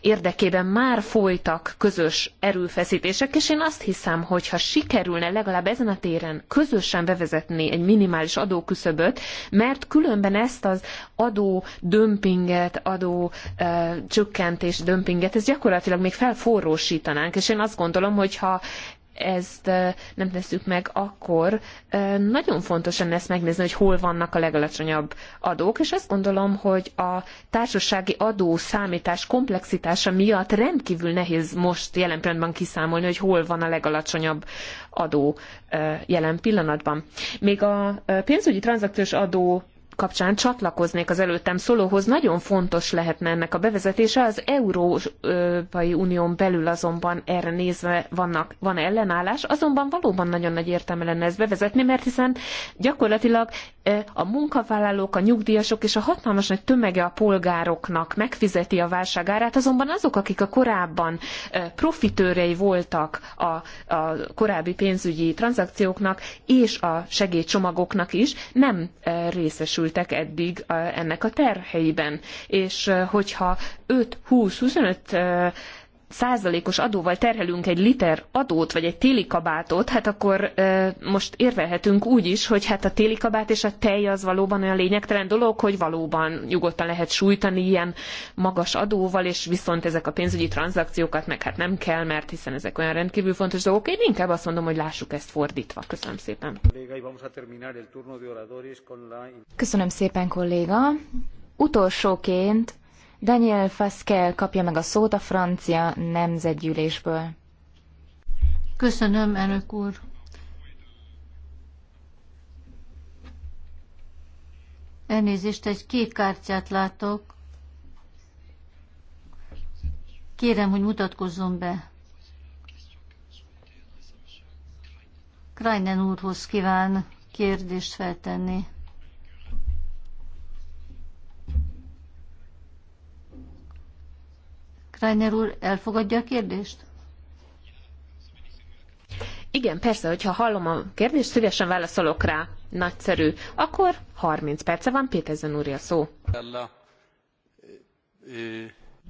Speaker 3: érdekében már folytak közös erőfeszítések, és én azt hiszem, hogy ha sikerülne legalább ezen a téren közösen bevezetni egy minimális maximális adóküszöböt, mert különben ezt az adó dömpinget, adó csökkentés dömpinget, ez gyakorlatilag még felforrósítanánk, és én azt gondolom, hogy ha ezt nem tesszük meg, akkor nagyon fontosan lesz megnézni, hogy hol vannak a legalacsonyabb adók, és azt gondolom, hogy a társasági adó számítás komplexitása miatt rendkívül nehéz most jelen pillanatban kiszámolni, hogy hol van a legalacsonyabb adó jelen pillanatban. Még a pénzügyi tranzakciós adó kapcsán csatlakoznék az előttem szólóhoz. Nagyon fontos lehetne ennek a bevezetése. Az Európai Unión belül azonban erre nézve vannak, van ellenállás, azonban valóban nagyon nagy értelme lenne ezt bevezetni, mert hiszen gyakorlatilag e, a munkavállalók, a nyugdíjasok és a hatalmas nagy tömege a polgároknak megfizeti a válságárát, azonban azok, akik a korábban e, profitőrei voltak a, a korábbi pénzügyi tranzakcióknak és a segélycsomagoknak is, nem e, részesül részesültek eddig ennek a terheiben. És hogyha 5-20-25 százalékos adóval terhelünk egy liter adót, vagy egy téli kabátot, hát akkor e, most érvelhetünk úgy is, hogy hát a téli kabát és a tej az valóban olyan lényegtelen dolog, hogy valóban nyugodtan lehet sújtani ilyen magas adóval, és viszont ezek a pénzügyi tranzakciókat meg hát nem kell, mert hiszen ezek olyan rendkívül fontos dolgok. Én inkább azt mondom, hogy lássuk ezt fordítva. Köszönöm szépen.
Speaker 1: Köszönöm szépen, kolléga. Utolsóként Daniel Fasquel kapja meg a szót a francia nemzetgyűlésből.
Speaker 4: Köszönöm, elnök úr. Elnézést, egy kék kártyát látok. Kérem, hogy mutatkozzon be. Krajnen úrhoz kíván kérdést feltenni. Kreiner úr elfogadja a kérdést?
Speaker 3: Igen, persze, hogyha hallom a kérdést, szívesen válaszolok rá. Nagyszerű. Akkor 30 perce van, Péterzen úr a szó.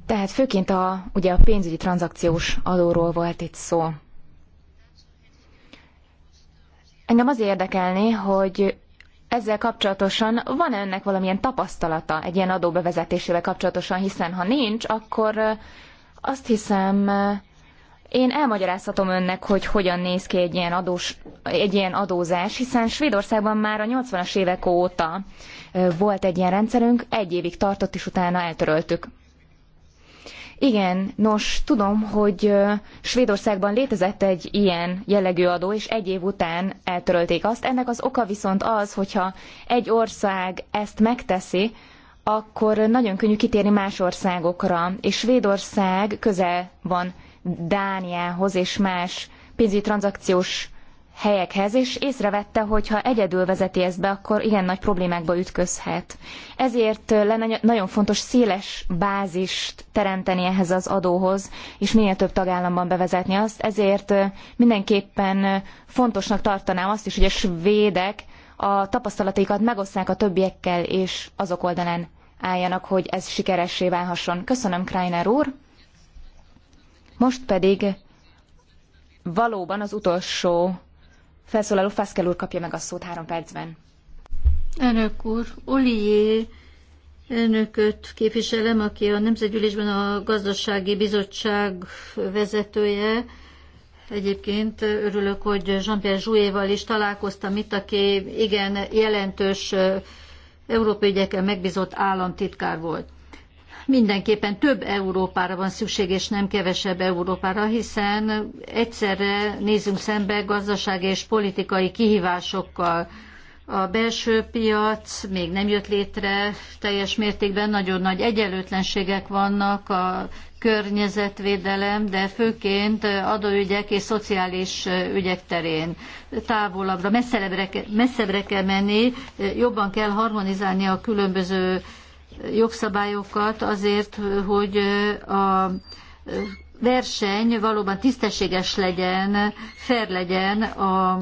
Speaker 1: Tehát főként a, ugye a pénzügyi tranzakciós adóról volt itt szó. Engem az érdekelné, hogy ezzel kapcsolatosan van -e önnek valamilyen tapasztalata egy ilyen adóbevezetésével kapcsolatosan, hiszen ha nincs, akkor azt hiszem, én elmagyarázhatom önnek, hogy hogyan néz ki egy ilyen, adós, egy ilyen adózás, hiszen Svédországban már a 80-as évek óta volt egy ilyen rendszerünk, egy évig tartott, és utána eltöröltük. Igen, nos, tudom, hogy Svédországban létezett egy ilyen jellegű adó, és egy év után eltörölték azt. Ennek az oka viszont az, hogyha egy ország ezt megteszi, akkor nagyon könnyű kitérni más országokra, és Svédország közel van Dániához és más pénzügyi tranzakciós helyekhez, és észrevette, hogy ha egyedül vezeti ezt be, akkor igen nagy problémákba ütközhet. Ezért lenne nagyon fontos széles bázist teremteni ehhez az adóhoz, és minél több tagállamban bevezetni azt. Ezért mindenképpen fontosnak tartanám azt is, hogy a svédek a tapasztalataikat megosszák a többiekkel, és azok oldalán álljanak, hogy ez sikeressé válhasson. Köszönöm, Kreiner úr! Most pedig valóban az utolsó Felszólaló Faszkel úr kapja meg a szót három percben.
Speaker 4: Elnök úr, Olié elnököt képviselem, aki a Nemzetgyűlésben a Gazdasági Bizottság vezetője. Egyébként örülök, hogy Jean-Pierre Jouyet-val is találkoztam itt, aki igen jelentős európai ügyekkel megbízott államtitkár volt mindenképpen több Európára van szükség, és nem kevesebb Európára, hiszen egyszerre nézünk szembe gazdasági és politikai kihívásokkal. A belső piac még nem jött létre teljes mértékben, nagyon nagy egyenlőtlenségek vannak, a környezetvédelem, de főként adóügyek és szociális ügyek terén. Távolabbra, messzebbre, messzebbre kell menni, jobban kell harmonizálni a különböző jogszabályokat azért, hogy a verseny valóban tisztességes legyen, fair legyen a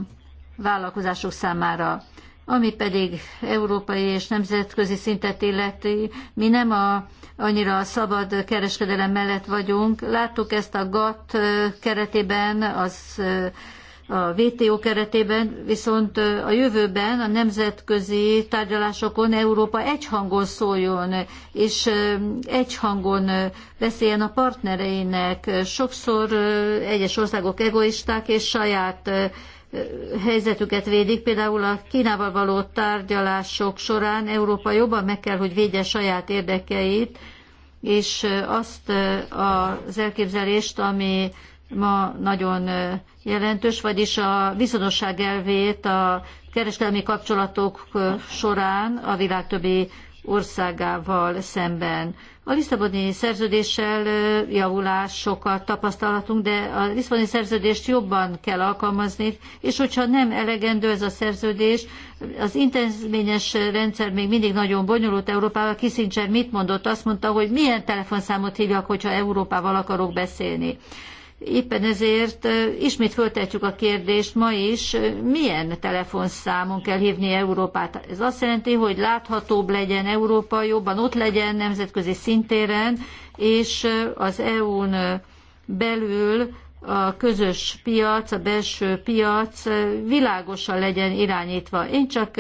Speaker 4: vállalkozások számára. Ami pedig európai és nemzetközi szintet illeti, mi nem a, annyira a szabad kereskedelem mellett vagyunk. Láttuk ezt a GATT keretében, az a WTO keretében, viszont a jövőben a nemzetközi tárgyalásokon Európa egyhangon szóljon, és egyhangon beszéljen a partnereinek. Sokszor egyes országok egoisták és saját helyzetüket védik. Például a Kínával való tárgyalások során Európa jobban meg kell, hogy védje saját érdekeit, és azt az elképzelést, ami ma nagyon jelentős, vagyis a viszonosság elvét a kereskedelmi kapcsolatok során a világ többi országával szemben. A Lisszaboni szerződéssel javulásokat tapasztalhatunk, de a Lisszaboni szerződést jobban kell alkalmazni, és hogyha nem elegendő ez a szerződés, az intézményes rendszer még mindig nagyon bonyolult Európával. Kissinger mit mondott? Azt mondta, hogy milyen telefonszámot hívjak, hogyha Európával akarok beszélni. Éppen ezért ismét föltetjük a kérdést ma is, milyen telefonszámon kell hívni Európát. Ez azt jelenti, hogy láthatóbb legyen Európa, jobban ott legyen nemzetközi szintéren, és az EU-n belül a közös piac, a belső piac világosan legyen irányítva. Én csak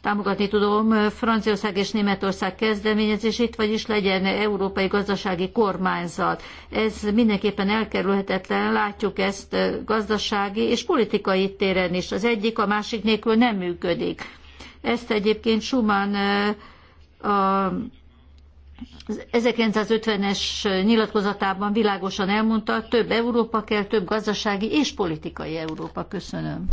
Speaker 4: támogatni tudom Franciaország és Németország kezdeményezését, vagyis legyen európai gazdasági kormányzat. Ez mindenképpen elkerülhetetlen, látjuk ezt gazdasági és politikai téren is. Az egyik a másik nélkül nem működik. Ezt egyébként Schumann a 1950-es nyilatkozatában világosan elmondta, több Európa kell, több gazdasági és politikai Európa. Köszönöm.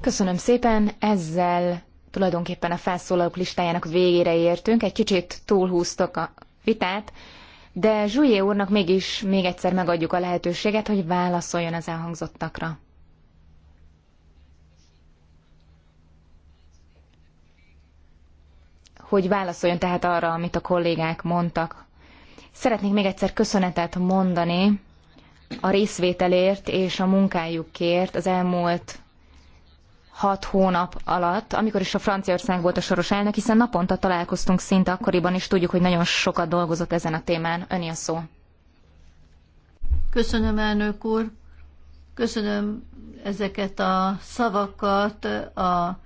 Speaker 4: Köszönöm szépen, ezzel tulajdonképpen
Speaker 1: a felszólalók listájának végére értünk, egy kicsit túlhúztok a vitát, de Zsujé úrnak mégis még egyszer megadjuk a lehetőséget, hogy válaszoljon az elhangzottakra. hogy válaszoljon tehát arra, amit a kollégák mondtak. Szeretnék még egyszer köszönetet mondani a részvételért és a munkájukért az elmúlt hat hónap alatt, amikor is a Franciaország volt a soros elnök, hiszen naponta találkoztunk szinte akkoriban, és tudjuk, hogy nagyon sokat dolgozott ezen a témán. Öni a szó.
Speaker 4: Köszönöm, elnök úr. Köszönöm ezeket a szavakat a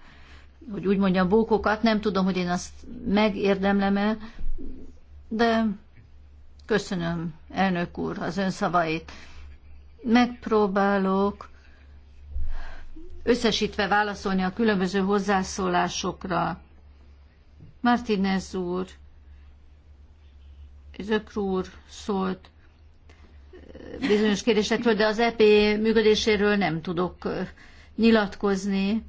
Speaker 4: hogy úgy mondjam, bókokat, nem tudom, hogy én azt megérdemlem-e, de köszönöm, elnök úr, az ön szavait. Megpróbálok összesítve válaszolni a különböző hozzászólásokra. Martinez úr, Zökr úr szólt bizonyos kérdésekről, de az EP működéséről nem tudok nyilatkozni.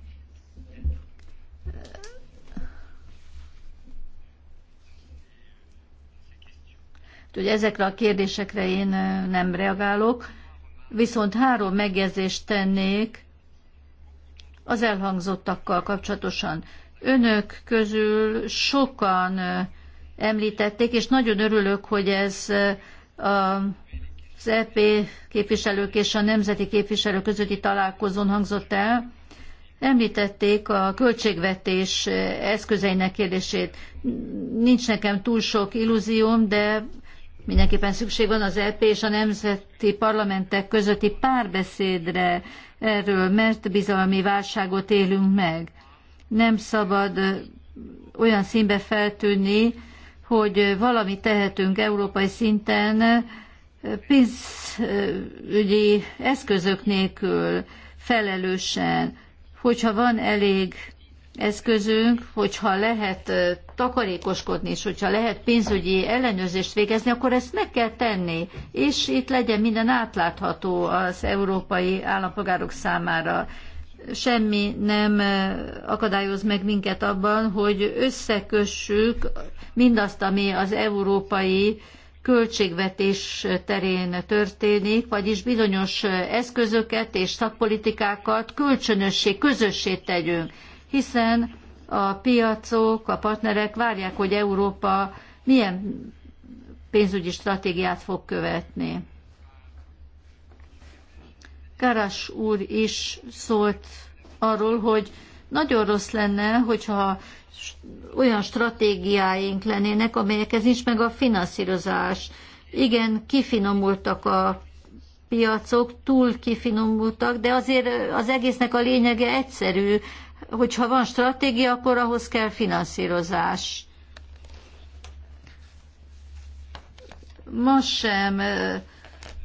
Speaker 4: Úgyhogy ezekre a kérdésekre én nem reagálok. Viszont három megjegyzést tennék az elhangzottakkal kapcsolatosan. Önök közül sokan említették, és nagyon örülök, hogy ez a az EP képviselők és a nemzeti képviselők közötti találkozón hangzott el, említették a költségvetés eszközeinek kérdését. Nincs nekem túl sok illúzióm, de Mindenképpen szükség van az EP és a nemzeti parlamentek közötti párbeszédre erről, mert bizalmi válságot élünk meg. Nem szabad olyan színbe feltűnni, hogy valami tehetünk európai szinten pénzügyi eszközök nélkül felelősen, hogyha van elég eszközünk, hogyha lehet takarékoskodni, és hogyha lehet pénzügyi ellenőrzést végezni, akkor ezt meg kell tenni, és itt legyen minden átlátható az európai állampolgárok számára. Semmi nem akadályoz meg minket abban, hogy összekössük mindazt, ami az európai költségvetés terén történik, vagyis bizonyos eszközöket és szakpolitikákat kölcsönössé, közössé tegyünk hiszen a piacok, a partnerek várják, hogy Európa milyen pénzügyi stratégiát fog követni. Karas úr is szólt arról, hogy nagyon rossz lenne, hogyha olyan stratégiáink lennének, amelyekhez nincs meg a finanszírozás. Igen, kifinomultak a piacok, túl kifinomultak, de azért az egésznek a lényege egyszerű, hogyha van stratégia, akkor ahhoz kell finanszírozás. Ma sem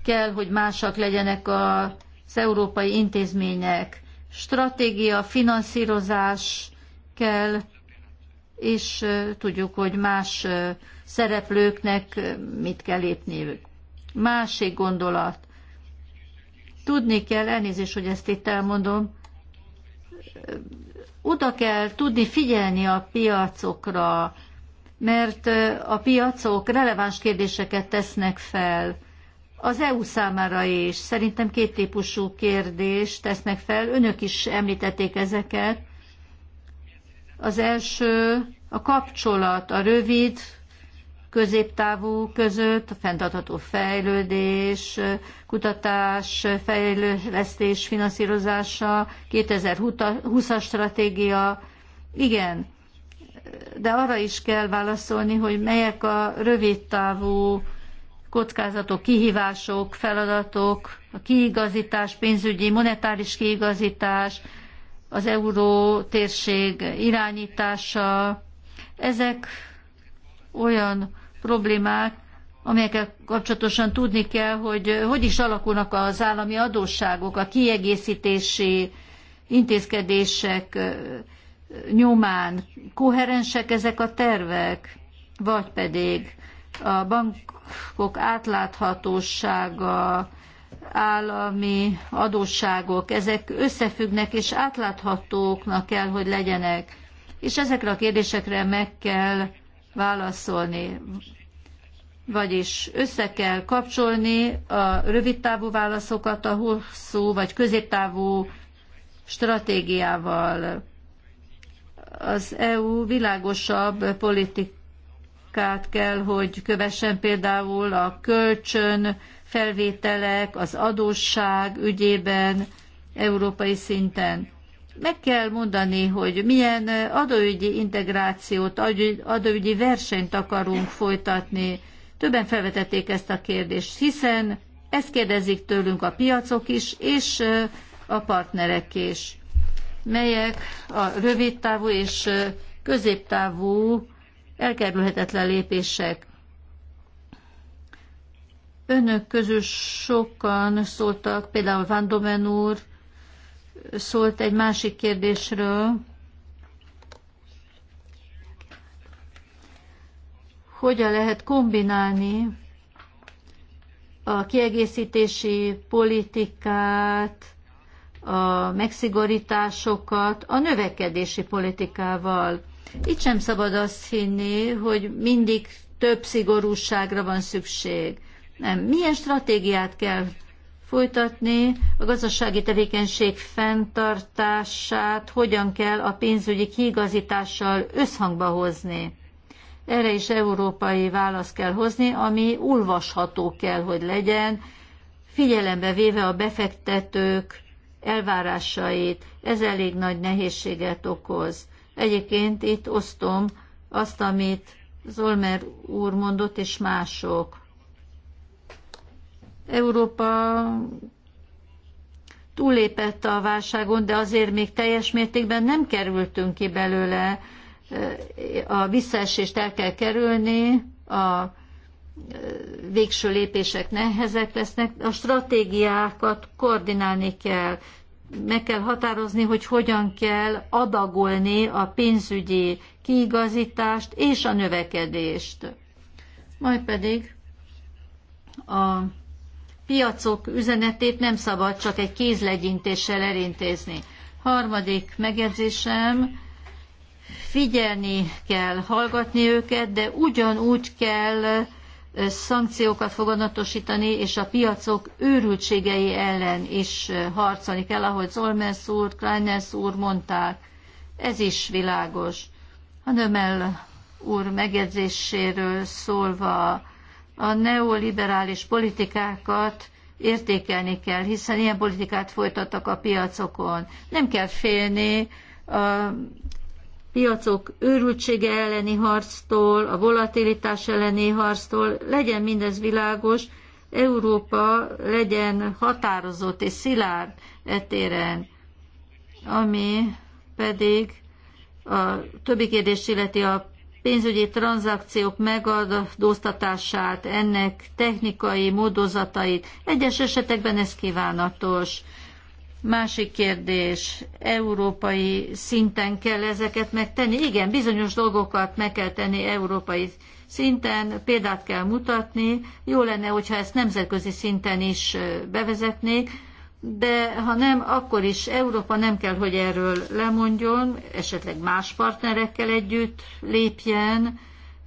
Speaker 4: kell, hogy másak legyenek az európai intézmények. Stratégia, finanszírozás kell, és tudjuk, hogy más szereplőknek mit kell lépniük. Másik gondolat. Tudni kell, elnézést, hogy ezt itt elmondom, oda kell tudni figyelni a piacokra, mert a piacok releváns kérdéseket tesznek fel. Az EU számára is szerintem két típusú kérdést tesznek fel, önök is említették ezeket. Az első a kapcsolat, a rövid, középtávú között, a fenntartható fejlődés, kutatás, fejlesztés finanszírozása, 2020-as stratégia. Igen, de arra is kell válaszolni, hogy melyek a rövidtávú kockázatok, kihívások, feladatok, a kiigazítás, pénzügyi, monetáris kiigazítás, az euró térség irányítása. Ezek olyan problémák, amelyekkel kapcsolatosan tudni kell, hogy eh, hogy is alakulnak az állami adósságok, a kiegészítési intézkedések eh, nyomán. Koherensek ezek a tervek, vagy pedig a bankok átláthatósága, állami adósságok, ezek összefüggnek és átláthatóknak kell, hogy legyenek. És ezekre a kérdésekre meg kell válaszolni. Vagyis össze kell kapcsolni a rövidtávú válaszokat a hosszú vagy középtávú stratégiával. Az EU világosabb politikát kell, hogy kövessen például a kölcsön, felvételek, az adósság ügyében európai szinten meg kell mondani, hogy milyen adóügyi integrációt, adóügyi versenyt akarunk folytatni. Többen felvetették ezt a kérdést, hiszen ezt kérdezik tőlünk a piacok is, és a partnerek is, melyek a rövidtávú és középtávú elkerülhetetlen lépések. Önök közül sokan szóltak, például Van úr, szólt egy másik kérdésről, hogyan lehet kombinálni a kiegészítési politikát, a megszigorításokat a növekedési politikával. Itt sem szabad azt hinni, hogy mindig több szigorúságra van szükség. Nem. Milyen stratégiát kell folytatni, a gazdasági tevékenység fenntartását hogyan kell a pénzügyi kiigazítással összhangba hozni. Erre is európai választ kell hozni, ami olvasható kell, hogy legyen, figyelembe véve a befektetők elvárásait. Ez elég nagy nehézséget okoz. Egyébként itt osztom azt, amit Zolmer úr mondott, és mások Európa túllépett a válságon, de azért még teljes mértékben nem kerültünk ki belőle. A visszaesést el kell kerülni, a végső lépések nehezek lesznek, a stratégiákat koordinálni kell, meg kell határozni, hogy hogyan kell adagolni a pénzügyi kiigazítást és a növekedést. Majd pedig a piacok üzenetét nem szabad csak egy kézlegyintéssel elintézni. Harmadik megjegyzésem, figyelni kell, hallgatni őket, de ugyanúgy kell szankciókat fogadatosítani, és a piacok őrültségei ellen is harcolni kell, ahogy Zolmers úr, Kleines úr mondták. Ez is világos. A Nömel úr megjegyzéséről szólva a neoliberális politikákat értékelni kell, hiszen ilyen politikát folytattak a piacokon. Nem kell félni a piacok őrültsége elleni harctól, a volatilitás elleni harctól, legyen mindez világos, Európa legyen határozott és szilárd etéren, ami pedig a többi kérdés illeti a pénzügyi tranzakciók megadóztatását, ennek technikai módozatait. Egyes esetekben ez kívánatos. Másik kérdés, európai szinten kell ezeket megtenni. Igen, bizonyos dolgokat meg kell tenni európai szinten, példát kell mutatni. Jó lenne, hogyha ezt nemzetközi szinten is bevezetnék, de ha nem, akkor is Európa nem kell, hogy erről lemondjon, esetleg más partnerekkel együtt lépjen,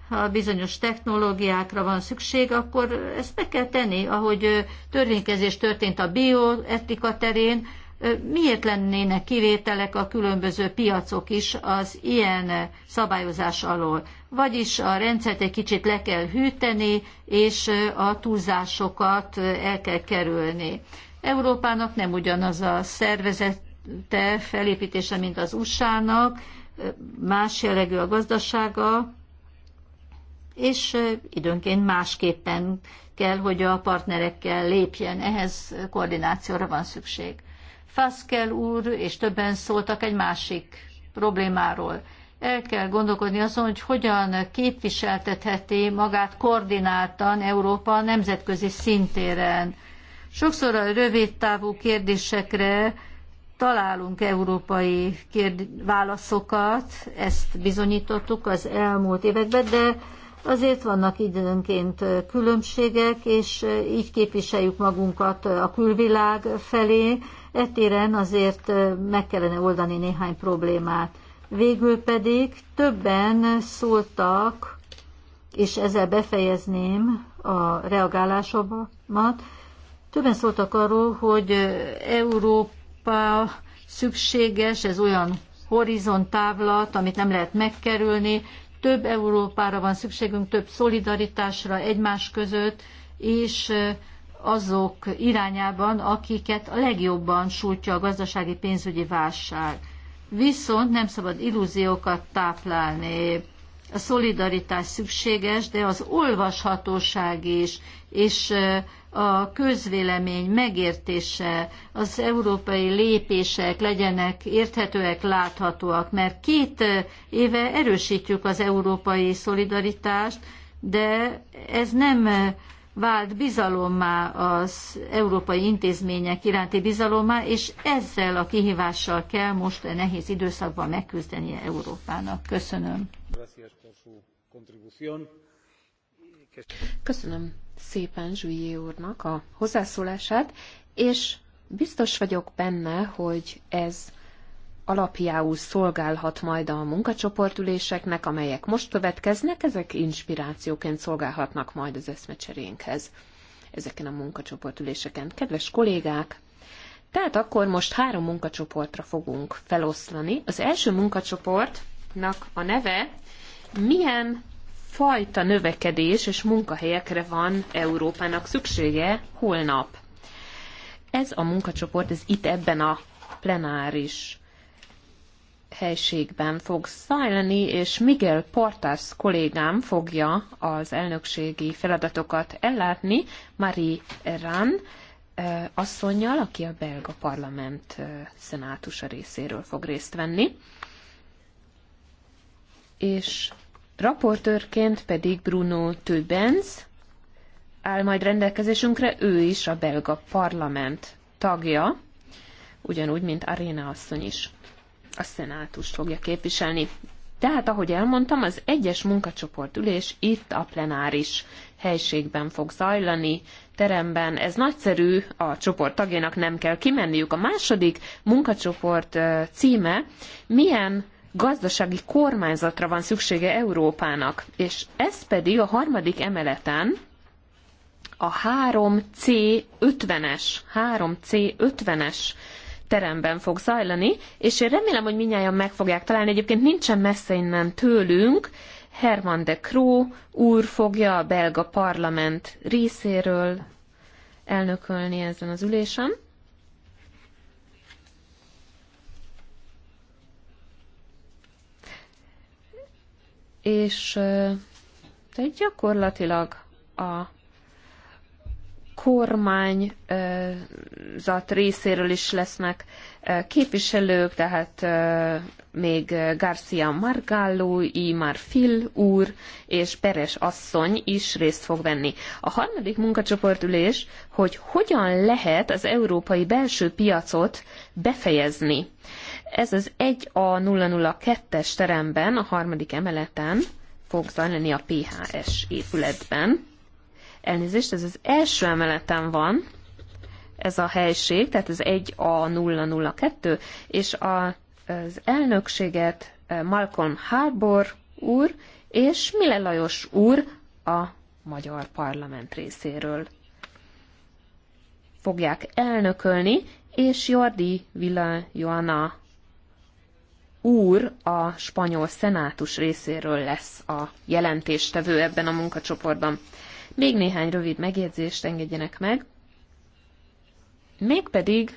Speaker 4: ha bizonyos technológiákra van szükség, akkor ezt meg kell tenni, ahogy törvénykezés történt a bioetika terén, miért lennének kivételek a különböző piacok is az ilyen szabályozás alól. Vagyis a rendszert egy kicsit le kell hűteni, és a túlzásokat el kell kerülni. Európának nem ugyanaz a szervezete felépítése, mint az USA-nak, más jellegű a gazdasága, és időnként másképpen kell, hogy a partnerekkel lépjen. Ehhez koordinációra van szükség. Faszkel úr és többen szóltak egy másik problémáról. El kell gondolkodni azon, hogy hogyan képviseltetheti magát koordináltan Európa nemzetközi szintéren. Sokszor a rövid távú kérdésekre találunk európai kérd- válaszokat, ezt bizonyítottuk az elmúlt években, de azért vannak időnként különbségek, és így képviseljük magunkat a külvilág felé. Ettéren azért meg kellene oldani néhány problémát. Végül pedig többen szóltak, és ezzel befejezném a reagálásomat, Többen szóltak arról, hogy Európa szükséges, ez olyan horizontávlat, amit nem lehet megkerülni, több Európára van szükségünk, több szolidaritásra egymás között, és azok irányában, akiket a legjobban sújtja a gazdasági pénzügyi válság. Viszont nem szabad illúziókat táplálni. A szolidaritás szükséges, de az olvashatóság is, és a közvélemény megértése, az európai lépések legyenek érthetőek, láthatóak, mert két éve erősítjük az európai szolidaritást, de ez nem vált bizalommá az európai intézmények iránti bizalommá, és ezzel a kihívással kell most a nehéz időszakban megküzdeni Európának. Köszönöm. Köszönöm szépen
Speaker 3: Zsülyé úrnak a hozzászólását, és biztos vagyok benne, hogy ez alapjául szolgálhat majd a munkacsoportüléseknek, amelyek most következnek, ezek inspirációként szolgálhatnak majd az eszmecserénkhez ezeken a munkacsoportüléseken. Kedves kollégák, tehát akkor most három munkacsoportra fogunk feloszlani. Az első munkacsoportnak a neve milyen fajta növekedés és munkahelyekre van Európának szüksége holnap. Ez a munkacsoport, ez itt ebben a plenáris helységben fog szállni, és Miguel Portas kollégám fogja az elnökségi feladatokat ellátni Marie Ran asszonynal, aki a belga parlament szenátusa részéről fog részt venni. És Raportőrként pedig Bruno Töbens áll majd rendelkezésünkre, ő is a belga parlament tagja, ugyanúgy, mint Aréna asszony is. A szenátust fogja képviselni. Tehát, ahogy elmondtam, az egyes munkacsoportülés itt a plenáris helységben fog zajlani, teremben. Ez nagyszerű, a csoport tagjának nem kell kimenniük. A második munkacsoport címe, milyen gazdasági kormányzatra van szüksége Európának, és ez pedig a harmadik emeleten a 3C50-es, 3C50-es teremben fog zajlani, és én remélem, hogy minnyáján meg fogják találni. Egyébként nincsen messze innen tőlünk, Herman de Croo úr fogja a belga parlament részéről elnökölni ezen az ülésen. és de gyakorlatilag a kormányzat részéről is lesznek képviselők, tehát még Garcia Margallo, Imar Fil úr és Peres asszony is részt fog venni. A harmadik munkacsoportülés, hogy hogyan lehet az európai belső piacot befejezni. Ez az 1A002-es teremben, a harmadik emeleten fog zajlani a PHS épületben. Elnézést, ez az első emeleten van, ez a helység, tehát ez 1A002, és a, az elnökséget eh, Malcolm Harbour úr és Mile Lajos úr a magyar parlament részéről fogják elnökölni, és Jordi Villa Joana úr a spanyol szenátus részéről lesz a jelentéstevő ebben a munkacsoportban. Még néhány rövid megjegyzést engedjenek meg. Mégpedig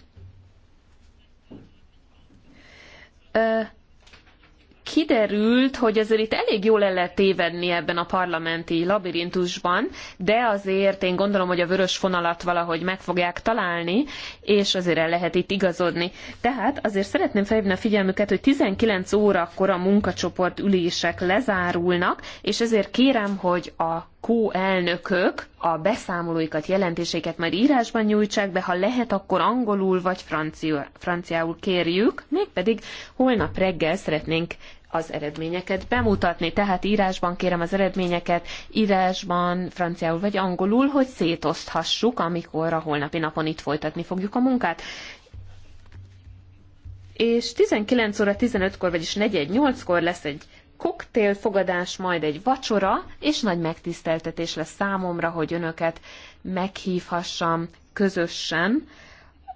Speaker 3: kiderült, hogy azért itt elég jól el lehet tévedni ebben a parlamenti labirintusban, de azért én gondolom, hogy a vörös fonalat valahogy meg fogják találni, és azért el lehet itt igazodni. Tehát azért szeretném felhívni a figyelmüket, hogy 19 órakor a munkacsoport ülések lezárulnak, és ezért kérem, hogy a Q-elnökök a beszámolóikat, jelentéseiket majd írásban nyújtsák be, ha lehet, akkor angolul vagy franciául kérjük, mégpedig holnap reggel szeretnénk az eredményeket bemutatni. Tehát írásban kérem az eredményeket, írásban, franciául vagy angolul, hogy szétoszthassuk, amikor a holnapi napon itt folytatni fogjuk a munkát és 19 óra 15-kor, vagyis 4-8-kor lesz egy koktélfogadás, majd egy vacsora, és nagy megtiszteltetés lesz számomra, hogy önöket meghívhassam közösen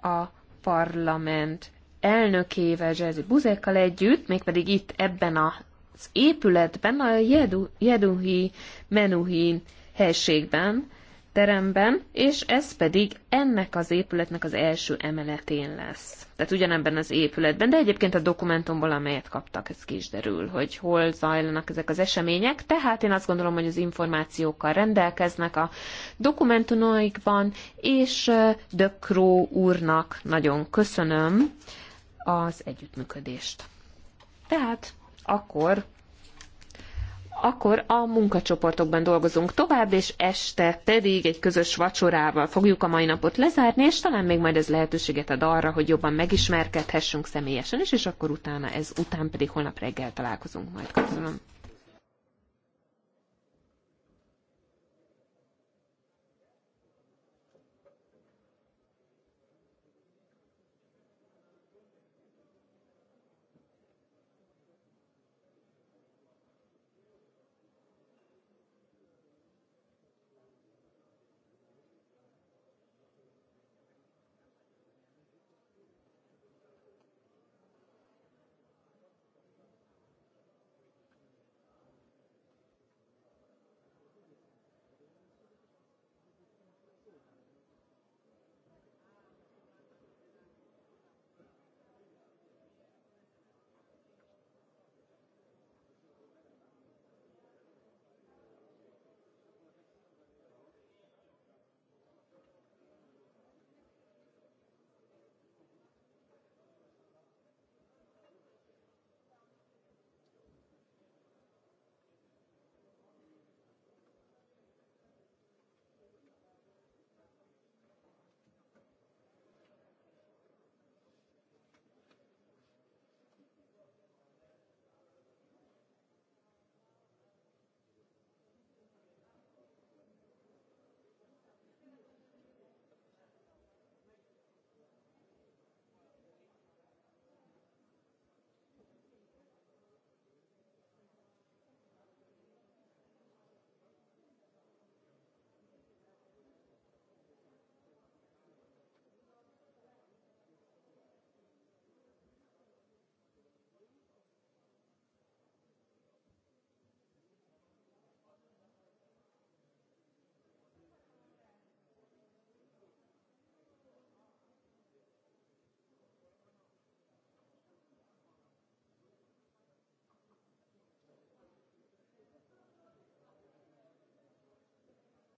Speaker 3: a parlament elnökével, Jerzy Buzekkal együtt, mégpedig itt ebben az épületben, a Jedu, Jeduhi Menuhi helységben, teremben, és ez pedig ennek az épületnek az első emeletén lesz. Tehát ugyanebben az épületben, de egyébként a dokumentumból, amelyet kaptak, ez ki is derül, hogy hol zajlanak ezek az események, tehát én azt gondolom, hogy az információkkal rendelkeznek a dokumentumaikban, és Dökró úrnak nagyon köszönöm, az együttműködést. Tehát akkor akkor a munkacsoportokban dolgozunk tovább, és este pedig egy közös vacsorával fogjuk a mai napot lezárni, és talán még majd ez lehetőséget ad arra, hogy jobban megismerkedhessünk személyesen is, és akkor utána ez után pedig holnap reggel találkozunk majd. Köszönöm.